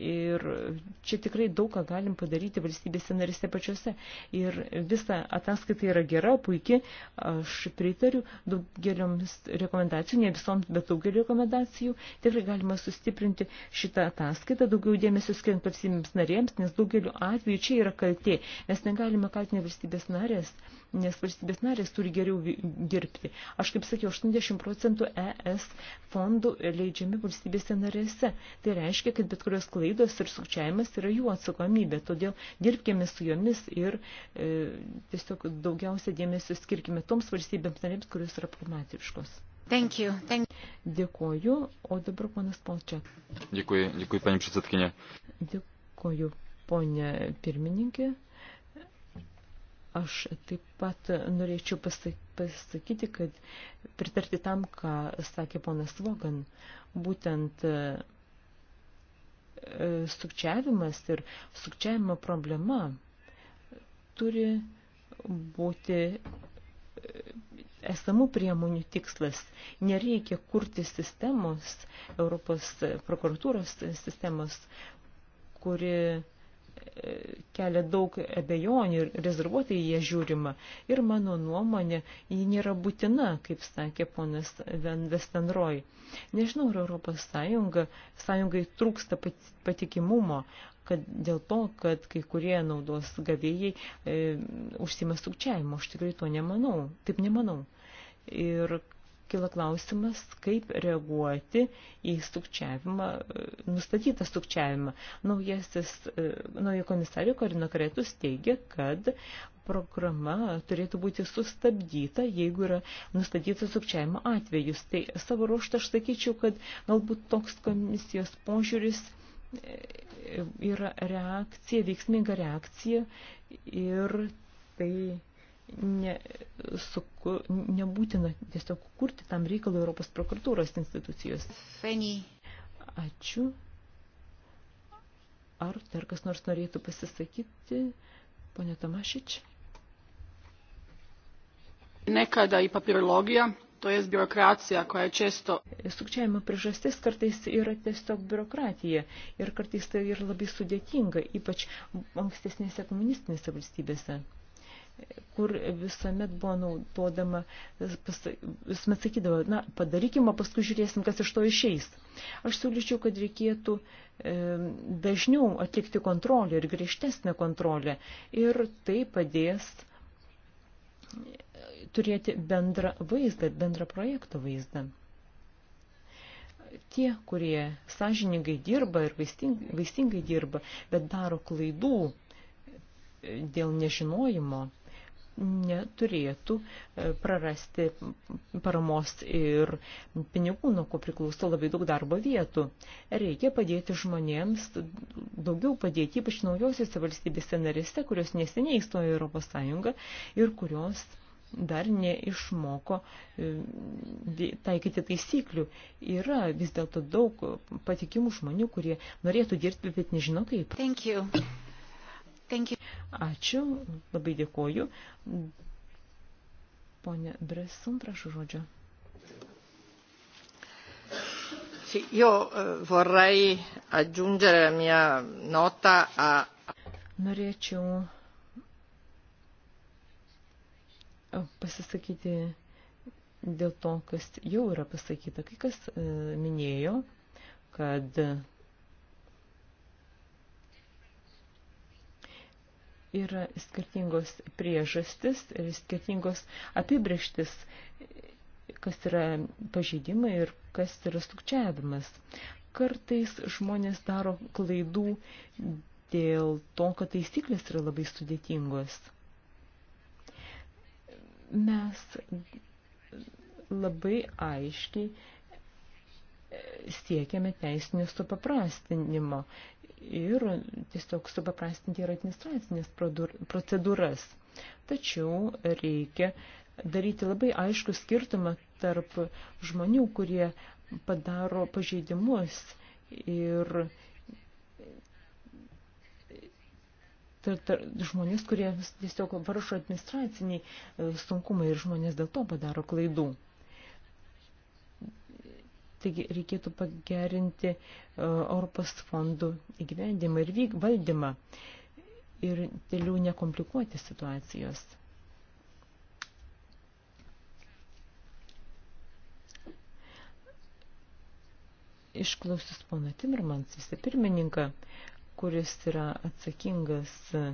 Ir čia tikrai daug ką galim padaryti valstybėse narise pačiose. Ir visa ataskaita yra gera, puikiai. Aš pritariu daugelioms rekomendacijų, ne visoms, bet daugeliu rekomendacijų. Tikrai galima sustiprinti šitą ataskaitą, daugiau dėmesio skiriant valstybėms narėms, nes daugeliu atveju čia yra kaltė. Mes negalime kaltinti valstybės narės, nes valstybės narės turi geriau dirbti. Aš kaip sakiau, 80 procentų ES fondų leidžiami valstybėse narėse. Tai reiškia, kad bet kurios padarytos klaidos ir sukčiavimas yra jų atsakomybė, todėl dirbkime su jomis ir e, tiesiog daugiausia dėmesio skirkime toms valstybėms narėms, kurios yra problematiškos. Thank you. Thank you. Dėkuoju, o dabar panas Polčiak. Dėkuoju, dėkuoju, panie prisatkinė. Dėkuoju, ponė pirmininkė. Aš taip pat norėčiau pasakyti, kad pritarti tam, ką sakė ponas Vogan, būtent E, sukčiavimas ir sukčiavimo problema turi būti e, esamų priemonių tikslas. Nereikia kurti sistemos, Europos prokuratūros sistemos, kuri kelia daug abejonių ir rezervuotai jie žiūrima. Ir mano nuomonė, ji nėra būtina, kaip sakė ponas Vestenroj. Nežinau, ar Europos Sąjunga, Sąjungai trūksta patikimumo, kad dėl to, kad kai kurie naudos gavėjai e, užsima sukčiavimo. Aš tikrai to nemanau, taip nemanau. Ir kila klausimas, kaip reaguoti į sukčiavimą, nustatytą sukčiavimą. Naujasis, e, naujo komisario Korino Kretus teigia, kad programa turėtų būti sustabdyta, jeigu yra nustatytas sukčiavimo atvejus. Tai savo ruoštą aš sakyčiau, kad galbūt toks komisijos požiūris e, yra reakcija, veiksminga reakcija ir tai ne, su, nebūtina tiesiog kurti tam reikalų Europos prokuratūros institucijos. Feni. Ačiū. Ar dar kas nors norėtų pasisakyti, ponė Tomašič? Nekada į papirologiją, to jest biurokracija, koja je često. Sukčiavimo priežastis kartais yra tiesiog biurokratija ir kartais tai yra labai sudėtinga, ypač ankstesnėse komunistinėse valstybėse kur visuomet buvo naudodama, visuomet sakydavo, na, padarykim, o paskui žiūrėsim, kas iš to išeis. Aš siūlyčiau, kad reikėtų e, dažniau atlikti kontrolę ir griežtesnę kontrolę ir tai padės e, turėti bendrą vaizdą, bendrą projekto vaizdą. Tie, kurie sąžiningai dirba ir vaistingai, vaistingai dirba, bet daro klaidų e, dėl nežinojimo, neturėtų e, prarasti paramos ir pinigų, nuo ko priklauso labai daug darbo vietų. Reikia padėti žmonėms, daugiau padėti ypač naujosiuose valstybėse narėse, kurios neseniai įstojo Europos Sąjungą ir kurios dar neišmoko e, taikyti taisyklių. Yra vis dėlto daug patikimų žmonių, kurie norėtų dirbti, bet nežino kaip. Thank you. Ačiū, labai dėkoju. Pone Bresson, prašau žodžio. Io eh, vorrei aggiungere la mia nota a... Norėčiau eh, pasisakyti dėl to, kas jau yra pasakyta. Kai kas eh, minėjo, kad yra skirtingos priežastis ir skirtingos apibrieštis, kas yra pažeidimai ir kas yra sukčiavimas. Kartais žmonės daro klaidų dėl to, kad taisyklės yra labai sudėtingos. Mes labai aiškiai siekiame teisinio supaprastinimo ir tiesiog supaprastinti ir administracinės procedūras. Tačiau reikia daryti labai aišku skirtumą tarp žmonių, kurie padaro pažeidimus ir žmonės, kurie tiesiog varšo administraciniai e, sunkumai ir žmonės dėl to padaro klaidų. Taigi reikėtų pagerinti e, Europos fondų įgyvendimą ir valdymą ir tėliau nekomplikuoti situacijos. Išklausius pono Timirmans, visi pirmininką, kuris yra atsakingas e,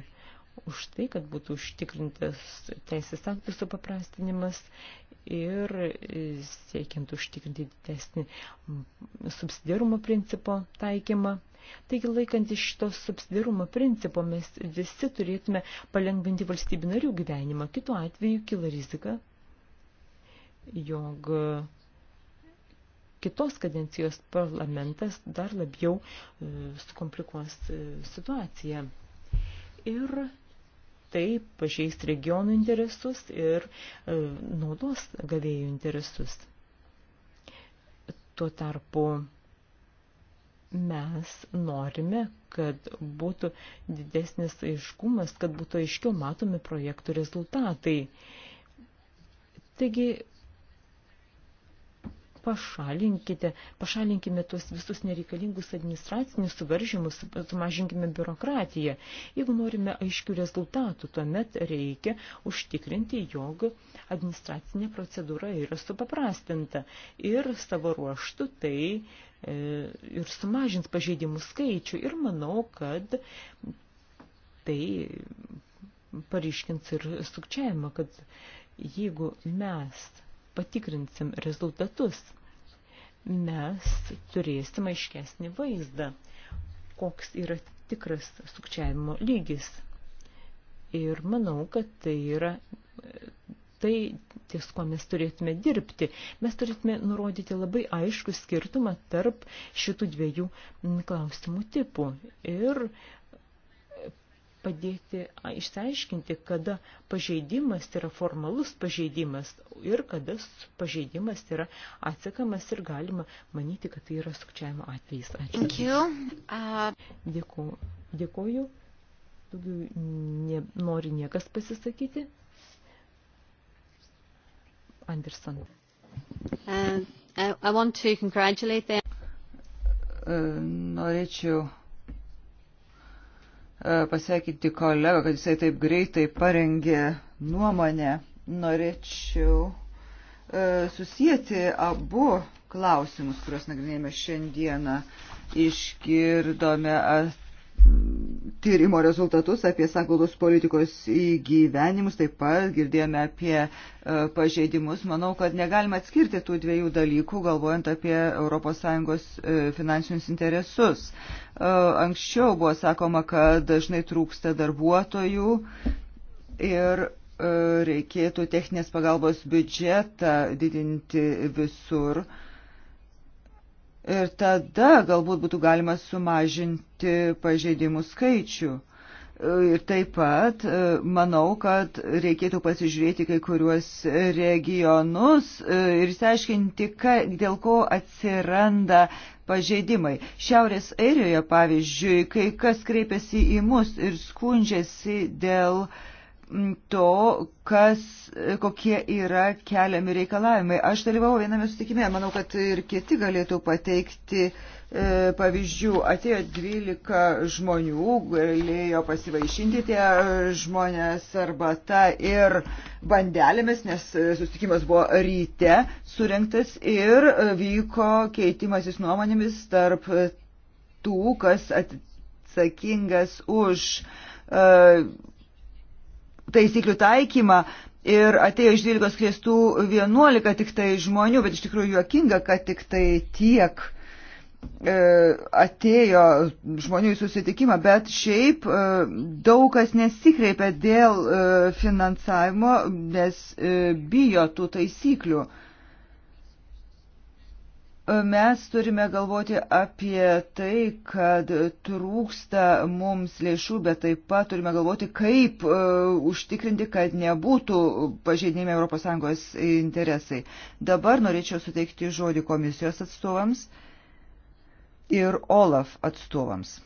už tai, kad būtų užtikrintas teisės aktų supaprastinimas ir siekiant užtikrinti didesnį subsidiarumo principo taikymą. Taigi laikant iš šito subsidiarumo principo mes visi turėtume palengvinti valstybių narių gyvenimą. Kitu atveju kila rizika, jog kitos kadencijos parlamentas dar labiau e, sukomplikuos e, situaciją. Ir tai pažeis regionų interesus ir e, naudos gavėjų interesus. Tuo tarpu mes norime, kad būtų didesnis aiškumas, kad būtų aiškiau matomi projektų rezultatai. Taigi pašalinkite, pašalinkime tuos visus nereikalingus administracinius suvaržymus, sumažinkime biurokratiją. Jeigu norime aiškių rezultatų, tuomet reikia užtikrinti, jog administracinė procedūra yra supaprastinta ir savo ruoštų tai e, ir sumažins pažeidimų skaičių ir manau, kad tai paryškins ir sukčiavimą, kad jeigu mes patikrinsim rezultatus, mes turėsim aiškesnį vaizdą, koks yra tikras sukčiavimo lygis. Ir manau, kad tai yra tai, ties kuo mes turėtume dirbti. Mes turėtume nurodyti labai aišku skirtumą tarp šitų dviejų klausimų tipų. Ir padėti išsiaiškinti, kada pažeidimas yra formalus pažeidimas ir kada pažeidimas yra atsekamas ir galima manyti, kad tai yra sukčiavimo atvejais. Ačiū. Dėku, dėkuoju. Daugiau ne, nori niekas pasisakyti. Anderson. Uh, I, I want to congratulate them. Uh, norėčiau E, pasveikinti kolegą, kad jisai taip greitai parengė nuomonę. Norėčiau e, susijęti abu klausimus, kuriuos nagrinėjame šiandieną. Išgirdome at tyrimo rezultatus, apie sanglaudos politikos įgyvenimus, taip pat girdėjome apie e, pažeidimus. Manau, kad negalima atskirti tų dviejų dalykų, galvojant apie ES e, finansinius interesus. E, anksčiau buvo sakoma, kad dažnai trūksta darbuotojų ir reikėtų techninės pagalbos biudžetą didinti visur ir tada galbūt būtų galima sumažinti pažeidimų skaičių. Ir taip pat e, manau, kad reikėtų pasižiūrėti kai kuriuos regionus e, ir išsiaiškinti, dėl ko atsiranda pažeidimai. Šiaurės Airijoje, pavyzdžiui, kai kas kreipiasi į mus ir skundžiasi dėl uh, to, kas, kokie yra keliami reikalavimai. Aš dalyvau viename sutikime, manau, kad ir kiti galėtų pateikti e, pavyzdžių. Atėjo 12 žmonių, galėjo pasivaišinti tie e, žmonės arbata ir bandelėmis, nes e, sustikimas buvo ryte surinktas ir e, vyko keitimasis nuomonėmis tarp tų, kas atsakingas už e, taisyklių taikymą ir atėjo iš 12 kriestų 11 tik tai žmonių, bet iš tikrųjų juokinga, kad tik tai tiek e, atėjo žmonių į susitikimą, bet šiaip e, daug kas nesikreipia dėl e, finansavimo, nes bijo tų taisyklių. Mes turime galvoti apie tai, kad trūksta mums lėšų, bet taip pat turime galvoti, kaip uh, užtikrinti, kad nebūtų pažeidinimi ES interesai. Dabar norėčiau suteikti žodį komisijos atstovams ir OLAF atstovams.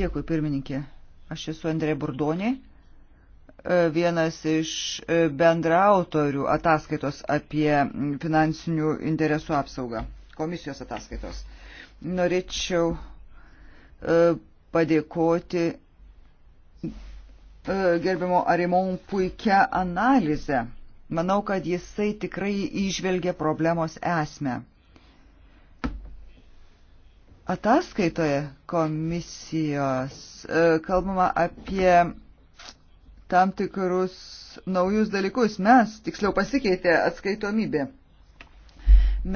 Dėkui, pirmininkė. Aš esu Andrė Burdonė, e, vienas iš e, bendraautorių ataskaitos apie finansinių interesų apsaugą, komisijos ataskaitos. Norėčiau e, padėkoti gerbimo Arimon puikia analizė. Manau, kad jisai tikrai išvelgia problemos esmę. Ataskaitoje komisijos e, kalbama apie tam tikrus naujus dalykus. Mes, tiksliau, pasikeitė atskaitomybė.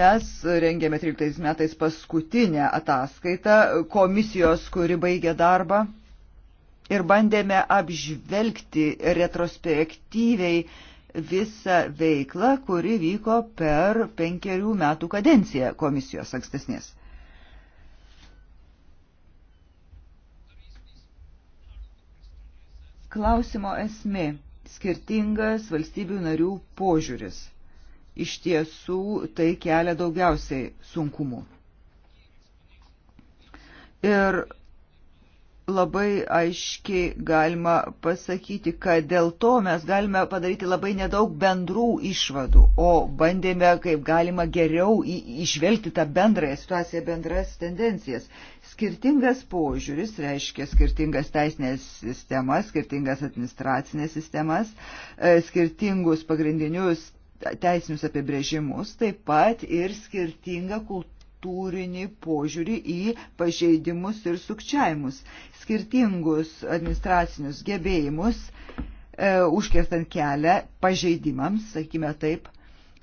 Mes rengėme 13 metais paskutinę ataskaitą komisijos, kuri baigė darbą ir bandėme apžvelgti retrospektyviai visą veiklą, kuri vyko per penkerių metų kadenciją komisijos ankstesnės. Klausimo esmė - skirtingas valstybių narių požiūris. Iš tiesų tai kelia daugiausiai sunkumų. Ir labai aiškiai galima pasakyti, kad dėl to mes galime padaryti labai nedaug bendrų išvadų, o bandėme kaip galima geriau išvelgti tą bendrąją situaciją, bendras tendencijas. Skirtingas požiūris reiškia skirtingas teisinės sistemas, skirtingas administracinės sistemas, e, skirtingus pagrindinius teisinius apibrėžimus, taip pat ir skirtingą kultūrą struktūrinį požiūrį į pažeidimus ir sukčiavimus, skirtingus administracinius gebėjimus, e, užkertant kelią pažeidimams, sakime taip,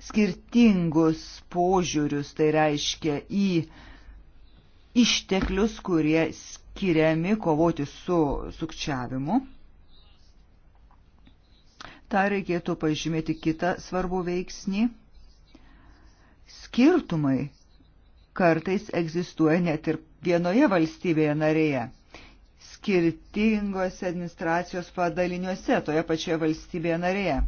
skirtingus požiūrius, tai reiškia į išteklius, kurie skiriami kovoti su sukčiavimu. Ta reikėtų pažymėti kitą svarbų veiksnį. Skirtumai kartais egzistuoja net ir vienoje valstybėje narėje skirtingose administracijos padaliniuose toje pačioje valstybėje narėje.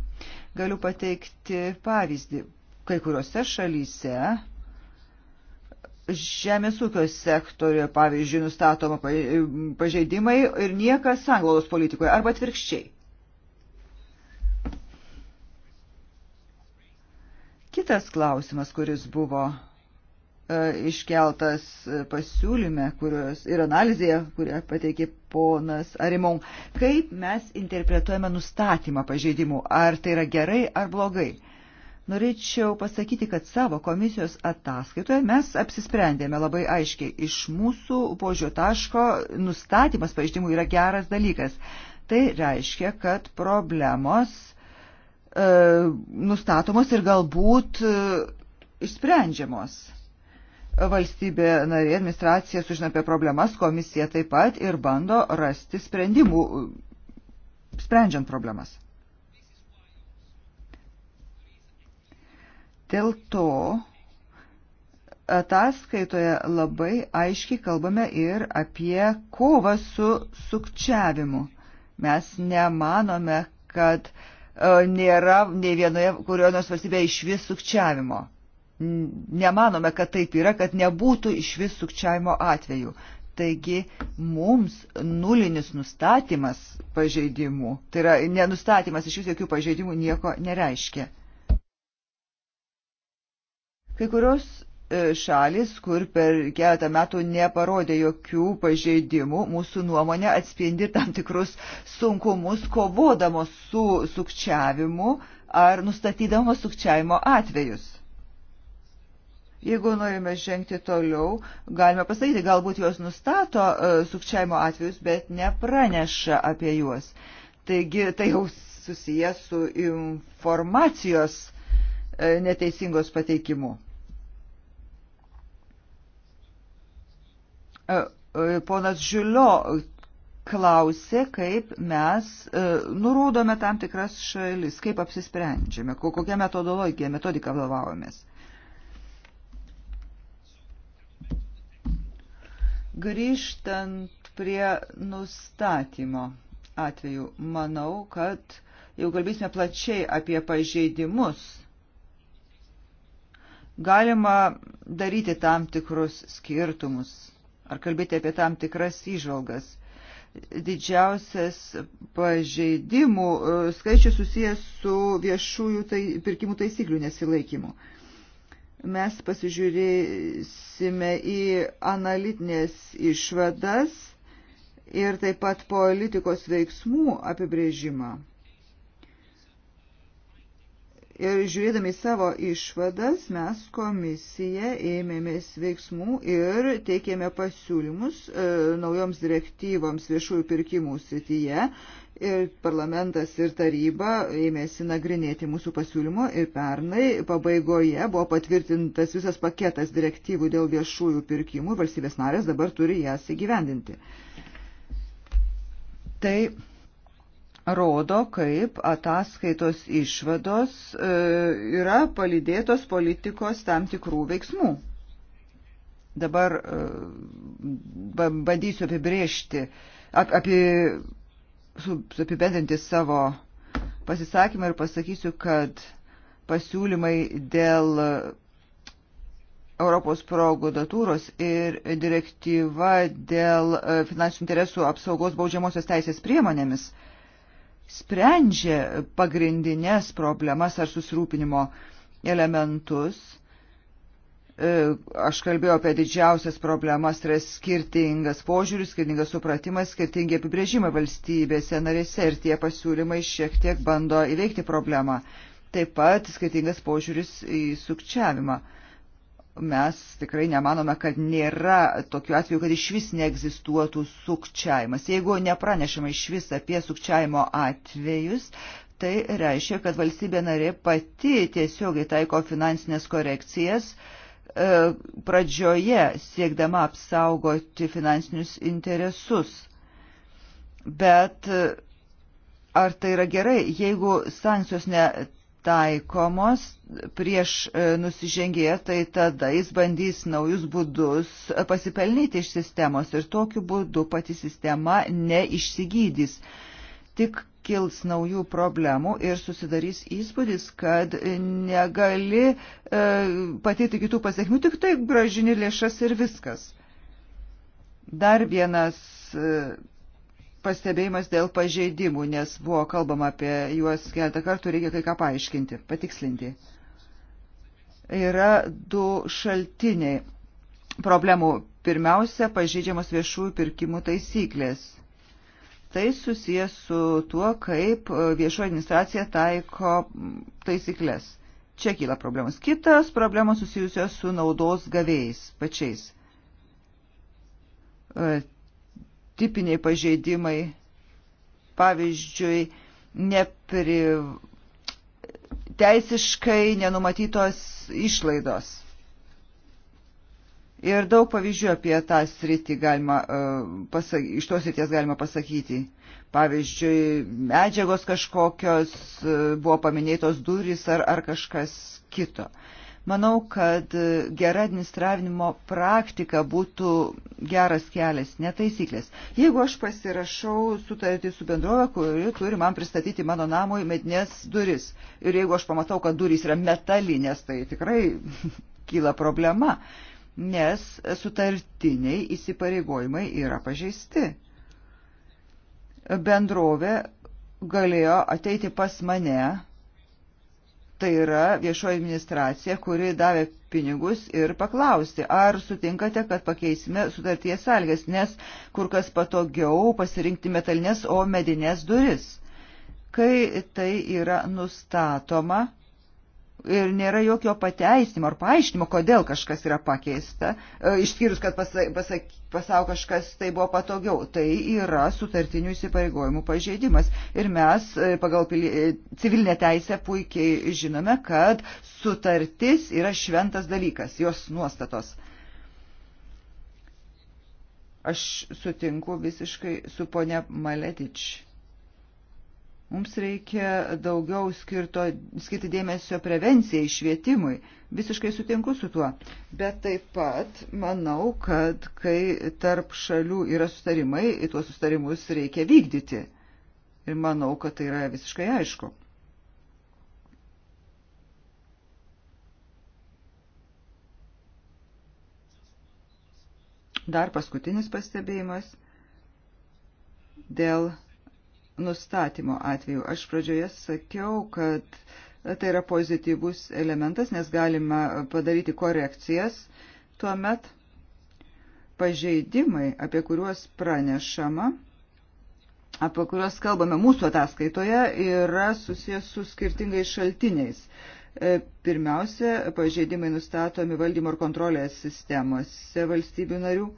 Galiu pateikti pavyzdį. Kai kuriuose šalyse žemės ūkio sektoriuje, pavyzdžiui, nustatoma pažeidimai ir niekas anglos politikoje arba atvirkščiai. Kitas klausimas, kuris buvo E, iškeltas pasiūlyme kurios, ir analizėje, kurią pateikė ponas Arimon. Kaip mes interpretuojame nustatymą pažeidimų? Ar tai yra gerai ar blogai? Norėčiau pasakyti, kad savo komisijos ataskaitoje mes apsisprendėme labai aiškiai. Iš mūsų požiūrio taško nustatymas pažeidimų yra geras dalykas. Tai reiškia, kad problemos e, nustatomos ir galbūt e, išsprendžiamos valstybė narė administracija sužino apie problemas, komisija taip pat ir bando rasti sprendimų, sprendžiant problemas. Dėl to ataskaitoje labai aiškiai kalbame ir apie kovą su sukčiavimu. Mes nemanome, kad e, nėra nei vienoje kurio nors valstybėje iš vis sukčiavimo nemanome, kad taip yra, kad nebūtų iš vis sukčiavimo atvejų. Taigi mums nulinis nustatymas pažeidimų, tai yra nenustatymas iš vis jokių pažeidimų nieko nereiškia. Kai kurios e, šalis, kur per keletą metų neparodė jokių pažeidimų, mūsų nuomonė atspindi tam tikrus sunkumus kovodamos su sukčiavimu ar nustatydamos sukčiavimo atvejus. Jeigu norime žengti toliau, galime pasakyti, galbūt jos nustato e, sukčiavimo atvejus, bet nepraneša apie juos. Taigi tai jau susijęs su informacijos e, neteisingos pateikimu. E, ponas Žiulio klausė, kaip mes e, nurodome tam tikras šalis, kaip apsisprendžiame, kokią metodologiją, metodiką vadovavomės. Grįžtant prie nustatymo atveju, manau, kad jau kalbėsime plačiai apie pažeidimus. Galima daryti tam tikrus skirtumus ar kalbėti apie tam tikras įžvalgas. Didžiausias pažeidimų e, skaičius susijęs su viešųjų tai, pirkimų taisyklių nesilaikymu mes pasižiūrėsime į analitinės išvadas ir taip pat politikos veiksmų apibrėžimą. Ir žiūrėdami savo išvadas, mes komisija ėmėmės veiksmų ir teikėme pasiūlymus e, naujoms direktyvoms viešųjų pirkimų srityje. Ir parlamentas ir taryba ėmėsi nagrinėti mūsų pasiūlymo ir pernai pabaigoje buvo patvirtintas visas paketas direktyvų dėl viešųjų pirkimų. Valstybės narės dabar turi jas įgyvendinti. Tai rodo, kaip ataskaitos išvados e, yra palydėtos politikos tam tikrų veiksmų. Dabar e, bandysiu apibriežti, ap, apie apibendrinti savo pasisakymą ir pasakysiu, kad pasiūlymai dėl Europos prokuratūros ir direktyva dėl e, finansinių interesų apsaugos baudžiamosios teisės priemonėmis sprendžia pagrindinės problemas ar susirūpinimo elementus E, aš kalbėjau apie didžiausias problemas, yra skirtingas požiūris, skirtingas supratimas, skirtingi apibrėžimai valstybėse narėse ir tie pasiūlymai šiek tiek bando įveikti problemą. Taip pat skirtingas požiūris į sukčiavimą. Mes tikrai nemanome, kad nėra tokių atvejų, kad iš vis neegzistuotų sukčiavimas. Jeigu nepranešama iš vis apie sukčiavimo atvejus, tai reiškia, kad valstybė narė pati tiesiogiai taiko finansinės korekcijas, uh, E, pradžioje siekdama apsaugoti finansinius interesus. Bet e, ar tai yra gerai, jeigu sankcijos netaikomos prieš e, nusižengėją, tai tada jis bandys naujus būdus pasipelnyti iš sistemos ir tokiu būdu pati sistema neišsigydys tik kils naujų problemų ir susidarys įspūdis, kad negali e, patirti kitų pasiekmių, tik tai gražini lėšas ir viskas. Dar vienas e, pastebėjimas dėl pažeidimų, nes buvo kalbama apie juos keletą kartų, reikia kai ką paaiškinti, patikslinti. Yra du šaltiniai problemų. Pirmiausia, pažeidžiamos viešųjų pirkimų taisyklės Tai susijęs su tuo, kaip e, viešoji administracija taiko taisyklės. Čia kyla problemas. Kitas problemas susijusios su naudos gavėjais pačiais. E, tipiniai pažeidimai, pavyzdžiui, nepri... teisiškai nenumatytos išlaidos Ir daug pavyzdžių apie tą sritį galima, e, pasak, iš tos srities galima pasakyti. Pavyzdžiui, medžiagos kažkokios e, buvo paminėtos durys ar, ar kažkas kito. Manau, kad e, gera administravimo praktika būtų geras kelias, netaisyklės. Jeigu aš pasirašau sutartį su bendrovė, kuri turi man pristatyti mano namui medinės duris, ir jeigu aš pamatau, kad durys yra metalinės, tai tikrai kyla problema. Uh, nes sutartiniai įsipareigojimai yra pažeisti. Bendrovė galėjo ateiti pas mane, tai yra viešoji administracija, kuri davė pinigus ir paklausti, ar sutinkate, kad pakeisime sutarties sąlygas, nes kur kas patogiau pasirinkti metalinės, o medinės duris. Kai tai yra nustatoma, ir nėra jokio pateisimo ar paaiškinimo, kodėl kažkas yra pakeista, e, išskyrus, kad pasau kažkas tai buvo patogiau. Tai yra sutartinių įsipareigojimų pažeidimas. Ir mes e, pagal e, civilinę teisę puikiai žinome, kad sutartis yra šventas dalykas, jos nuostatos. Aš sutinku visiškai su ponia Maletič Mums reikia daugiau skirto, skirti dėmesio prevencijai, švietimui. Visiškai sutinku su tuo. Bet taip pat manau, kad kai tarp šalių yra sustarimai, tuos sustarimus reikia vykdyti. Ir manau, kad tai yra visiškai aišku. Dar paskutinis pastebėjimas dėl nustatymo atveju. Aš pradžioje sakiau, kad tai yra pozityvus elementas, nes galima padaryti korekcijas. Tuomet pažeidimai, apie kuriuos pranešama, apie kuriuos kalbame mūsų ataskaitoje, yra susijęs su skirtingais šaltiniais. E, pirmiausia, pažeidimai nustatomi valdymo ir kontrolės sistemose valstybių narių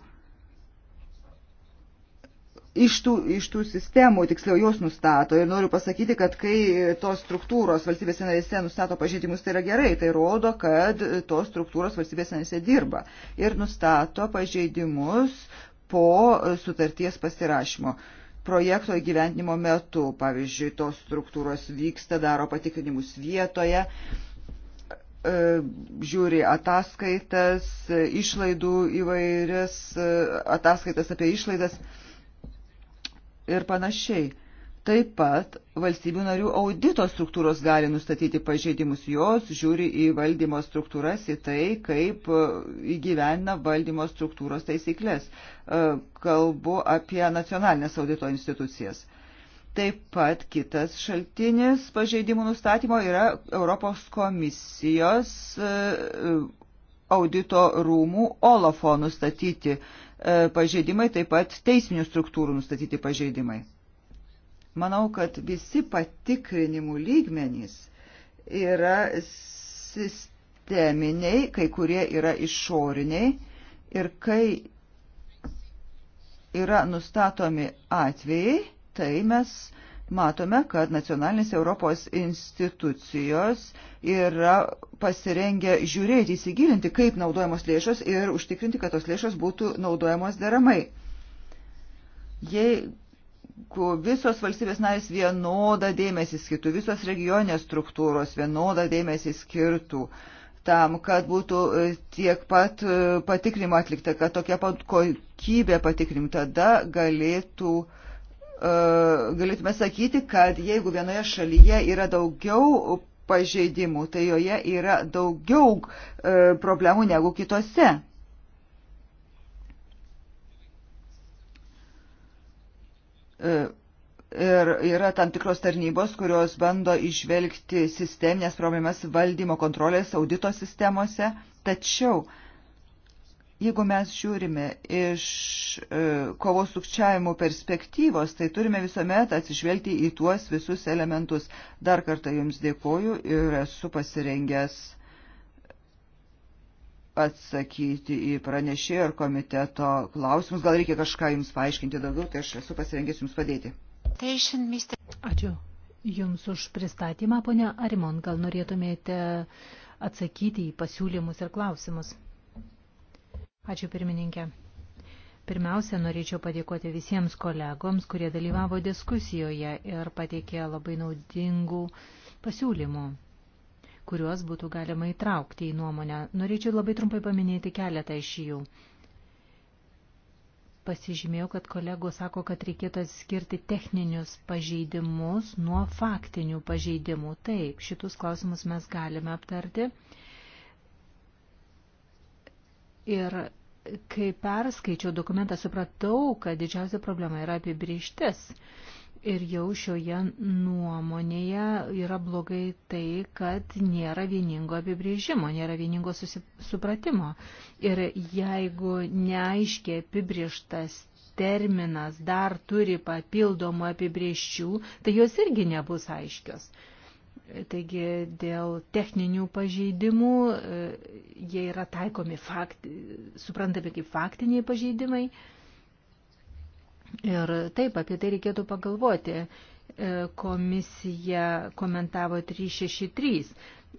iš tų, iš tų sistemų, tiksliau jos nustato. Ir noriu pasakyti, kad kai tos struktūros valstybės narėse nustato pažeidimus, tai yra gerai. Tai rodo, kad tos struktūros valstybės narėse dirba ir nustato pažeidimus po sutarties pasirašymo. Projekto įgyventinimo metu, pavyzdžiui, tos struktūros vyksta, daro patikrinimus vietoje e, žiūri ataskaitas, išlaidų įvairias, e, ataskaitas apie išlaidas ir panašiai. Taip pat valstybių narių audito struktūros gali nustatyti pažeidimus, jos žiūri į valdymo struktūras, į tai, kaip e, įgyvena valdymo struktūros taisyklės. E, kalbu apie nacionalinės audito institucijas. Taip pat kitas šaltinis pažeidimų nustatymo yra Europos komisijos e, audito rūmų Olafo nustatyti E, pažeidimai, taip pat teisminių struktūrų nustatyti pažeidimai. Manau, kad visi patikrinimų lygmenys yra sisteminiai, kai kurie yra išoriniai ir kai yra nustatomi atvejai, tai mes uh, matome, kad nacionalinės Europos institucijos yra pasirengę žiūrėti, įsigilinti, kaip naudojamos lėšos ir užtikrinti, kad tos lėšos būtų naudojamos deramai. Jei visos valstybės narės vienodą dėmesį skirtų, visos regioninės struktūros vienodą dėmesį skirtų tam, kad būtų e, tiek pat e, patikrinimo atlikta, kad tokia pat kokybė patikrim, tada galėtų uh, E, galėtume sakyti, kad jeigu vienoje šalyje yra daugiau pažeidimų, tai joje yra daugiau e, problemų negu kitose. E, ir yra tam tikros tarnybos, kurios bando išvelgti sisteminės problemas valdymo kontrolės audito sistemose, tačiau uh, Jeigu mes žiūrime iš e, kovos sukčiavimo perspektyvos, tai turime visuomet atsižvelgti į tuos visus elementus. Dar kartą Jums dėkoju ir esu pasirengęs atsakyti į pranešėjo ir komiteto klausimus. Gal reikia kažką Jums paaiškinti daugiau, tai aš esu pasirengęs Jums padėti. Ačiū Jums už pristatymą, ponia Arimon. Gal norėtumėte atsakyti į pasiūlymus ir klausimus? Ačiū pirmininkė. Pirmiausia, norėčiau padėkoti visiems kolegoms, kurie dalyvavo diskusijoje ir pateikė labai naudingų pasiūlymų, kuriuos būtų galima įtraukti į nuomonę. Norėčiau labai trumpai paminėti keletą iš jų. Pasižymėjau, kad kolegų sako, kad reikėtų atskirti techninius pažeidimus nuo faktinių pažeidimų. Taip, šitus klausimus mes galime aptarti. Ir kai perskaičiau dokumentą, supratau, kad didžiausia problema yra apibrieštis. Ir jau šioje nuomonėje yra blogai tai, kad nėra vieningo apibrėžimo, nėra vieningo supratimo. Ir jeigu neaiškiai apibrieštas terminas dar turi papildomų apibrieščių, tai jos irgi nebus aiškios. Taigi dėl techninių pažeidimų e, jie yra taikomi, fakt, suprantami kaip faktiniai pažeidimai. Ir taip, apie tai reikėtų pagalvoti. E, komisija komentavo 363.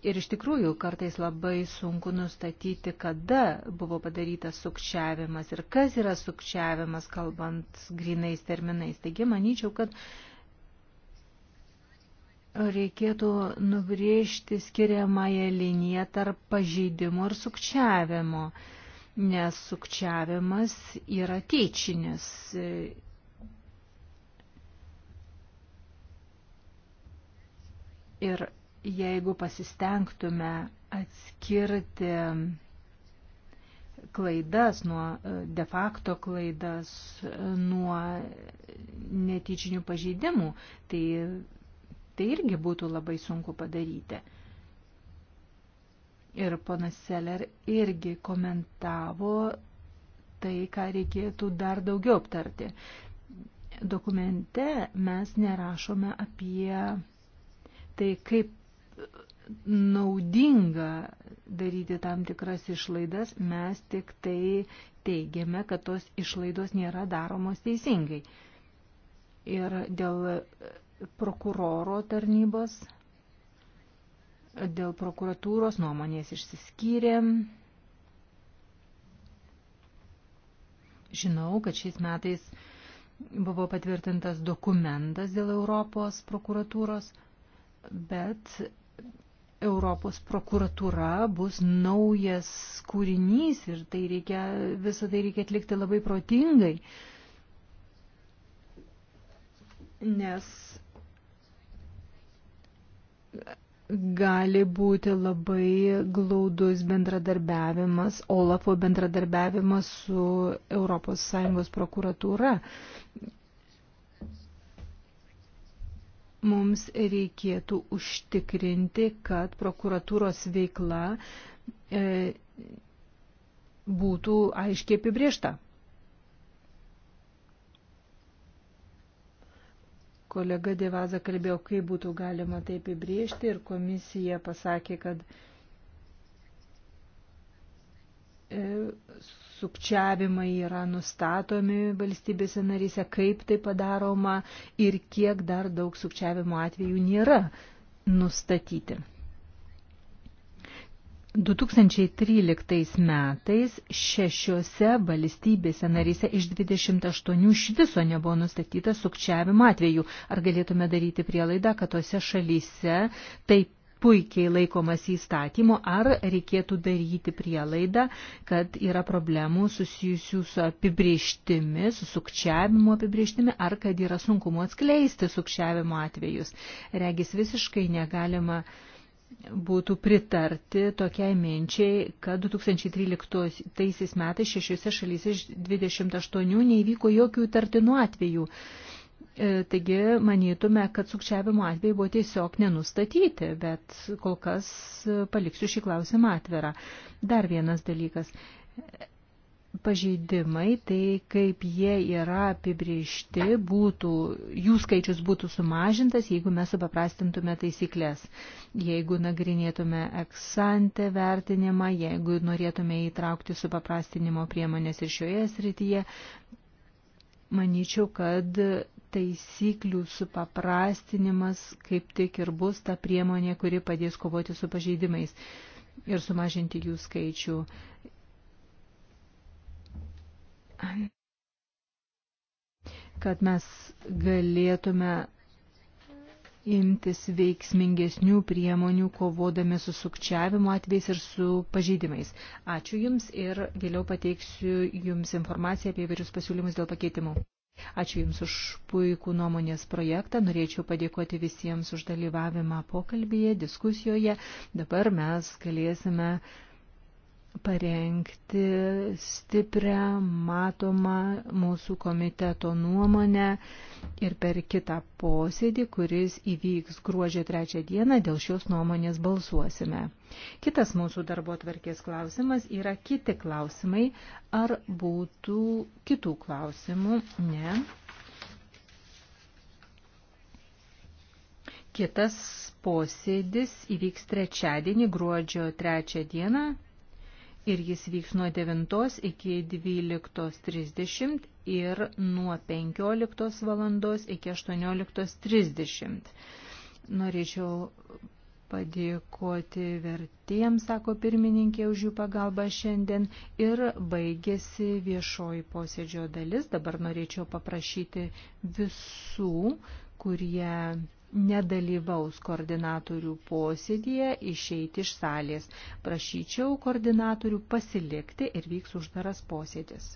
Ir iš tikrųjų kartais labai sunku nustatyti, kada buvo padarytas sukčiavimas ir kas yra sukčiavimas, kalbant grinais terminais. Taigi manyčiau, kad reikėtų nubrėžti skiriamąją liniją tarp pažeidimo ir sukčiavimo, nes sukčiavimas yra tyčinis. Ir jeigu pasistengtume atskirti klaidas, nuo de facto klaidas, nuo netyčinių pažeidimų, tai tai irgi būtų labai sunku padaryti. Ir ponas Seller irgi komentavo tai, ką reikėtų dar daugiau aptarti. Dokumente mes nerašome apie tai, kaip naudinga daryti tam tikras išlaidas, mes tik tai teigiame, kad tos išlaidos nėra daromos teisingai. Ir dėl prokuroro tarnybos. Dėl prokuratūros nuomonės išsiskyrė. Žinau, kad šiais metais buvo patvirtintas dokumentas dėl Europos prokuratūros, bet Europos prokuratūra bus naujas kūrinys ir tai reikia, visą tai reikia atlikti labai protingai, nes gali būti labai glaudus bendradarbiavimas, Olafo bendradarbiavimas su ES prokuratūra. Mums reikėtų užtikrinti, kad prokuratūros veikla e, būtų aiškiai apibriešta. Kolega Devaza kalbėjo, kaip būtų galima tai apibriežti ir komisija pasakė, kad e, sukčiavimai yra nustatomi valstybėse narise, kaip tai padaroma ir kiek dar daug sukčiavimo atvejų nėra nustatyti. 2013 metais šešiose valstybėse narise iš 28 iš viso nebuvo nustatyta sukčiavimo atveju. Ar galėtume daryti prielaidą, kad tose šalyse taip puikiai laikomas įstatymo, ar reikėtų daryti prielaidą, kad yra problemų susijusių su apibrieštimi, su sukčiavimo apibrieštimi, ar kad yra sunkumo atskleisti sukčiavimo atvejus. Regis visiškai negalima uh, būtų pritarti tokiai minčiai, kad 2013 metais šešiose šalyse iš 28 neįvyko jokių tartinų atvejų. E, taigi manytume, kad sukčiavimo atvejai buvo tiesiog nenustatyti, bet kol kas paliksiu šį klausimą atvirą. Dar vienas dalykas pažeidimai, tai kaip jie yra apibriežti, būtų, jų skaičius būtų sumažintas, jeigu mes supaprastintume taisyklės. Jeigu nagrinėtume eksante vertinimą, jeigu norėtume įtraukti supaprastinimo priemonės ir šioje srityje, manyčiau, kad taisyklių supaprastinimas kaip tik ir bus ta priemonė, kuri padės kovoti su pažeidimais ir sumažinti jų skaičių kad mes galėtume imtis veiksmingesnių priemonių kovodami su sukčiavimo atvejais ir su pažeidimais. Ačiū Jums ir vėliau pateiksiu Jums informaciją apie įvairius pasiūlymus dėl pakeitimų. Ačiū Jums už puikų nuomonės projektą. Norėčiau padėkoti visiems už dalyvavimą pokalbėje, diskusijoje. Dabar mes galėsime parengti stiprią, matomą mūsų komiteto nuomonę ir per kitą posėdį, kuris įvyks gruodžio trečią dieną, dėl šios nuomonės balsuosime. Kitas mūsų darbo tvarkės klausimas yra kiti klausimai. Ar būtų kitų klausimų? Ne. Kitas posėdis įvyks trečiadienį, gruodžio trečią dieną, ir jis vyks nuo 9 iki 12.30 ir nuo 15 valandos iki 18.30. Norėčiau padėkoti vertėjams, sako pirmininkė, už jų pagalbą šiandien ir baigėsi viešoji posėdžio dalis. Dabar norėčiau paprašyti visų, kurie nedalyvaus koordinatorių posėdėje, išeiti iš salės. Prašyčiau koordinatorių pasilikti ir vyks uždaras posėdis.